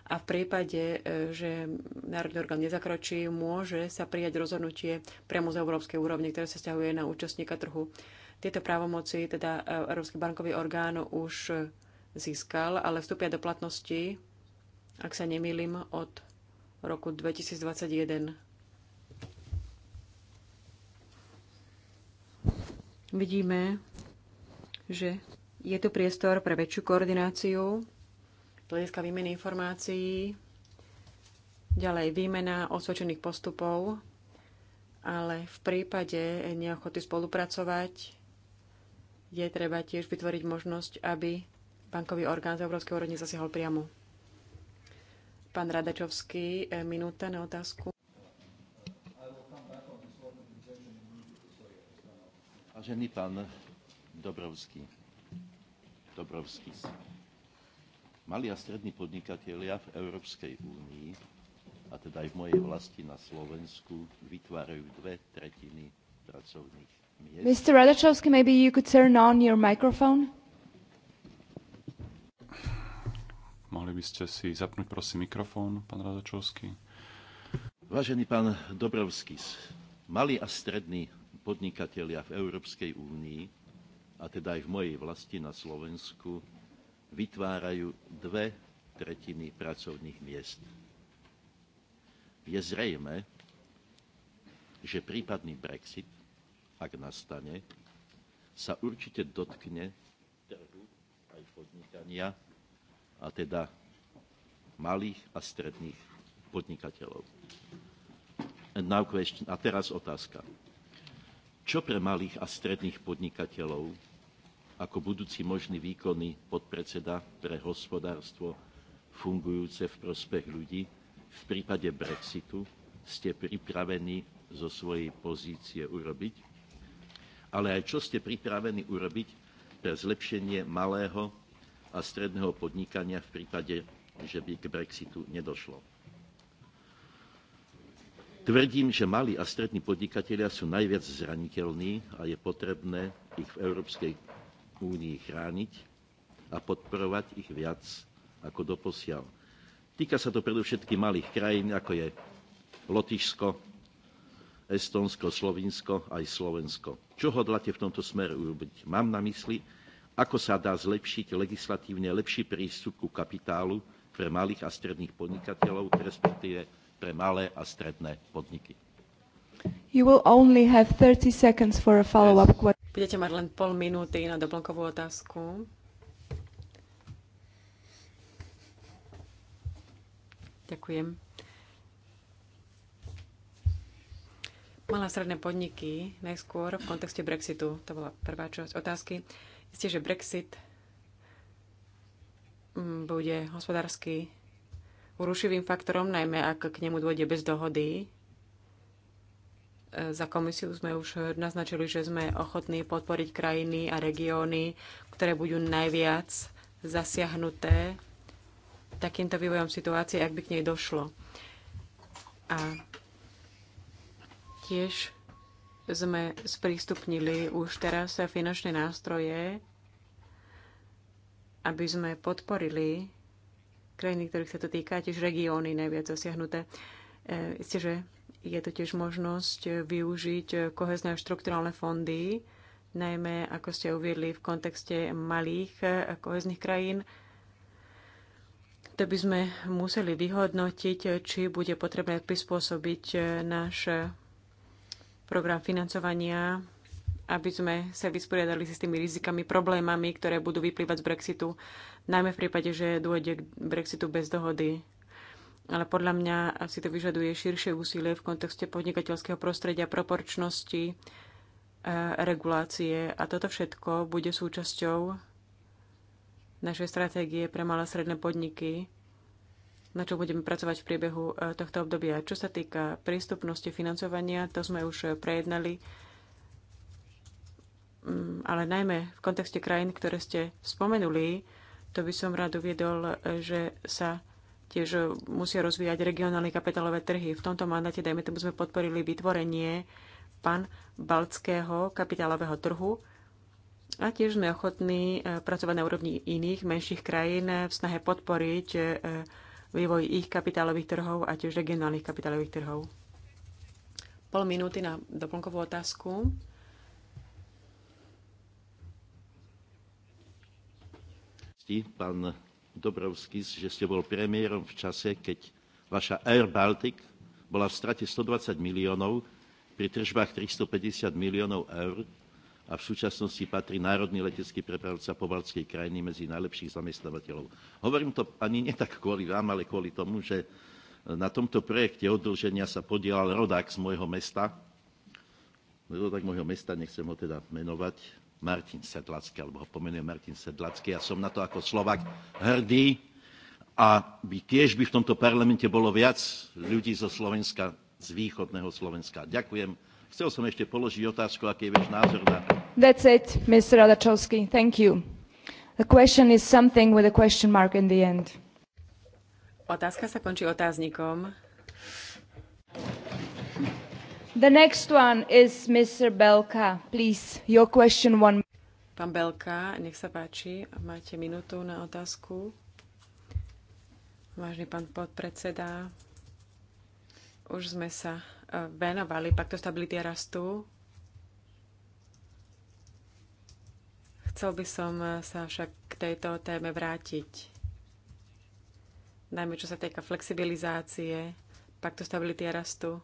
A v prípade, e, že národný orgán nezakročí, môže sa prijať rozhodnutie priamo z európskej úrovne, ktoré sa stiahuje na účastníka trhu. Tieto právomoci teda e, Európsky bankový orgán už získal, ale vstúpia do platnosti, ak sa nemýlim, od roku 2021. Vidíme, že je tu priestor pre väčšiu koordináciu, hľadiska výmeny informácií, ďalej výmena osvedčených postupov, ale v prípade neochoty spolupracovať je treba tiež vytvoriť možnosť, aby bankový orgán z Európskej úrovne zasiahol priamo. Pán Radačovský, minúta na otázku. Vážený pán Dobrovský, Dobrovský, mali a strední podnikatelia v Európskej únii, a teda aj v mojej vlasti na Slovensku, vytvárajú dve tretiny pracovných miest. Mr. Radačovský, maybe you could turn on your microphone. Mohli by ste si zapnúť, prosím, mikrofón, pán Radačovský. Vážený pán Dobrovský, malí a strední podnikatelia v Európskej únii, a teda aj v mojej vlasti na Slovensku, vytvárajú dve tretiny pracovných miest. Je zrejme, že prípadný Brexit, ak nastane, sa určite dotkne trhu aj podnikania, a teda malých a stredných podnikateľov. And now question. A teraz otázka. Čo pre malých a stredných podnikateľov ako budúci možný výkonný podpredseda pre hospodárstvo fungujúce v prospech ľudí v prípade Brexitu ste pripravení zo svojej pozície urobiť, ale aj čo ste pripravení urobiť pre zlepšenie malého a stredného podnikania v prípade, že by k Brexitu nedošlo. Tvrdím, že malí a strední podnikatelia sú najviac zraniteľní a je potrebné ich v Európskej únii chrániť a podporovať ich viac ako doposiaľ. Týka sa to predovšetkým malých krajín, ako je Lotyšsko, Estonsko, Slovinsko aj Slovensko. Čo hodláte v tomto smere urobiť? Mám na mysli, ako sa dá zlepšiť legislatívne lepší prístup ku kapitálu pre malých a stredných podnikateľov, respektíve pre malé a stredné podniky. You will only have 30 seconds for a follow-up question. Budete mať len pol minúty na doplnkovú otázku. Ďakujem. Malé a stredné podniky najskôr v kontexte Brexitu. To bola prvá časť otázky. Isté, že Brexit mm, bude hospodársky rušivým faktorom, najmä ak k nemu dôjde bez dohody. E, za komisiu sme už naznačili, že sme ochotní podporiť krajiny a regióny, ktoré budú najviac zasiahnuté takýmto vývojom situácie, ak by k nej došlo. A tiež sme sprístupnili už teraz finančné nástroje, aby sme podporili krajiny, ktorých sa to týka, tiež regióny najviac zasiahnuté. E, isté, že je to tiež možnosť využiť kohezné štrukturálne fondy, najmä ako ste uviedli v kontexte malých e, kohezných krajín. To by sme museli vyhodnotiť, či bude potrebné prispôsobiť e, náš program financovania aby sme sa vysporiadali s tými rizikami, problémami, ktoré budú vyplývať z Brexitu, najmä v prípade, že dôjde k Brexitu bez dohody. Ale podľa mňa si to vyžaduje širšie úsilie v kontexte podnikateľského prostredia, proporčnosti, e, regulácie a toto všetko bude súčasťou našej stratégie pre malé a stredné podniky, na čo budeme pracovať v priebehu e, tohto obdobia. Čo sa týka prístupnosti financovania, to sme už prejednali Mm, ale najmä v kontexte krajín, ktoré ste spomenuli, to by som rád uviedol, že sa tiež musia rozvíjať regionálne kapitálové trhy. V tomto mandáte, dajme tomu, sme podporili vytvorenie pan baltského kapitálového trhu a tiež sme ochotní e, pracovať na úrovni iných menších krajín v snahe podporiť e, vývoj ich kapitálových trhov a tiež regionálnych kapitálových trhov. Pol minúty na doplnkovú otázku. cti, pán Dobrovský, že ste bol premiérom v čase, keď vaša Air Baltic bola v strate 120 miliónov, pri tržbách 350 miliónov eur a v súčasnosti patrí národný letecký prepravca pobaltskej krajiny medzi najlepších zamestnávateľov. Hovorím to ani nie tak kvôli vám, ale kvôli tomu, že na tomto projekte oddlženia sa podielal rodák z môjho mesta, rodák môjho mesta, nechcem ho teda menovať, Martin Sedlacký, alebo ho pomenuje Martin Sedlacký. Ja som na to ako Slovak hrdý a by tiež by v tomto parlamente bolo viac ľudí zo Slovenska, z východného Slovenska. Ďakujem. Chcel som ešte položiť otázku, aký je váš názor na That's it, Mr. Radačovský. Thank you. The question is something with a question mark in the end. Otázka sa končí otáznikom. The next one is Mr. Belka. Please, your question one. Pán Belka, nech sa páči, máte minútu na otázku. Vážny pán podpredseda, už sme sa e, venovali paktu stability a rastu. Chcel by som e, sa však k tejto téme vrátiť. Najmä čo sa týka flexibilizácie paktu stability a rastu.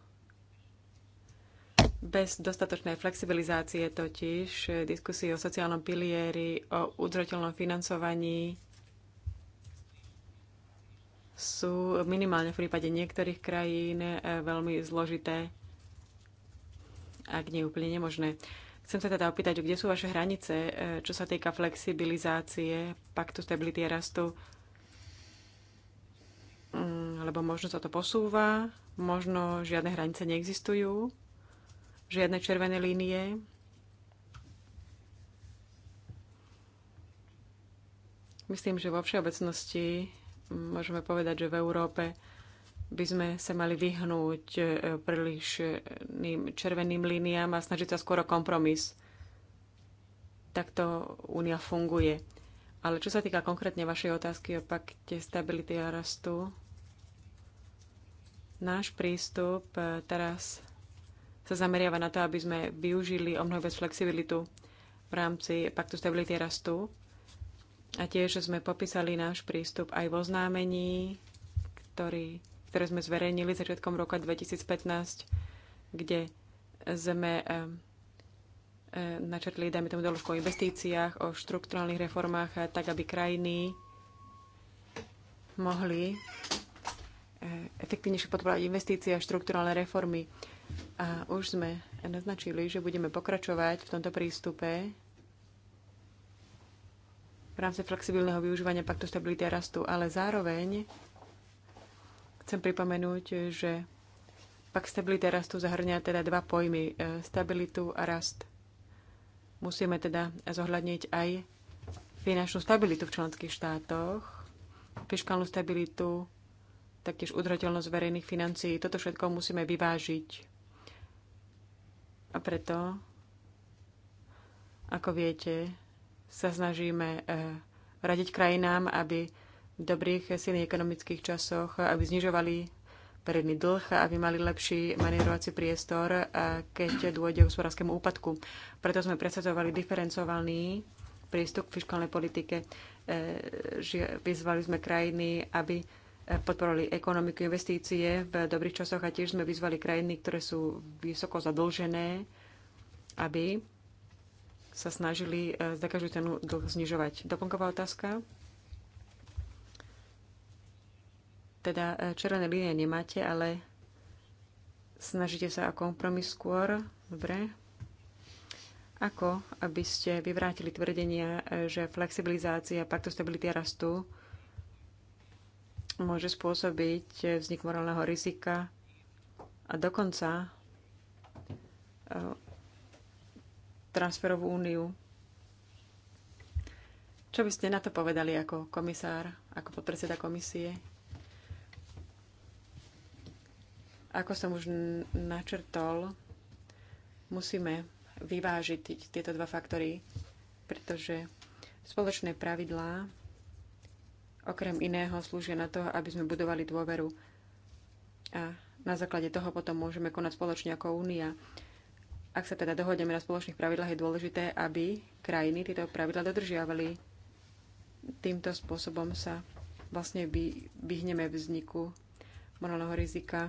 Bez dostatočnej flexibilizácie totiž diskusie o sociálnom pilieri, o udržateľnom financovaní sú minimálne v prípade niektorých krajín eh, veľmi zložité, ak nie úplne nemožné. Chcem sa teda opýtať, kde sú vaše hranice, eh, čo sa týka flexibilizácie, paktu stability a rastu, mm, lebo možno sa to posúva, možno žiadne hranice neexistujú žiadne červené línie. Myslím, že vo všeobecnosti môžeme povedať, že v Európe by sme sa mali vyhnúť e, príliš e, červeným líniám a snažiť sa skôr o kompromis. Takto únia funguje. Ale čo sa týka konkrétne vašej otázky o pakte stability a rastu, náš prístup e, teraz sa zameriava na to, aby sme využili o mnoho viac flexibilitu v rámci Paktu stability rastu. A tiež sme popísali náš prístup aj vo známení, ktorý, ktoré sme zverejnili začiatkom roka 2015, kde sme eh, eh, načrtli, dajme tomu doložku o investíciách, o štrukturálnych reformách, eh, tak aby krajiny mohli efektívnejšie podporovať investície a štrukturálne reformy. A už sme naznačili, že budeme pokračovať v tomto prístupe v rámci flexibilného využívania paktu stability a rastu, ale zároveň chcem pripomenúť, že pak a rastu zahrňa teda dva pojmy, e, stabilitu a rast. Musíme teda zohľadniť aj finančnú stabilitu v členských štátoch, fiskálnu stabilitu, taktiež udržateľnosť verejných financií. Toto všetko musíme vyvážiť. A preto, ako viete, sa snažíme eh, radiť krajinám, aby v dobrých silných ekonomických časoch, aby znižovali predný dlh, aby mali lepší manevrovací priestor, eh, keď dôjde k hospodárskému úpadku. Preto sme presadzovali diferencovaný prístup k fiskálnej politike. Eh, vyzvali sme krajiny, aby E, podporili ekonomiku, investície v dobrých časoch a tiež sme vyzvali krajiny, ktoré sú vysoko zadlžené, aby sa snažili e, za každú cenu dlh znižovať. Doplnková otázka? Teda e, červené línie nemáte, ale snažíte sa o kompromis skôr. Dobre. Ako, aby ste vyvrátili tvrdenia, že flexibilizácia paktu stability rastu môže spôsobiť vznik morálneho rizika a dokonca e, transferovú úniu. Čo by ste na to povedali ako komisár, ako podpredseda komisie? Ako som už načrtol, musíme vyvážiť tieto dva faktory, pretože spoločné pravidlá okrem iného slúžia na to, aby sme budovali dôveru. A na základe toho potom môžeme konať spoločne ako únia. Ak sa teda dohodneme na spoločných pravidlách, je dôležité, aby krajiny tieto pravidla dodržiavali. Týmto spôsobom sa vlastne vyhneme vzniku morálneho rizika.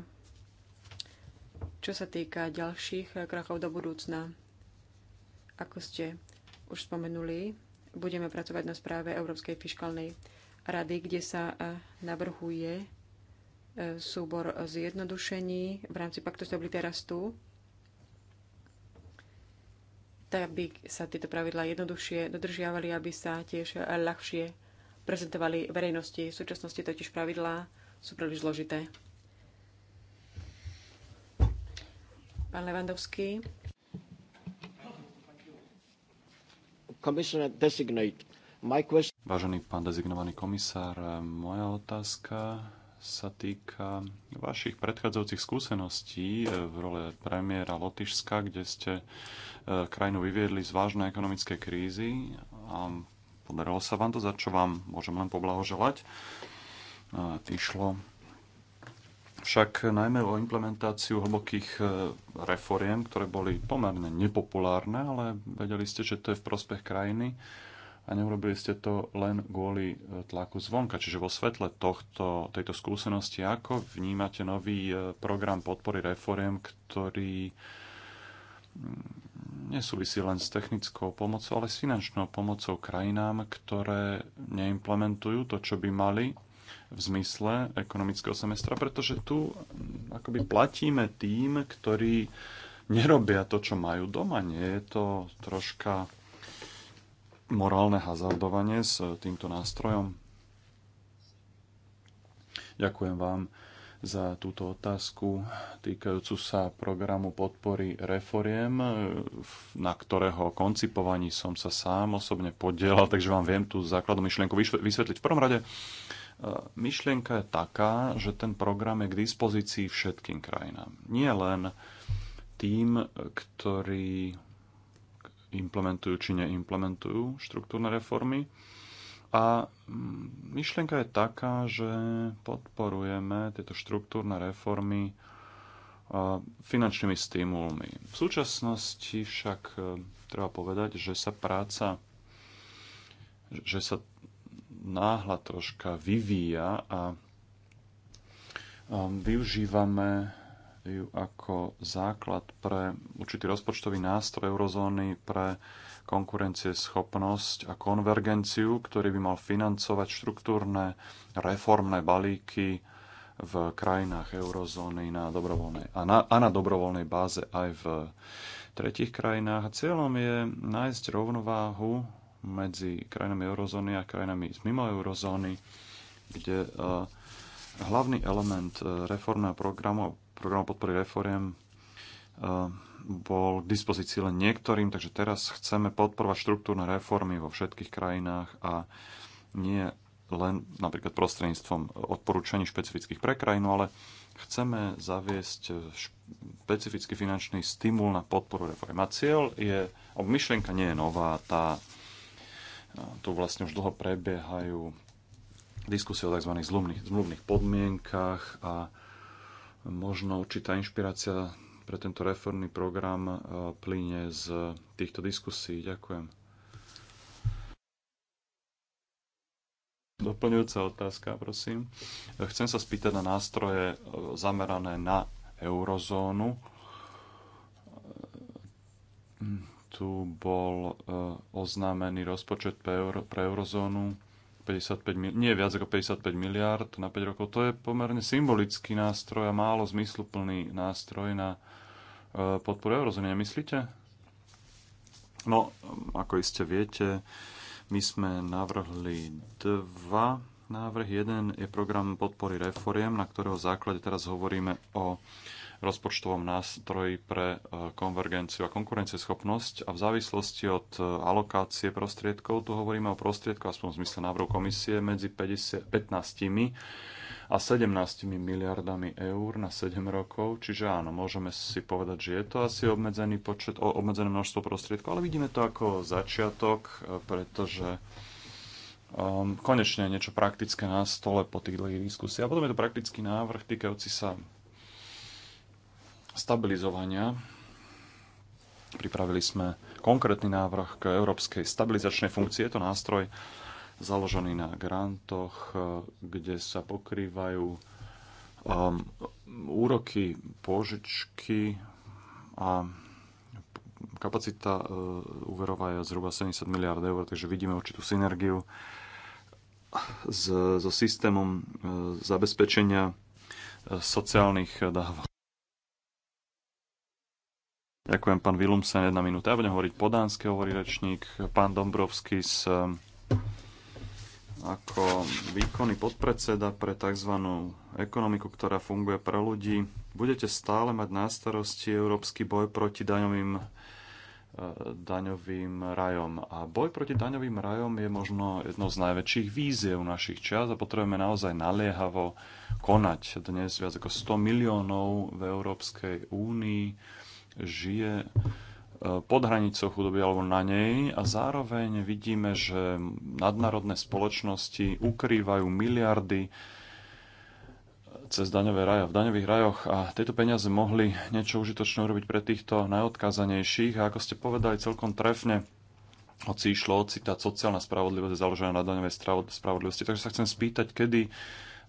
Čo sa týka ďalších krokov do budúcna, ako ste už spomenuli, budeme pracovať na správe Európskej fiskálnej rady, kde sa e, navrhuje e, súbor zjednodušení v rámci paktu stability rastu, tak aby sa tieto pravidlá jednoduchšie dodržiavali, aby sa tiež ľahšie prezentovali verejnosti. V súčasnosti totiž pravidlá sú príliš zložité. Pán Levandovský. Commissioner designate Vážený pán dezignovaný komisár, moja otázka sa týka vašich predchádzajúcich skúseností eh, v role premiéra Lotyšska, kde ste eh, krajinu vyviedli z vážnej ekonomickej krízy a podarilo sa vám to, za čo vám môžem len poblahoželať. Eh, išlo však najmä o implementáciu hlbokých reforiem, ktoré boli pomerne nepopulárne, ale vedeli ste, že to je v prospech krajiny a neurobili ste to len kvôli e, tlaku zvonka. Čiže vo svetle tohto, tejto skúsenosti, ako vnímate nový e, program podpory reforiem, ktorý mm, nesúvisí len s technickou pomocou, ale s finančnou pomocou krajinám, ktoré neimplementujú to, čo by mali v zmysle ekonomického semestra, pretože tu mm, akoby platíme tým, ktorí nerobia to, čo majú doma. Nie je to troška morálne hazardovanie s e, týmto nástrojom? Ďakujem vám za túto otázku týkajúcu sa programu podpory reforiem, e, na ktorého koncipovaní som sa sám osobne podielal, takže vám viem tú základnú myšlienku vysvetliť. V prvom rade, e, myšlienka je taká, že ten program je k dispozícii všetkým krajinám. Nie len tým, ktorí implementujú či neimplementujú štruktúrne reformy. A mm, myšlienka je taká, že podporujeme tieto štruktúrne reformy finančnými stimulmi. V súčasnosti však e, treba povedať, že sa práca, že sa náhla troška vyvíja a využívame ju ako základ pre určitý rozpočtový nástroj eurozóny pre schopnosť a konvergenciu, ktorý by mal financovať štruktúrne reformné balíky v krajinách eurozóny na dobrovoľnej, a, na, a na dobrovoľnej báze aj v tretich krajinách. Cieľom je nájsť rovnováhu medzi krajinami eurozóny a krajinami z mimo eurozóny, kde eh, hlavný element eh, reformného programu Program podpory reforiem e, bol k dispozícii len niektorým, takže teraz chceme podporovať štruktúrne reformy vo všetkých krajinách a nie len napríklad prostredníctvom odporúčaní špecifických pre krajinu, ale chceme zaviesť špecifický finančný stimul na podporu reform. A cieľ je, myšlienka nie je nová, tá, tu vlastne už dlho prebiehajú diskusie o tzv. zmluvných podmienkach a možno určitá inšpirácia pre tento reformný program e, plyne z týchto diskusí. Ďakujem. Doplňujúca otázka, prosím. E, chcem sa spýtať na nástroje e, zamerané na eurozónu. Tu bol oznámený rozpočet pre, pre eurozónu 55, nie viac ako 55 miliard na 5 rokov. To je pomerne symbolický nástroj a málo zmysluplný nástroj na e, podporu eurozóny, nemyslíte? No, ako iste viete, my sme navrhli dva návrhy. Jeden je program podpory reforiem, na ktorého základe teraz hovoríme o rozpočtovom nástroji pre e, konvergenciu a konkurencieschopnosť a v závislosti od e, alokácie prostriedkov, tu hovoríme o prostriedkoch, aspoň v zmysle návrhu komisie, medzi 50, 15 a 17 miliardami eur na 7 rokov. Čiže áno, môžeme si povedať, že je to asi obmedzený počet, obmedzené množstvo prostriedkov, ale vidíme to ako začiatok, e, pretože um, konečne niečo praktické na stole po tých dlhých diskusiách. A potom je to praktický návrh týkajúci sa stabilizovania. Pripravili sme konkrétny návrh k Európskej stabilizačnej funkcii. Je to nástroj založený na grantoch, eh, kde sa pokrývajú um, úroky, pôžičky a kapacita uh, úverová je zhruba 70 miliard eur, takže vidíme určitú synergiu s, so systémom uh, zabezpečenia sociálnych dávok. Ďakujem, pán Vilumsen, jedna minúta. Ja budem hovoriť po dánske, hovorí rečník. Pán Dombrovský s, eh, ako výkonný podpredseda pre tzv. ekonomiku, ktorá funguje pre ľudí, budete stále mať na starosti európsky boj proti daňovým eh, daňovým rajom. A boj proti daňovým rajom je možno jednou z najväčších víziev našich čas a potrebujeme naozaj naliehavo konať. Dnes viac ako 100 miliónov v Európskej únii žije e, pod hranicou chudoby alebo na nej a zároveň vidíme, že nadnárodné spoločnosti ukrývajú miliardy e, cez daňové raja, v daňových rajoch a tieto peniaze mohli niečo užitočné urobiť pre týchto najodkázanejších a ako ste povedali celkom trefne, hoci išlo o citát sociálna spravodlivosť je založená na daňovej spravodlivosti. Takže sa chcem spýtať, kedy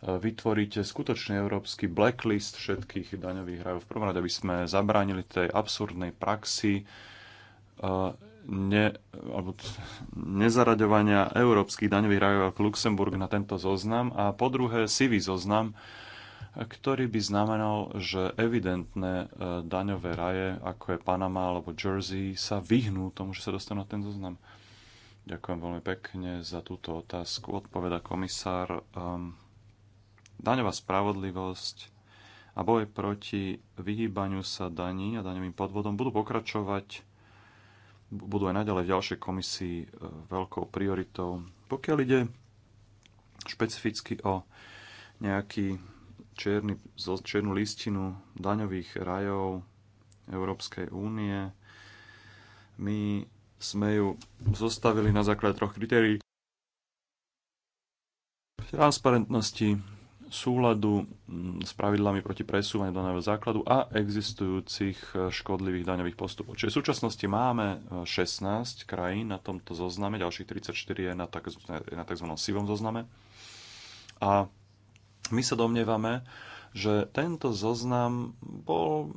vytvoriť skutočný európsky blacklist všetkých daňových rajov. V prvom rade, aby sme zabránili tej absurdnej praxi e, ne, alebo nezaraďovania európskych daňových rajov ako Luxemburg na tento zoznam a po druhé sivý zoznam, ktorý by znamenal, že evidentné e, daňové raje, ako je Panama alebo Jersey, sa vyhnú tomu, že sa dostanú na ten zoznam. Ďakujem veľmi pekne za túto otázku. Odpoveda komisár. Um, daňová spravodlivosť a boj proti vyhýbaniu sa daní a daňovým podvodom budú pokračovať, budú aj naďalej v ďalšej komisii e, veľkou prioritou. Pokiaľ ide špecificky o nejaký čierny, čiernu listinu daňových rajov Európskej únie, my sme ju zostavili na základe troch kritérií transparentnosti, súladu mm, s pravidlami proti presúvaniu daného základu a existujúcich e, škodlivých daňových postupov. Čiže v súčasnosti máme 16 e, krajín na tomto zozname, ďalších 34 je na, tzv. na tzv. sivom zozname. A my sa domnievame, že tento zoznam bol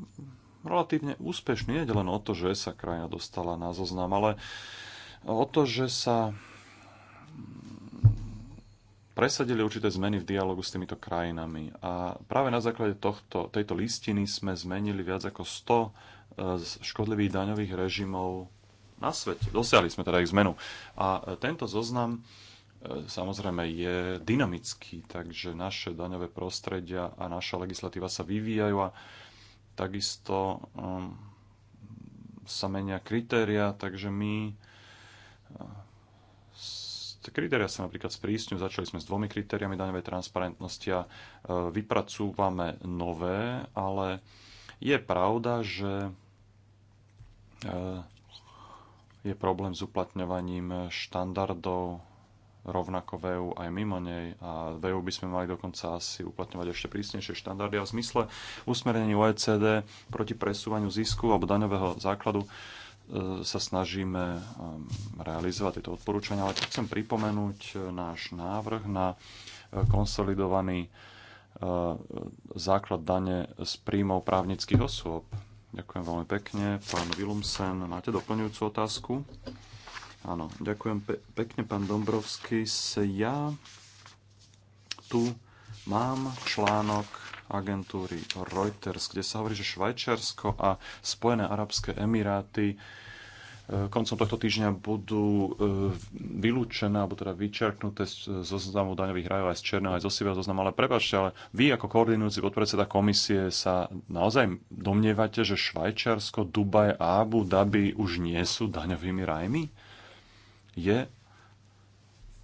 relatívne úspešný. Nie len o to, že sa krajina dostala na zoznam, ale o to, že sa presadili určité zmeny v dialogu s týmito krajinami. A práve na základe tohto, tejto listiny sme zmenili viac ako 100 e, škodlivých daňových režimov na svete. Dosiahli sme teda ich zmenu. A e, tento zoznam e, samozrejme je dynamický, takže naše daňové prostredia a naša legislatíva sa vyvíjajú a takisto sa menia kritéria, takže my Kritéria sa napríklad sprísňujú, začali sme s dvomi kritériami daňovej transparentnosti a e, vypracúvame nové, ale je pravda, že e, je problém s uplatňovaním štandardov rovnako VEU aj mimo nej a VEU by sme mali dokonca asi uplatňovať ešte prísnejšie štandardy a v zmysle usmernení OECD proti presúvaniu zisku alebo daňového základu sa snažíme um, realizovať tieto odporúčania, ale chcem pripomenúť uh, náš návrh na uh, konsolidovaný uh, základ dane z príjmov právnických osôb. Ďakujem veľmi pekne. Pán Vilumsen, máte doplňujúcu otázku? Áno, ďakujem pe- pekne, pán Dombrovský. Ja tu mám článok agentúry Reuters, kde sa hovorí, že Švajčiarsko a Spojené arabské emiráty e, koncom tohto týždňa budú e, vylúčené, alebo teda vyčerknuté z e, zoznamu daňových rajov aj z černého, aj zo sivého zoznamu. Ale prepáčte, ale vy ako koordinujúci podpredseda komisie sa naozaj domnievate, že Švajčiarsko, Dubaj a Abu Dhabi už nie sú daňovými rajmi? Je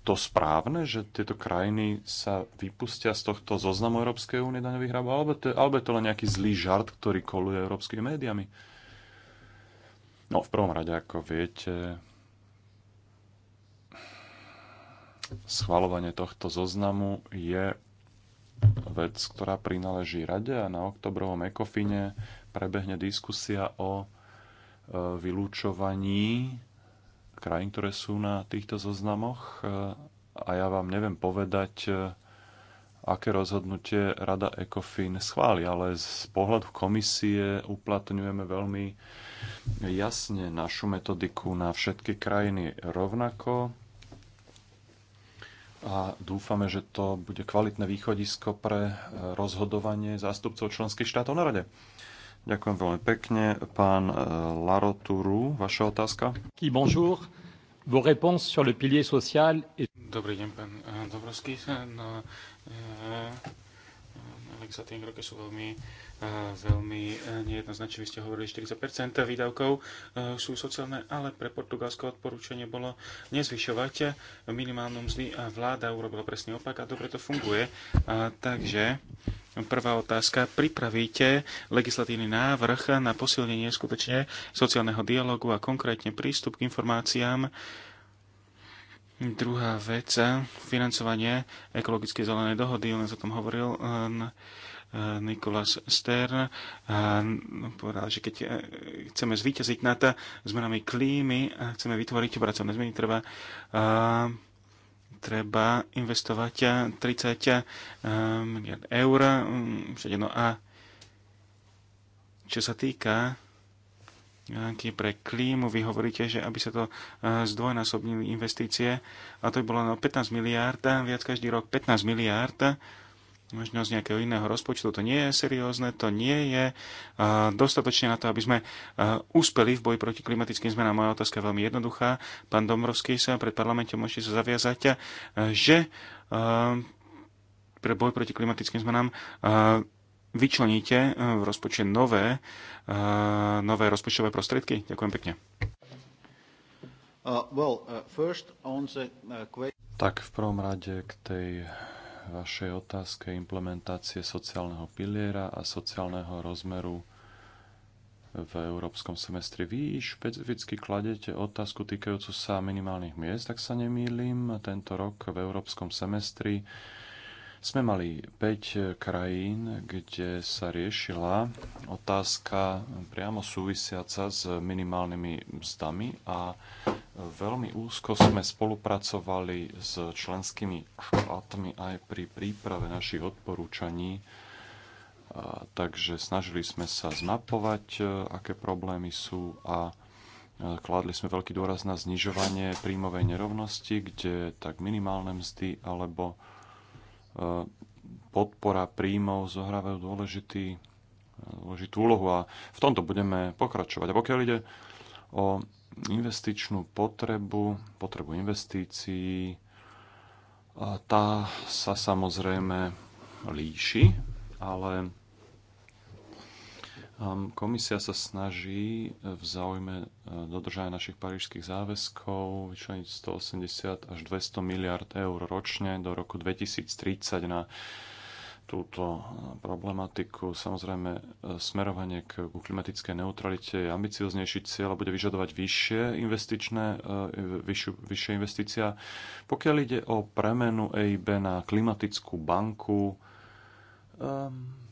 to správne, že tieto krajiny sa vypustia z tohto zoznamu Európskej únie daňových rajov, alebo, to, alebo je to len nejaký zlý žart, ktorý koluje európskymi médiami? No, v prvom rade, ako viete, schvalovanie tohto zoznamu je vec, ktorá prináleží rade a na oktobrovom ekofine prebehne diskusia o e, vylúčovaní krajín, ktoré sú na týchto zoznamoch a ja vám neviem povedať, aké rozhodnutie Rada ECOFIN schváli, ale z pohľadu komisie uplatňujeme veľmi jasne našu metodiku na všetky krajiny rovnako a dúfame, že to bude kvalitné východisko pre eh, rozhodovanie zástupcov členských štátov na Rade. Ďakujem veľmi pekne. Pán eh, Laroturu, vaša otázka? bonjour. Vos réponses sur le pilier social... Dobrý deň, pán eh, Dobrovský. No, e tým roky sú veľmi, eh, veľmi eh, nejednoznačné. Vy ste hovorili, 40 výdavkov eh, sú sociálne, ale pre Portugalsko odporúčanie bolo nezvyšovať minimálnu mzdy a vláda urobila presný opak a dobre to funguje. A, takže prvá otázka. Pripravíte legislatívny návrh na posilnenie skutočne sociálneho dialogu a konkrétne prístup k informáciám Druhá vec, eh, financovanie ekologické zelenej dohody, len o tom hovoril eh, eh, Nikolás Stern, povedal, že keď chceme zvýťaziť nad zmenami klímy a chceme vytvoriť pracovné zmeny, treba treba investovať 30 miliard eur. Mm, všetko no a čo sa týka pre klímu. Vy hovoríte, že aby sa to e, zdvojnásobnili investície, a to by bolo na no, 15 miliárd, viac každý rok 15 miliárd, možno z nejakého iného rozpočtu. To nie je seriózne, to nie je e, dostatočne na to, aby sme e, úspeli v boji proti klimatickým zmenám. Moja otázka je veľmi jednoduchá. Pán Domrovský sa pred parlamentom môžete sa zaviazať, že pre boj proti klimatickým zmenám vyčleníte eh, v rozpočte nové, eh, nové rozpočtové prostriedky? Ďakujem pekne. Uh, well, uh, first on the, uh, tak v prvom rade k tej vašej otázke implementácie sociálneho piliera a sociálneho rozmeru v európskom semestri. Vy špecificky kladete otázku týkajúcu sa minimálnych miest, tak sa nemýlim. Tento rok v európskom semestri sme mali 5 eh, krajín, kde sa riešila otázka eh, priamo súvisiaca s minimálnymi mzdami a eh, veľmi úzko sme spolupracovali s členskými štátmi aj pri príprave našich odporúčaní. Takže snažili sme sa zmapovať, aké problémy sú a Kladli sme veľký dôraz na znižovanie príjmovej nerovnosti, kde tak minimálne mzdy alebo podpora príjmov zohrávajú dôležitý, dôležitú úlohu a v tomto budeme pokračovať. A pokiaľ ide o investičnú potrebu, potrebu investícií, tá sa samozrejme líši, ale Hm, komisia sa snaží e, v záujme e, dodržania našich parížských záväzkov vyčleniť 180 až 200 miliard eur ročne do roku 2030 na túto e, problematiku. Samozrejme, smerovanie k klimatickej neutralite je ambicioznejší cieľ a bude vyžadovať vyššie, investičné, vyššiu, vyššie investícia. Pokiaľ ide o premenu EIB na klimatickú banku, hm,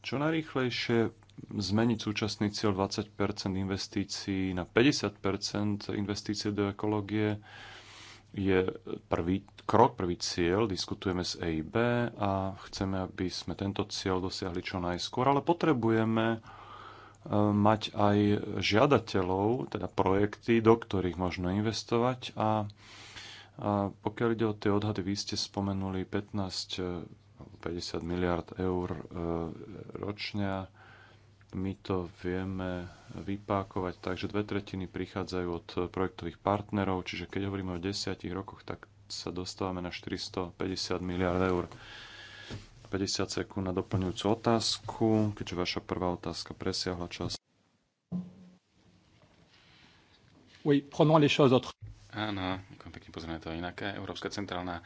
čo najrýchlejšie zmeniť súčasný cieľ 20 investícií na 50 investície do ekológie je prvý krok, prvý cieľ. Diskutujeme s EIB a chceme, aby sme tento cieľ dosiahli čo najskôr, ale potrebujeme e, mať aj žiadateľov, teda projekty, do ktorých možno investovať a a pokiaľ ide o tie odhady, vy ste spomenuli 15 50 miliard eur e, ročne. My to vieme vypákovať tak, že dve tretiny prichádzajú od projektových partnerov, čiže keď hovoríme o desiatich rokoch, tak sa dostávame na 450 miliard eur. 50 sekúnd na doplňujúcu otázku, keďže vaša prvá otázka presiahla čas. Oui, prenons les choses autre. Áno, pekne pozrieme to inak. Európska centrálna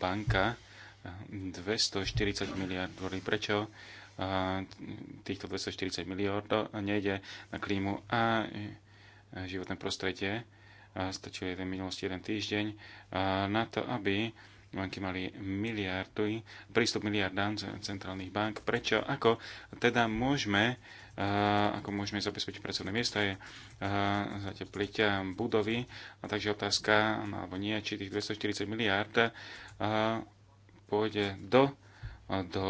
banka 240 miliard dôvodí. Prečo eh, týchto 240 miliard nejde na klímu a eh, životné prostredie? Stačil jeden minulosti jeden týždeň eh, na to, aby banky mali miliardy, prístup miliardám z centrálnych bank. Prečo? Ako teda môžeme, ako môžeme zabezpečiť pracovné miesta, je zatepliť budovy. A takže otázka, no alebo nie, či tých 240 miliard pôjde do, do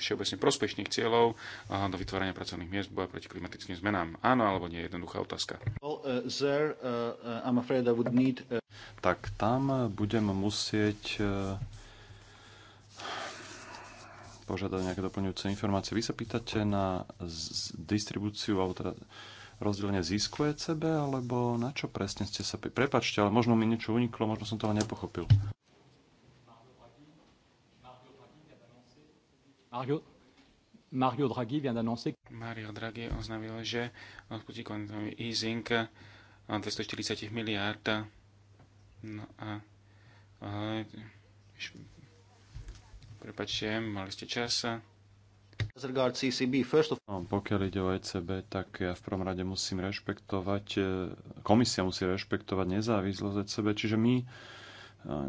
všeobecne prospešných cieľov do vytvárania pracovných miest, boja proti klimatickým zmenám? Áno alebo nie? Jednoduchá otázka. Well, uh, there, uh, uh, need, tak tam budem musieť uh, požiadať nejaké doplňujúce informácie. Vy sa pýtate na distribúciu alebo teda rozdelenie zisku ECB, alebo na čo presne ste sa... Prepačte, ale možno mi niečo uniklo, možno som to ale nepochopil. Mario, Mario Draghi vient d'annoncer... Mario Draghi oznámil, že odpustí kvantový easing 240 miliárd. No a, a prepačte, mali ste čas. E no, pokiaľ ide o ECB, tak ja v prvom rade musím rešpektovať, e, komisia musí rešpektovať nezávislosť ECB, čiže my e,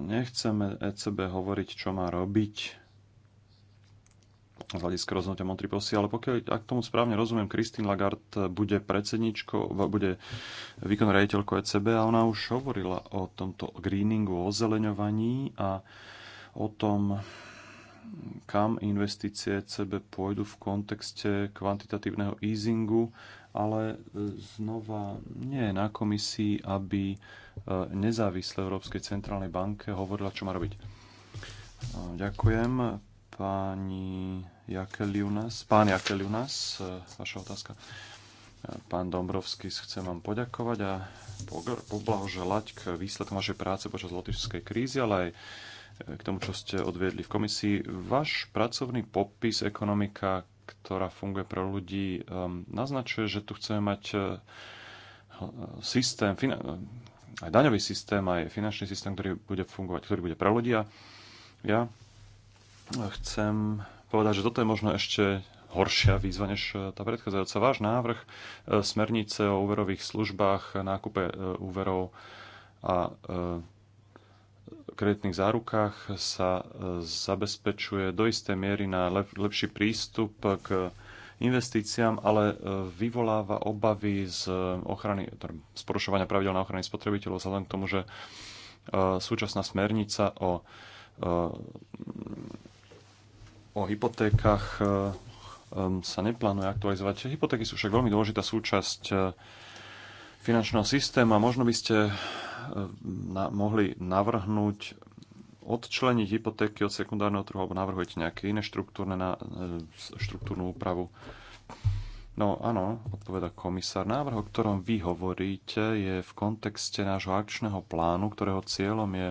nechceme ECB hovoriť, čo má robiť, z hľadiska rozhodnutia Montriposi, ale pokiaľ, ak tomu správne rozumiem, Christine Lagarde bude predsedničko, bude výkonná rejiteľko ECB a ona už hovorila o tomto greeningu, o zeleňovaní a o tom, kam investície ECB pôjdu v kontexte kvantitatívneho easingu, ale e, znova nie je na komisii, aby e, nezávisle Európskej centrálnej banke hovorila, čo má robiť. E, ďakujem pani Jakeliunas, pán Jakeliunas, e, vaša otázka. E, pán Dombrovský, chcem vám poďakovať a poblahoželať k výsledkom vašej práce počas lotyšskej krízy, ale aj e, k tomu, čo ste odviedli v komisii. Váš pracovný popis ekonomika, ktorá funguje pre ľudí, naznačuje, že tu chceme mať systém, aj daňový systém, aj finančný systém, ktorý bude fungovať, ktorý bude pre ľudia. Ja chcem povedať, že toto je možno ešte horšia výzva než e, tá predchádzajúca. Váš návrh e, smernice o úverových službách, nákupe e, úverov a kreditných zárukách sa zabezpečuje do istej miery na lep- lepší prístup k investíciám, ale vyvoláva obavy z ochrany, teda z porušovania pravidel na ochrany spotrebiteľov vzhľadom k tomu, že súčasná smernica o o hypotékach eh, sa neplánuje aktualizovať. Hypotéky sú však veľmi dôležitá súčasť eh, finančného systému a možno by ste eh, na, mohli navrhnúť odčleniť hypotéky od sekundárneho trhu alebo navrhujete nejaké iné štruktúrne na, štruktúrnu úpravu. No áno, odpoveda komisár. Návrh, o ktorom vy hovoríte, je v kontexte nášho akčného plánu, ktorého cieľom je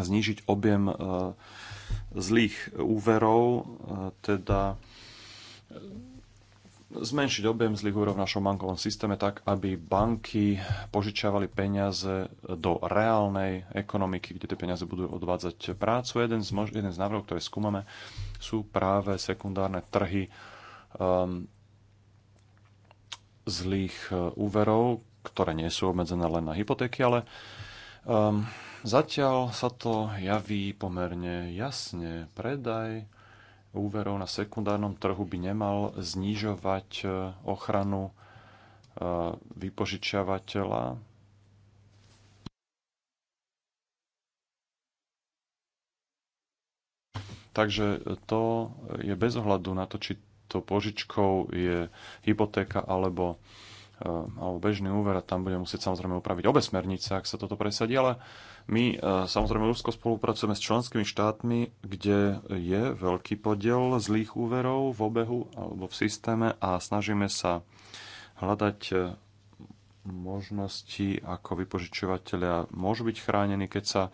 znížiť objem e, zlých úverov, e, teda zmenšiť objem zlých úverov v našom bankovom systéme tak, aby banky požičiavali peniaze do reálnej ekonomiky, kde tie peniaze budú odvádzať prácu. Jeden z, mož- jeden z návrhov, ktoré skúmame, sú práve sekundárne trhy um, zlých e, úverov, ktoré nie sú obmedzené len na hypotéky, ale um, Zatiaľ sa to javí pomerne jasne. Predaj úverov na sekundárnom trhu by nemal znižovať e, ochranu e, vypožičiavateľa. Takže to je bez ohľadu na to, či to požičkou je hypotéka alebo, e, alebo bežný úver a tam budeme musieť samozrejme upraviť obe smernice, ak sa toto presadí, ale my e, samozrejme úzko spolupracujeme s členskými štátmi, kde je veľký podiel zlých úverov v obehu alebo v systéme a snažíme sa hľadať e, možnosti, ako vypožičovateľia môžu byť chránení, keď sa e,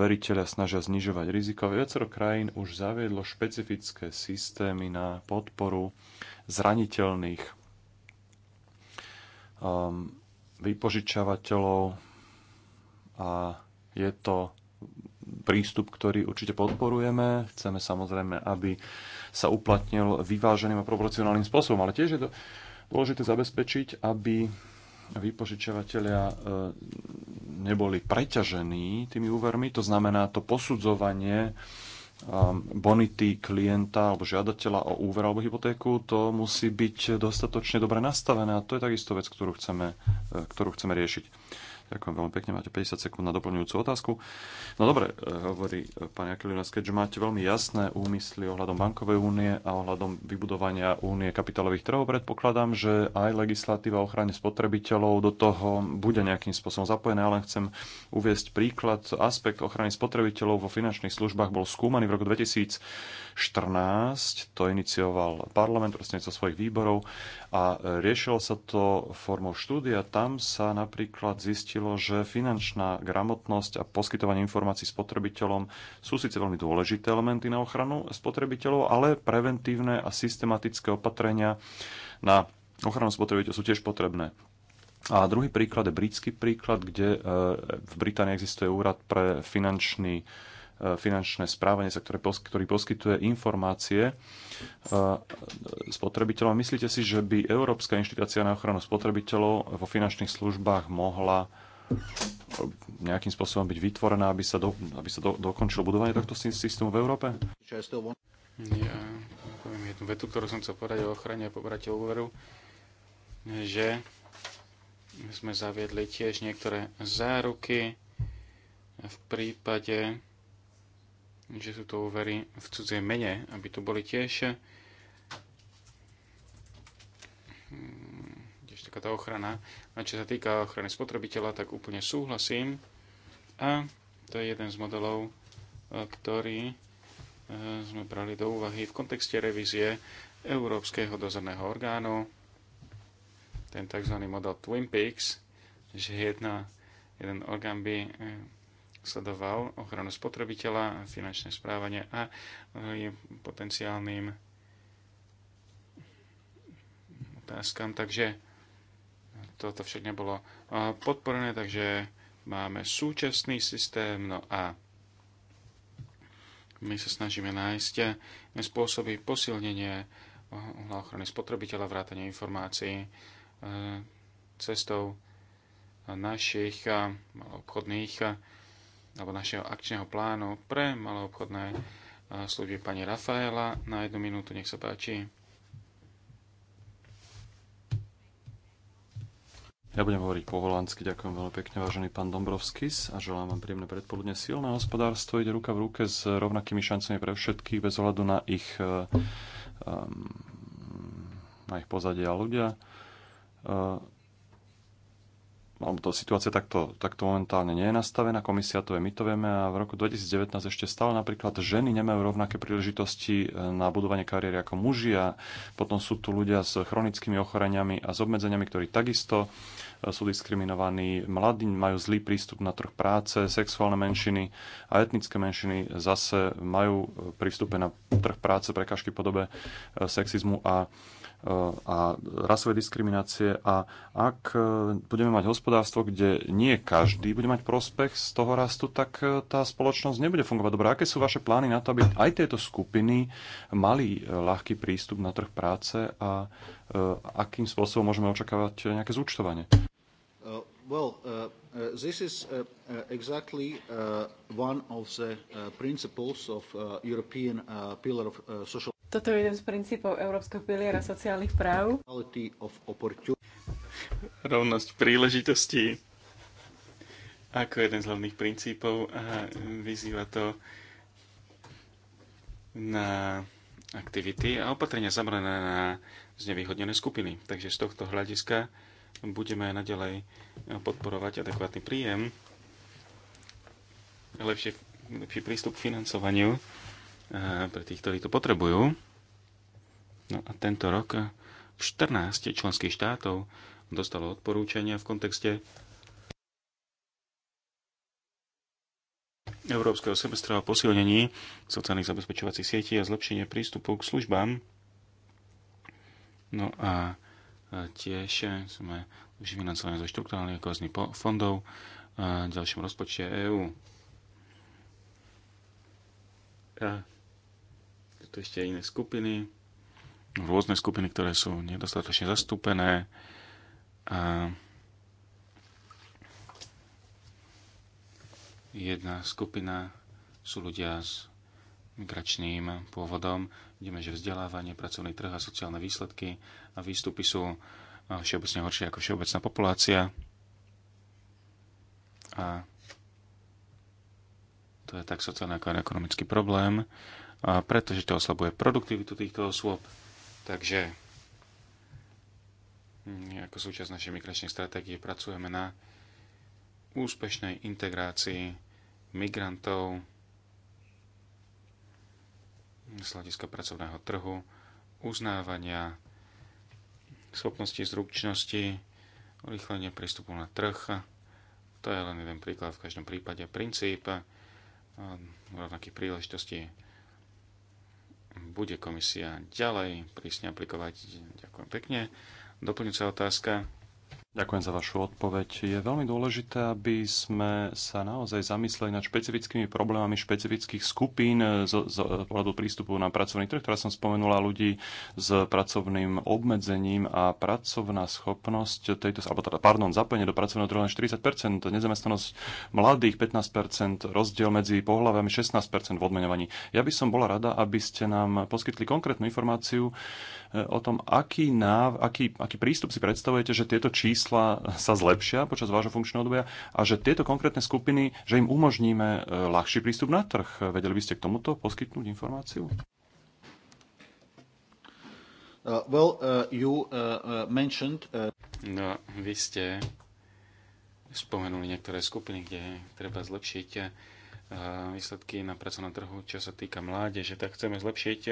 veriteľia snažia znižovať riziko. Viacero krajín už zaviedlo špecifické systémy na podporu zraniteľných vypožičavateľov a je to prístup, ktorý určite podporujeme. Chceme samozrejme, aby sa uplatnil vyváženým a proporcionálnym spôsobom, ale tiež je dôležité zabezpečiť, aby vypožičovateľia e, neboli preťažení tými úvermi, to znamená to posudzovanie e, bonity klienta alebo žiadateľa o úver alebo hypotéku, to musí byť dostatočne dobre nastavené a to je takisto vec, ktorú chceme, e, ktorú chceme riešiť. Ďakujem veľmi pekne, máte 50 sekúnd na doplňujúcu otázku. No dobre, eh, hovorí eh, pán Jakilinas, keďže máte veľmi jasné úmysly ohľadom bankovej únie a ohľadom vybudovania únie kapitálových trhov, predpokladám, že aj legislatíva o ochrane spotrebiteľov do toho bude nejakým spôsobom zapojená, ale chcem uviesť príklad. Aspekt ochrany spotrebiteľov vo finančných službách bol skúmaný v roku 2000 2014. To inicioval parlament prostredníctvom vlastne svojich výborov a e, riešilo sa to formou štúdia. Tam sa napríklad zistilo, že finančná gramotnosť a poskytovanie informácií spotrebiteľom sú síce veľmi dôležité elementy na ochranu spotrebiteľov, ale preventívne a systematické opatrenia na ochranu spotrebiteľov sú tiež potrebné. A druhý príklad je britský príklad, kde e, v Británii existuje úrad pre finančný E, finančné správanie sa, ktoré, ktorý poskytuje informácie e, spotrebiteľom. Myslíte si, že by Európska inštitácia na ochranu spotrebiteľov vo finančných službách mohla e, nejakým spôsobom byť vytvorená, aby sa, do, aby sa do, dokončilo budovanie tohto systému v Európe? Ja poviem jednu vetu, ktorú som chcel povedať o ochrane a pobrate úveru, že sme zaviedli tiež niektoré záruky v prípade že sú to úvery v cudzej mene, aby to boli tiež hm, tiež taká tá ochrana. A čo sa týka ochrany spotrebiteľa, tak úplne súhlasím. A to je jeden z modelov, e, ktorý e, sme brali do úvahy v kontexte revízie Európskeho dozorného orgánu, ten tzv. model Twin Peaks, že jedna, jeden orgán by e, sledoval ochranu spotrebiteľa, finančné správanie a eh, je potenciálnym otázkam, takže toto však nebolo eh, podporené, takže máme súčasný systém, no a my sa snažíme nájsť eh, spôsoby posilnenie ochrany spotrebiteľa, vrátanie informácií cestou našich obchodných alebo našeho akčného plánu pre malé obchodné e, služby pani Rafaela. Na jednu minútu, nech sa páči. Ja budem hovoriť po holandsky. Ďakujem veľmi pekne, vážený pán Dombrovskis a želám vám príjemné predpoludne. Silné hospodárstvo ide ruka v ruke s rovnakými šancami pre všetkých bez ohľadu na ich, e, e, na ich pozadie a ľudia alebo to situácia takto, takto momentálne nie je nastavená, komisia to je, my to vieme a v roku 2019 ešte stále napríklad ženy nemajú rovnaké príležitosti e, na budovanie kariéry ako muži a potom sú tu ľudia s chronickými ochoreniami a s obmedzeniami, ktorí takisto e, sú diskriminovaní, mladí majú zlý prístup na trh práce, sexuálne menšiny a etnické menšiny zase majú e, prístupe na trh práce prekažky podobe sexizmu a a rasovej diskriminácie a ak e, budeme mať hospodárstvo, kde nie každý bude mať prospech z toho rastu, tak e, tá spoločnosť nebude fungovať dobre. Aké sú vaše plány na to, aby aj tieto skupiny mali e, ľahký prístup na trh práce a akým spôsobom môžeme očakávať nejaké zúčtovanie? Uh, well, uh... Uh, this is uh, uh, exactly uh, one of the uh, principles of uh, European uh, pillar of uh, social toto je jeden z princípov Európskeho piliera sociálnych práv. Rovnosť príležitostí ako jeden z hlavných princípov a vyzýva to na aktivity a opatrenia zamerané na znevýhodnené skupiny. Takže z tohto hľadiska budeme naďalej podporovať adekvátny príjem, a lepší prístup k financovaniu pre tých, ktorí to potrebujú. No a tento rok 14 členských štátov dostalo odporúčania v kontexte Európskeho semestra o posilnení sociálnych zabezpečovacích sietí a zlepšenie prístupu k službám. No a tiež sme už financované zo štruktúrnych a fondov v ďalšom rozpočte EÚ tu ešte iné skupiny, rôzne skupiny, ktoré sú nedostatočne zastúpené. A jedna skupina sú ľudia s migračným pôvodom. Vidíme, že vzdelávanie, pracovný trh a sociálne výsledky a výstupy sú všeobecne horšie ako všeobecná populácia. A to je tak sociálny ako ekonomický problém pretože to oslabuje produktivitu týchto osôb. Takže ako súčasť našej migračnej stratégie pracujeme na úspešnej integrácii migrantov z hľadiska pracovného trhu, uznávania schopnosti, zručnosti, urychlenie prístupu na trh. To je len jeden príklad v každom prípade. Princíp eh, rovnakých príležitostí bude komisia ďalej prísne aplikovať. Ďakujem pekne. Doplňujúca otázka. Ďakujem za vašu odpoveď. Je veľmi dôležité, aby sme sa naozaj zamysleli nad špecifickými problémami špecifických skupín z, z pohľadu prístupu na pracovný trh, ktorá som spomenula ľudí s pracovným obmedzením a pracovná schopnosť tejto, alebo teda, pardon, zapojenie do pracovného trhu len 40 nezamestnanosť mladých 15 rozdiel medzi pohľavami 16 v odmeňovaní. Ja by som bola rada, aby ste nám poskytli konkrétnu informáciu, o tom, aký, náv, aký, aký prístup si predstavujete, že tieto čísla sa zlepšia počas vášho funkčného obdobia a že tieto konkrétne skupiny, že im umožníme e, ľahší prístup na trh. Vedeli by ste k tomuto poskytnúť informáciu? Uh, well, uh, you uh, uh mentioned... Uh... No, vy ste spomenuli niektoré skupiny, kde treba zlepšiť výsledky na pracovnom trhu, čo sa týka mládeže, tak chceme zlepšiť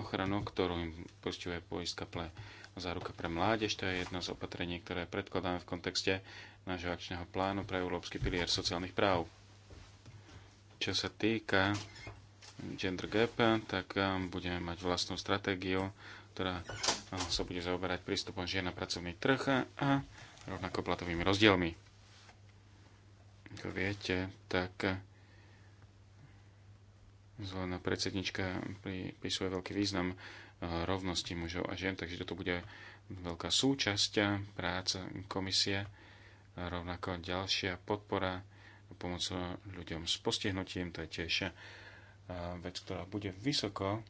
ochranu, ktorú im poistuje poistka pre záruka pre mládež. To je jedno z opatrení, ktoré predkladáme v kontexte nášho akčného plánu pre Európsky pilier sociálnych práv. Čo sa týka gender gap, tak budeme mať vlastnú stratégiu, ktorá sa bude zaoberať prístupom žien na pracovný trh a rovnako platovými rozdielmi ako viete, tak zvolená predsednička pripisuje veľký význam eh, rovnosti mužov a žien, takže toto bude veľká súčasť práce komisie, rovnako ďalšia podpora pomoc ľuďom s postihnutím, to je tiež eh, vec, ktorá bude vysoko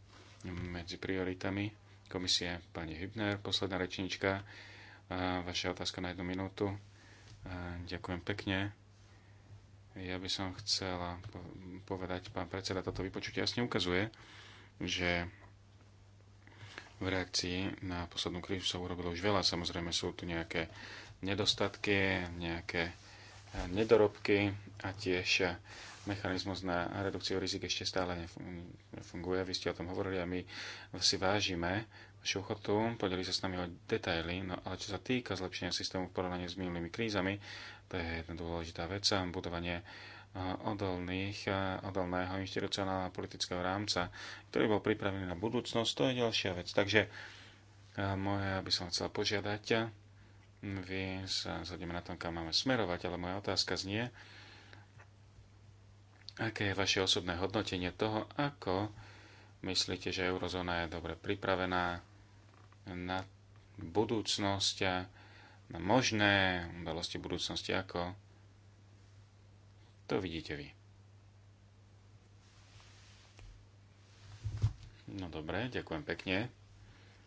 medzi prioritami komisie pani Hübner, posledná rečnička, eh, vaša otázka na jednu minútu. Ďakujem pekne. Ja by som chcela povedať, pán predseda, toto vypočutie jasne ukazuje, že v reakcii na poslednú krízu sa urobilo už veľa. Samozrejme sú tu nejaké nedostatky, nejaké e, nedorobky a tiež mechanizmus na redukciu rizik ešte stále nefunguje. Vy ste o tom hovorili a my si vážime našu podeli sa s nami o detaily, no ale čo sa týka zlepšenia systému v porovnaní s minulými krízami, to je jedna dôležitá vec, budovanie odolných, odolného inštitucionálneho politického rámca, ktorý bol pripravený na budúcnosť, to je ďalšia vec. Takže moje, by som chcel požiadať, vy sa zhodneme na tom, kam máme smerovať, ale moja otázka znie, aké je vaše osobné hodnotenie toho, ako myslíte, že eurozóna je dobre pripravená na budúcnosť a na možné udalosti budúcnosti, ako to vidíte vy. No dobre, ďakujem pekne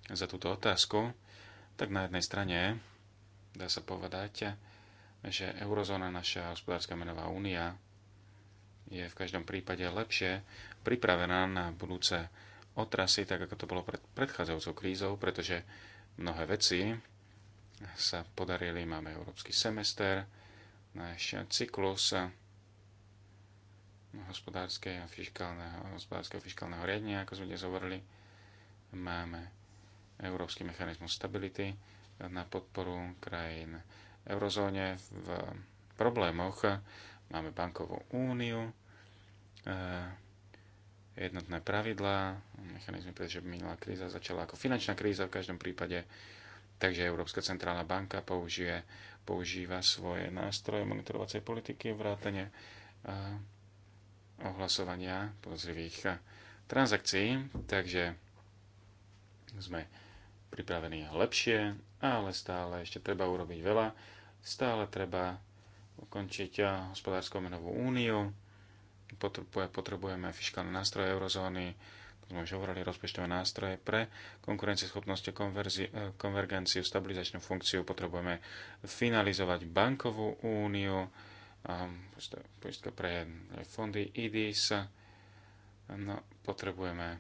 za túto otázku. Tak na jednej strane dá sa povedať, že eurozóna, naša hospodárska menová únia, je v každom prípade lepšie pripravená na budúce otrasy, tak ako to bolo pred predchádzajúcou krízou, pretože mnohé veci sa podarili. Máme európsky semester, náš cyklus hospodárskeho a fiskálneho, hospodárskeho fiskálneho riadenia, ako sme dnes hovorili. Máme Európsky mechanizmus stability na podporu krajín eurozóne v problémoch. Máme bankovú úniu, eh, jednotné pravidlá, mechanizmy, pretože minulá kríza začala ako finančná kríza v každom prípade, takže Európska centrálna banka použije, používa svoje nástroje monitorovacej politiky, vrátane ohlasovania pozrivých transakcií, takže sme pripravení lepšie, ale stále ešte treba urobiť veľa, stále treba ukončiť hospodárskou menovú úniu, potrebujeme fiskálne nástroje eurozóny, sme už hovorili, rozpočtové nástroje pre konkurencieschopnosť a e, konvergenciu, stabilizačnú funkciu. Potrebujeme finalizovať bankovú úniu, poistka pre fondy IDIS. No, potrebujeme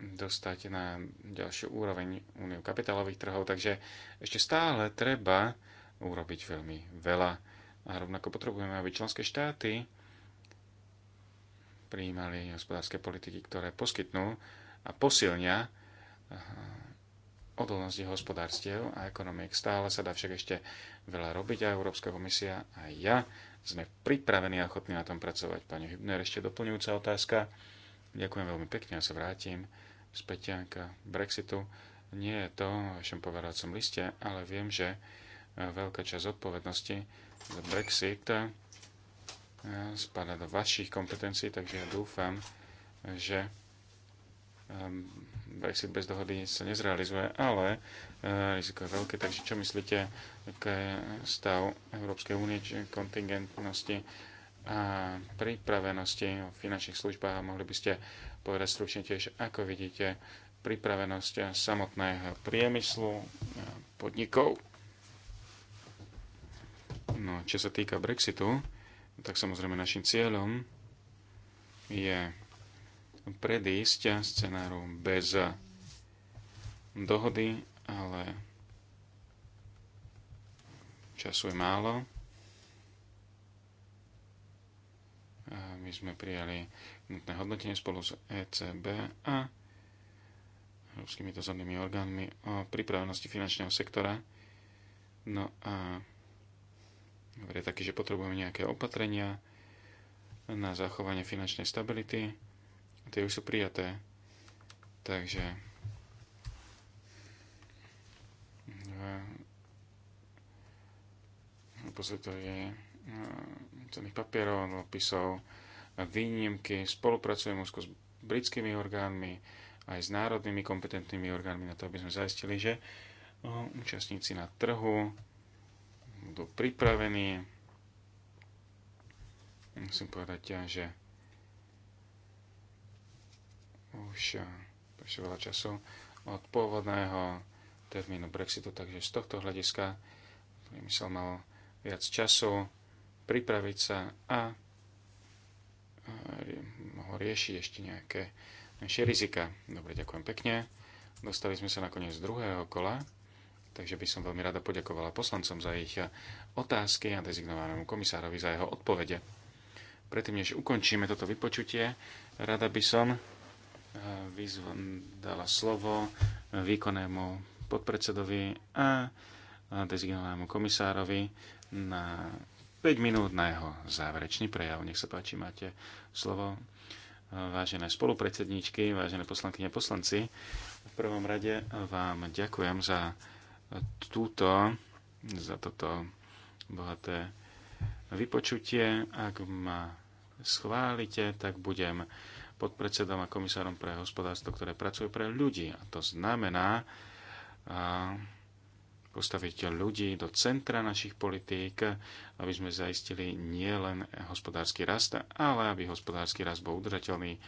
dostať na ďalšiu úroveň úniu kapitálových trhov, takže ešte stále treba urobiť veľmi veľa a rovnako potrebujeme, aby členské štáty prijímali hospodárske politiky, ktoré poskytnú a posilnia eh, odolnosti hospodárstiev a ekonomiek. Stále sa dá však ešte veľa robiť a Európska komisia a ja sme pripravení a ochotní na tom pracovať. Pani Hybner ešte doplňujúca otázka. Ďakujem veľmi pekne a sa vrátim späť k Brexitu. Nie je to o povedal som liste, ale viem, že veľká časť odpovednosti za Brexit eh, spada do vašich kompetencií, takže ja dúfam, že ehm, Brexit bez dohody sa nezrealizuje, ale eh, riziko je veľké, takže čo myslíte, aký je stav Európskej únie, kontingentnosti a pripravenosti o finančných službách a mohli by ste povedať stručne tiež, ako vidíte pripravenosť samotného priemyslu podnikov No, čo sa týka Brexitu, tak samozrejme našim cieľom je predísť scenáru bez dohody, ale času je málo. A my sme prijali nutné hodnotenie spolu s ECB a európskymi dozornými orgánmi o pripravenosti finančného sektora. No a Dobre, taký, že potrebujeme nejaké opatrenia na zachovanie finančnej stability. Tie už sú prijaté. Takže posvetuje eh, cených papierov, dlhopisov, výnimky, spolupracujeme úzko s britskými orgánmi, aj s národnými kompetentnými orgánmi na to, aby sme zaistili, že eh, účastníci na trhu budú pripravení. Musím povedať, že už eh, prešlo veľa času od pôvodného termínu Brexitu, takže z tohto hľadiska priemysel mal viac času pripraviť sa a eh, mohol riešiť ešte nejaké menšie rizika. Dobre, ďakujem pekne. Dostali sme sa nakoniec z druhého kola. Takže by som veľmi rada poďakovala poslancom za ich otázky a dezignovanému komisárovi za jeho odpovede. Predtým, než ukončíme toto vypočutie, rada by som eh, dala slovo výkonnému podpredsedovi a dezignovanému komisárovi na 5 minút na jeho záverečný prejav. Nech sa páči, máte slovo. Vážené spolupredsedníčky, vážené poslankyne poslanci, v prvom rade vám ďakujem za túto, za toto bohaté vypočutie. Ak ma schválite, tak budem podpredsedom a komisárom pre hospodárstvo, ktoré pracuje pre ľudí. A to znamená postaviť ľudí do centra našich politík, aby sme zaistili nielen hospodársky rast, ale aby hospodársky rast bol udržateľný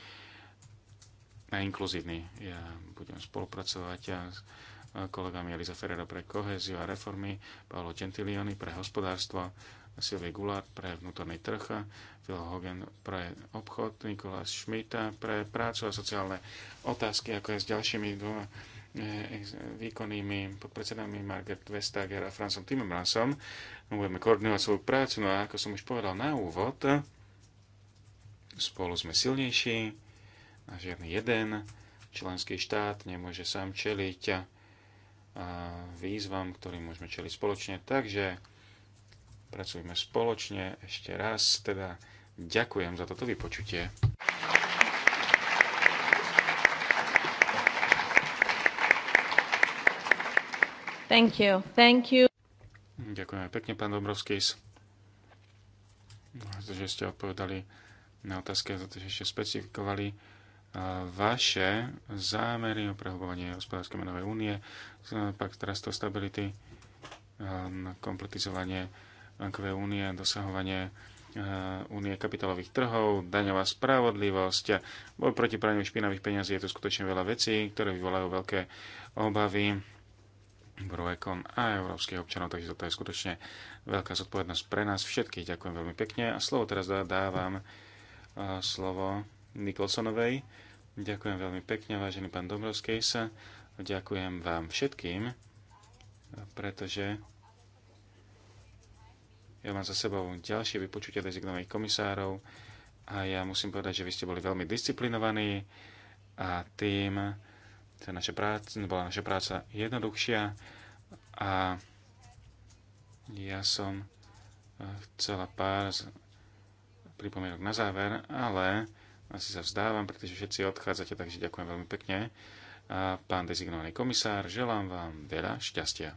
a inkluzívny. Ja budem spolupracovať a kolegami Eliza Ferrero pre kohéziu a reformy, Paolo Gentilioni pre hospodárstvo, Sylvie Goulart pre vnútorný trh, Phil Hogan pre obchod, Nikolás Šmita pre prácu a sociálne otázky, ako je s ďalšími dvoma eh, výkonnými podpredsedami Margaret Vestager a Francom Timmermansom. Budeme koordinovať svoju prácu, no a ako som už povedal na úvod, spolu sme silnejší a žiadny jeden členský štát nemôže sám čeliť výzvam, ktorým môžeme čeliť spoločne. Takže pracujme spoločne. Ešte raz teda ďakujem za toto vypočutie. Thank you. Thank you. Ďakujeme pekne, pán Dobrovskis, že ste odpovedali na otázky, za to, že ste špecifikovali vaše zámery o prehlbovanie hospodárskej menovej únie, pak to stability, um, kompletizovanie bankovej únie, dosahovanie uh, únie kapitálových trhov, daňová spravodlivosť, boj proti praniu špinavých peňazí, je tu skutočne veľa vecí, ktoré vyvolajú veľké obavy Broekon a európskych občanov, takže toto je skutočne veľká zodpovednosť pre nás všetkých. Ďakujem veľmi pekne a slovo teraz dávam uh, slovo Nikolsonovej. Ďakujem veľmi pekne, vážený pán Dobrovskej sa. Ďakujem vám všetkým, pretože ja mám za sebou ďalšie vypočutie dezignových komisárov a ja musím povedať, že vy ste boli veľmi disciplinovaní a tým tá naša práca, bola naša práca jednoduchšia a ja som eh, chcela pár pripomienok na záver, ale asi sa vzdávam, pretože všetci odchádzate, takže ďakujem veľmi pekne. A pán dezignovaný komisár, želám vám veľa šťastia.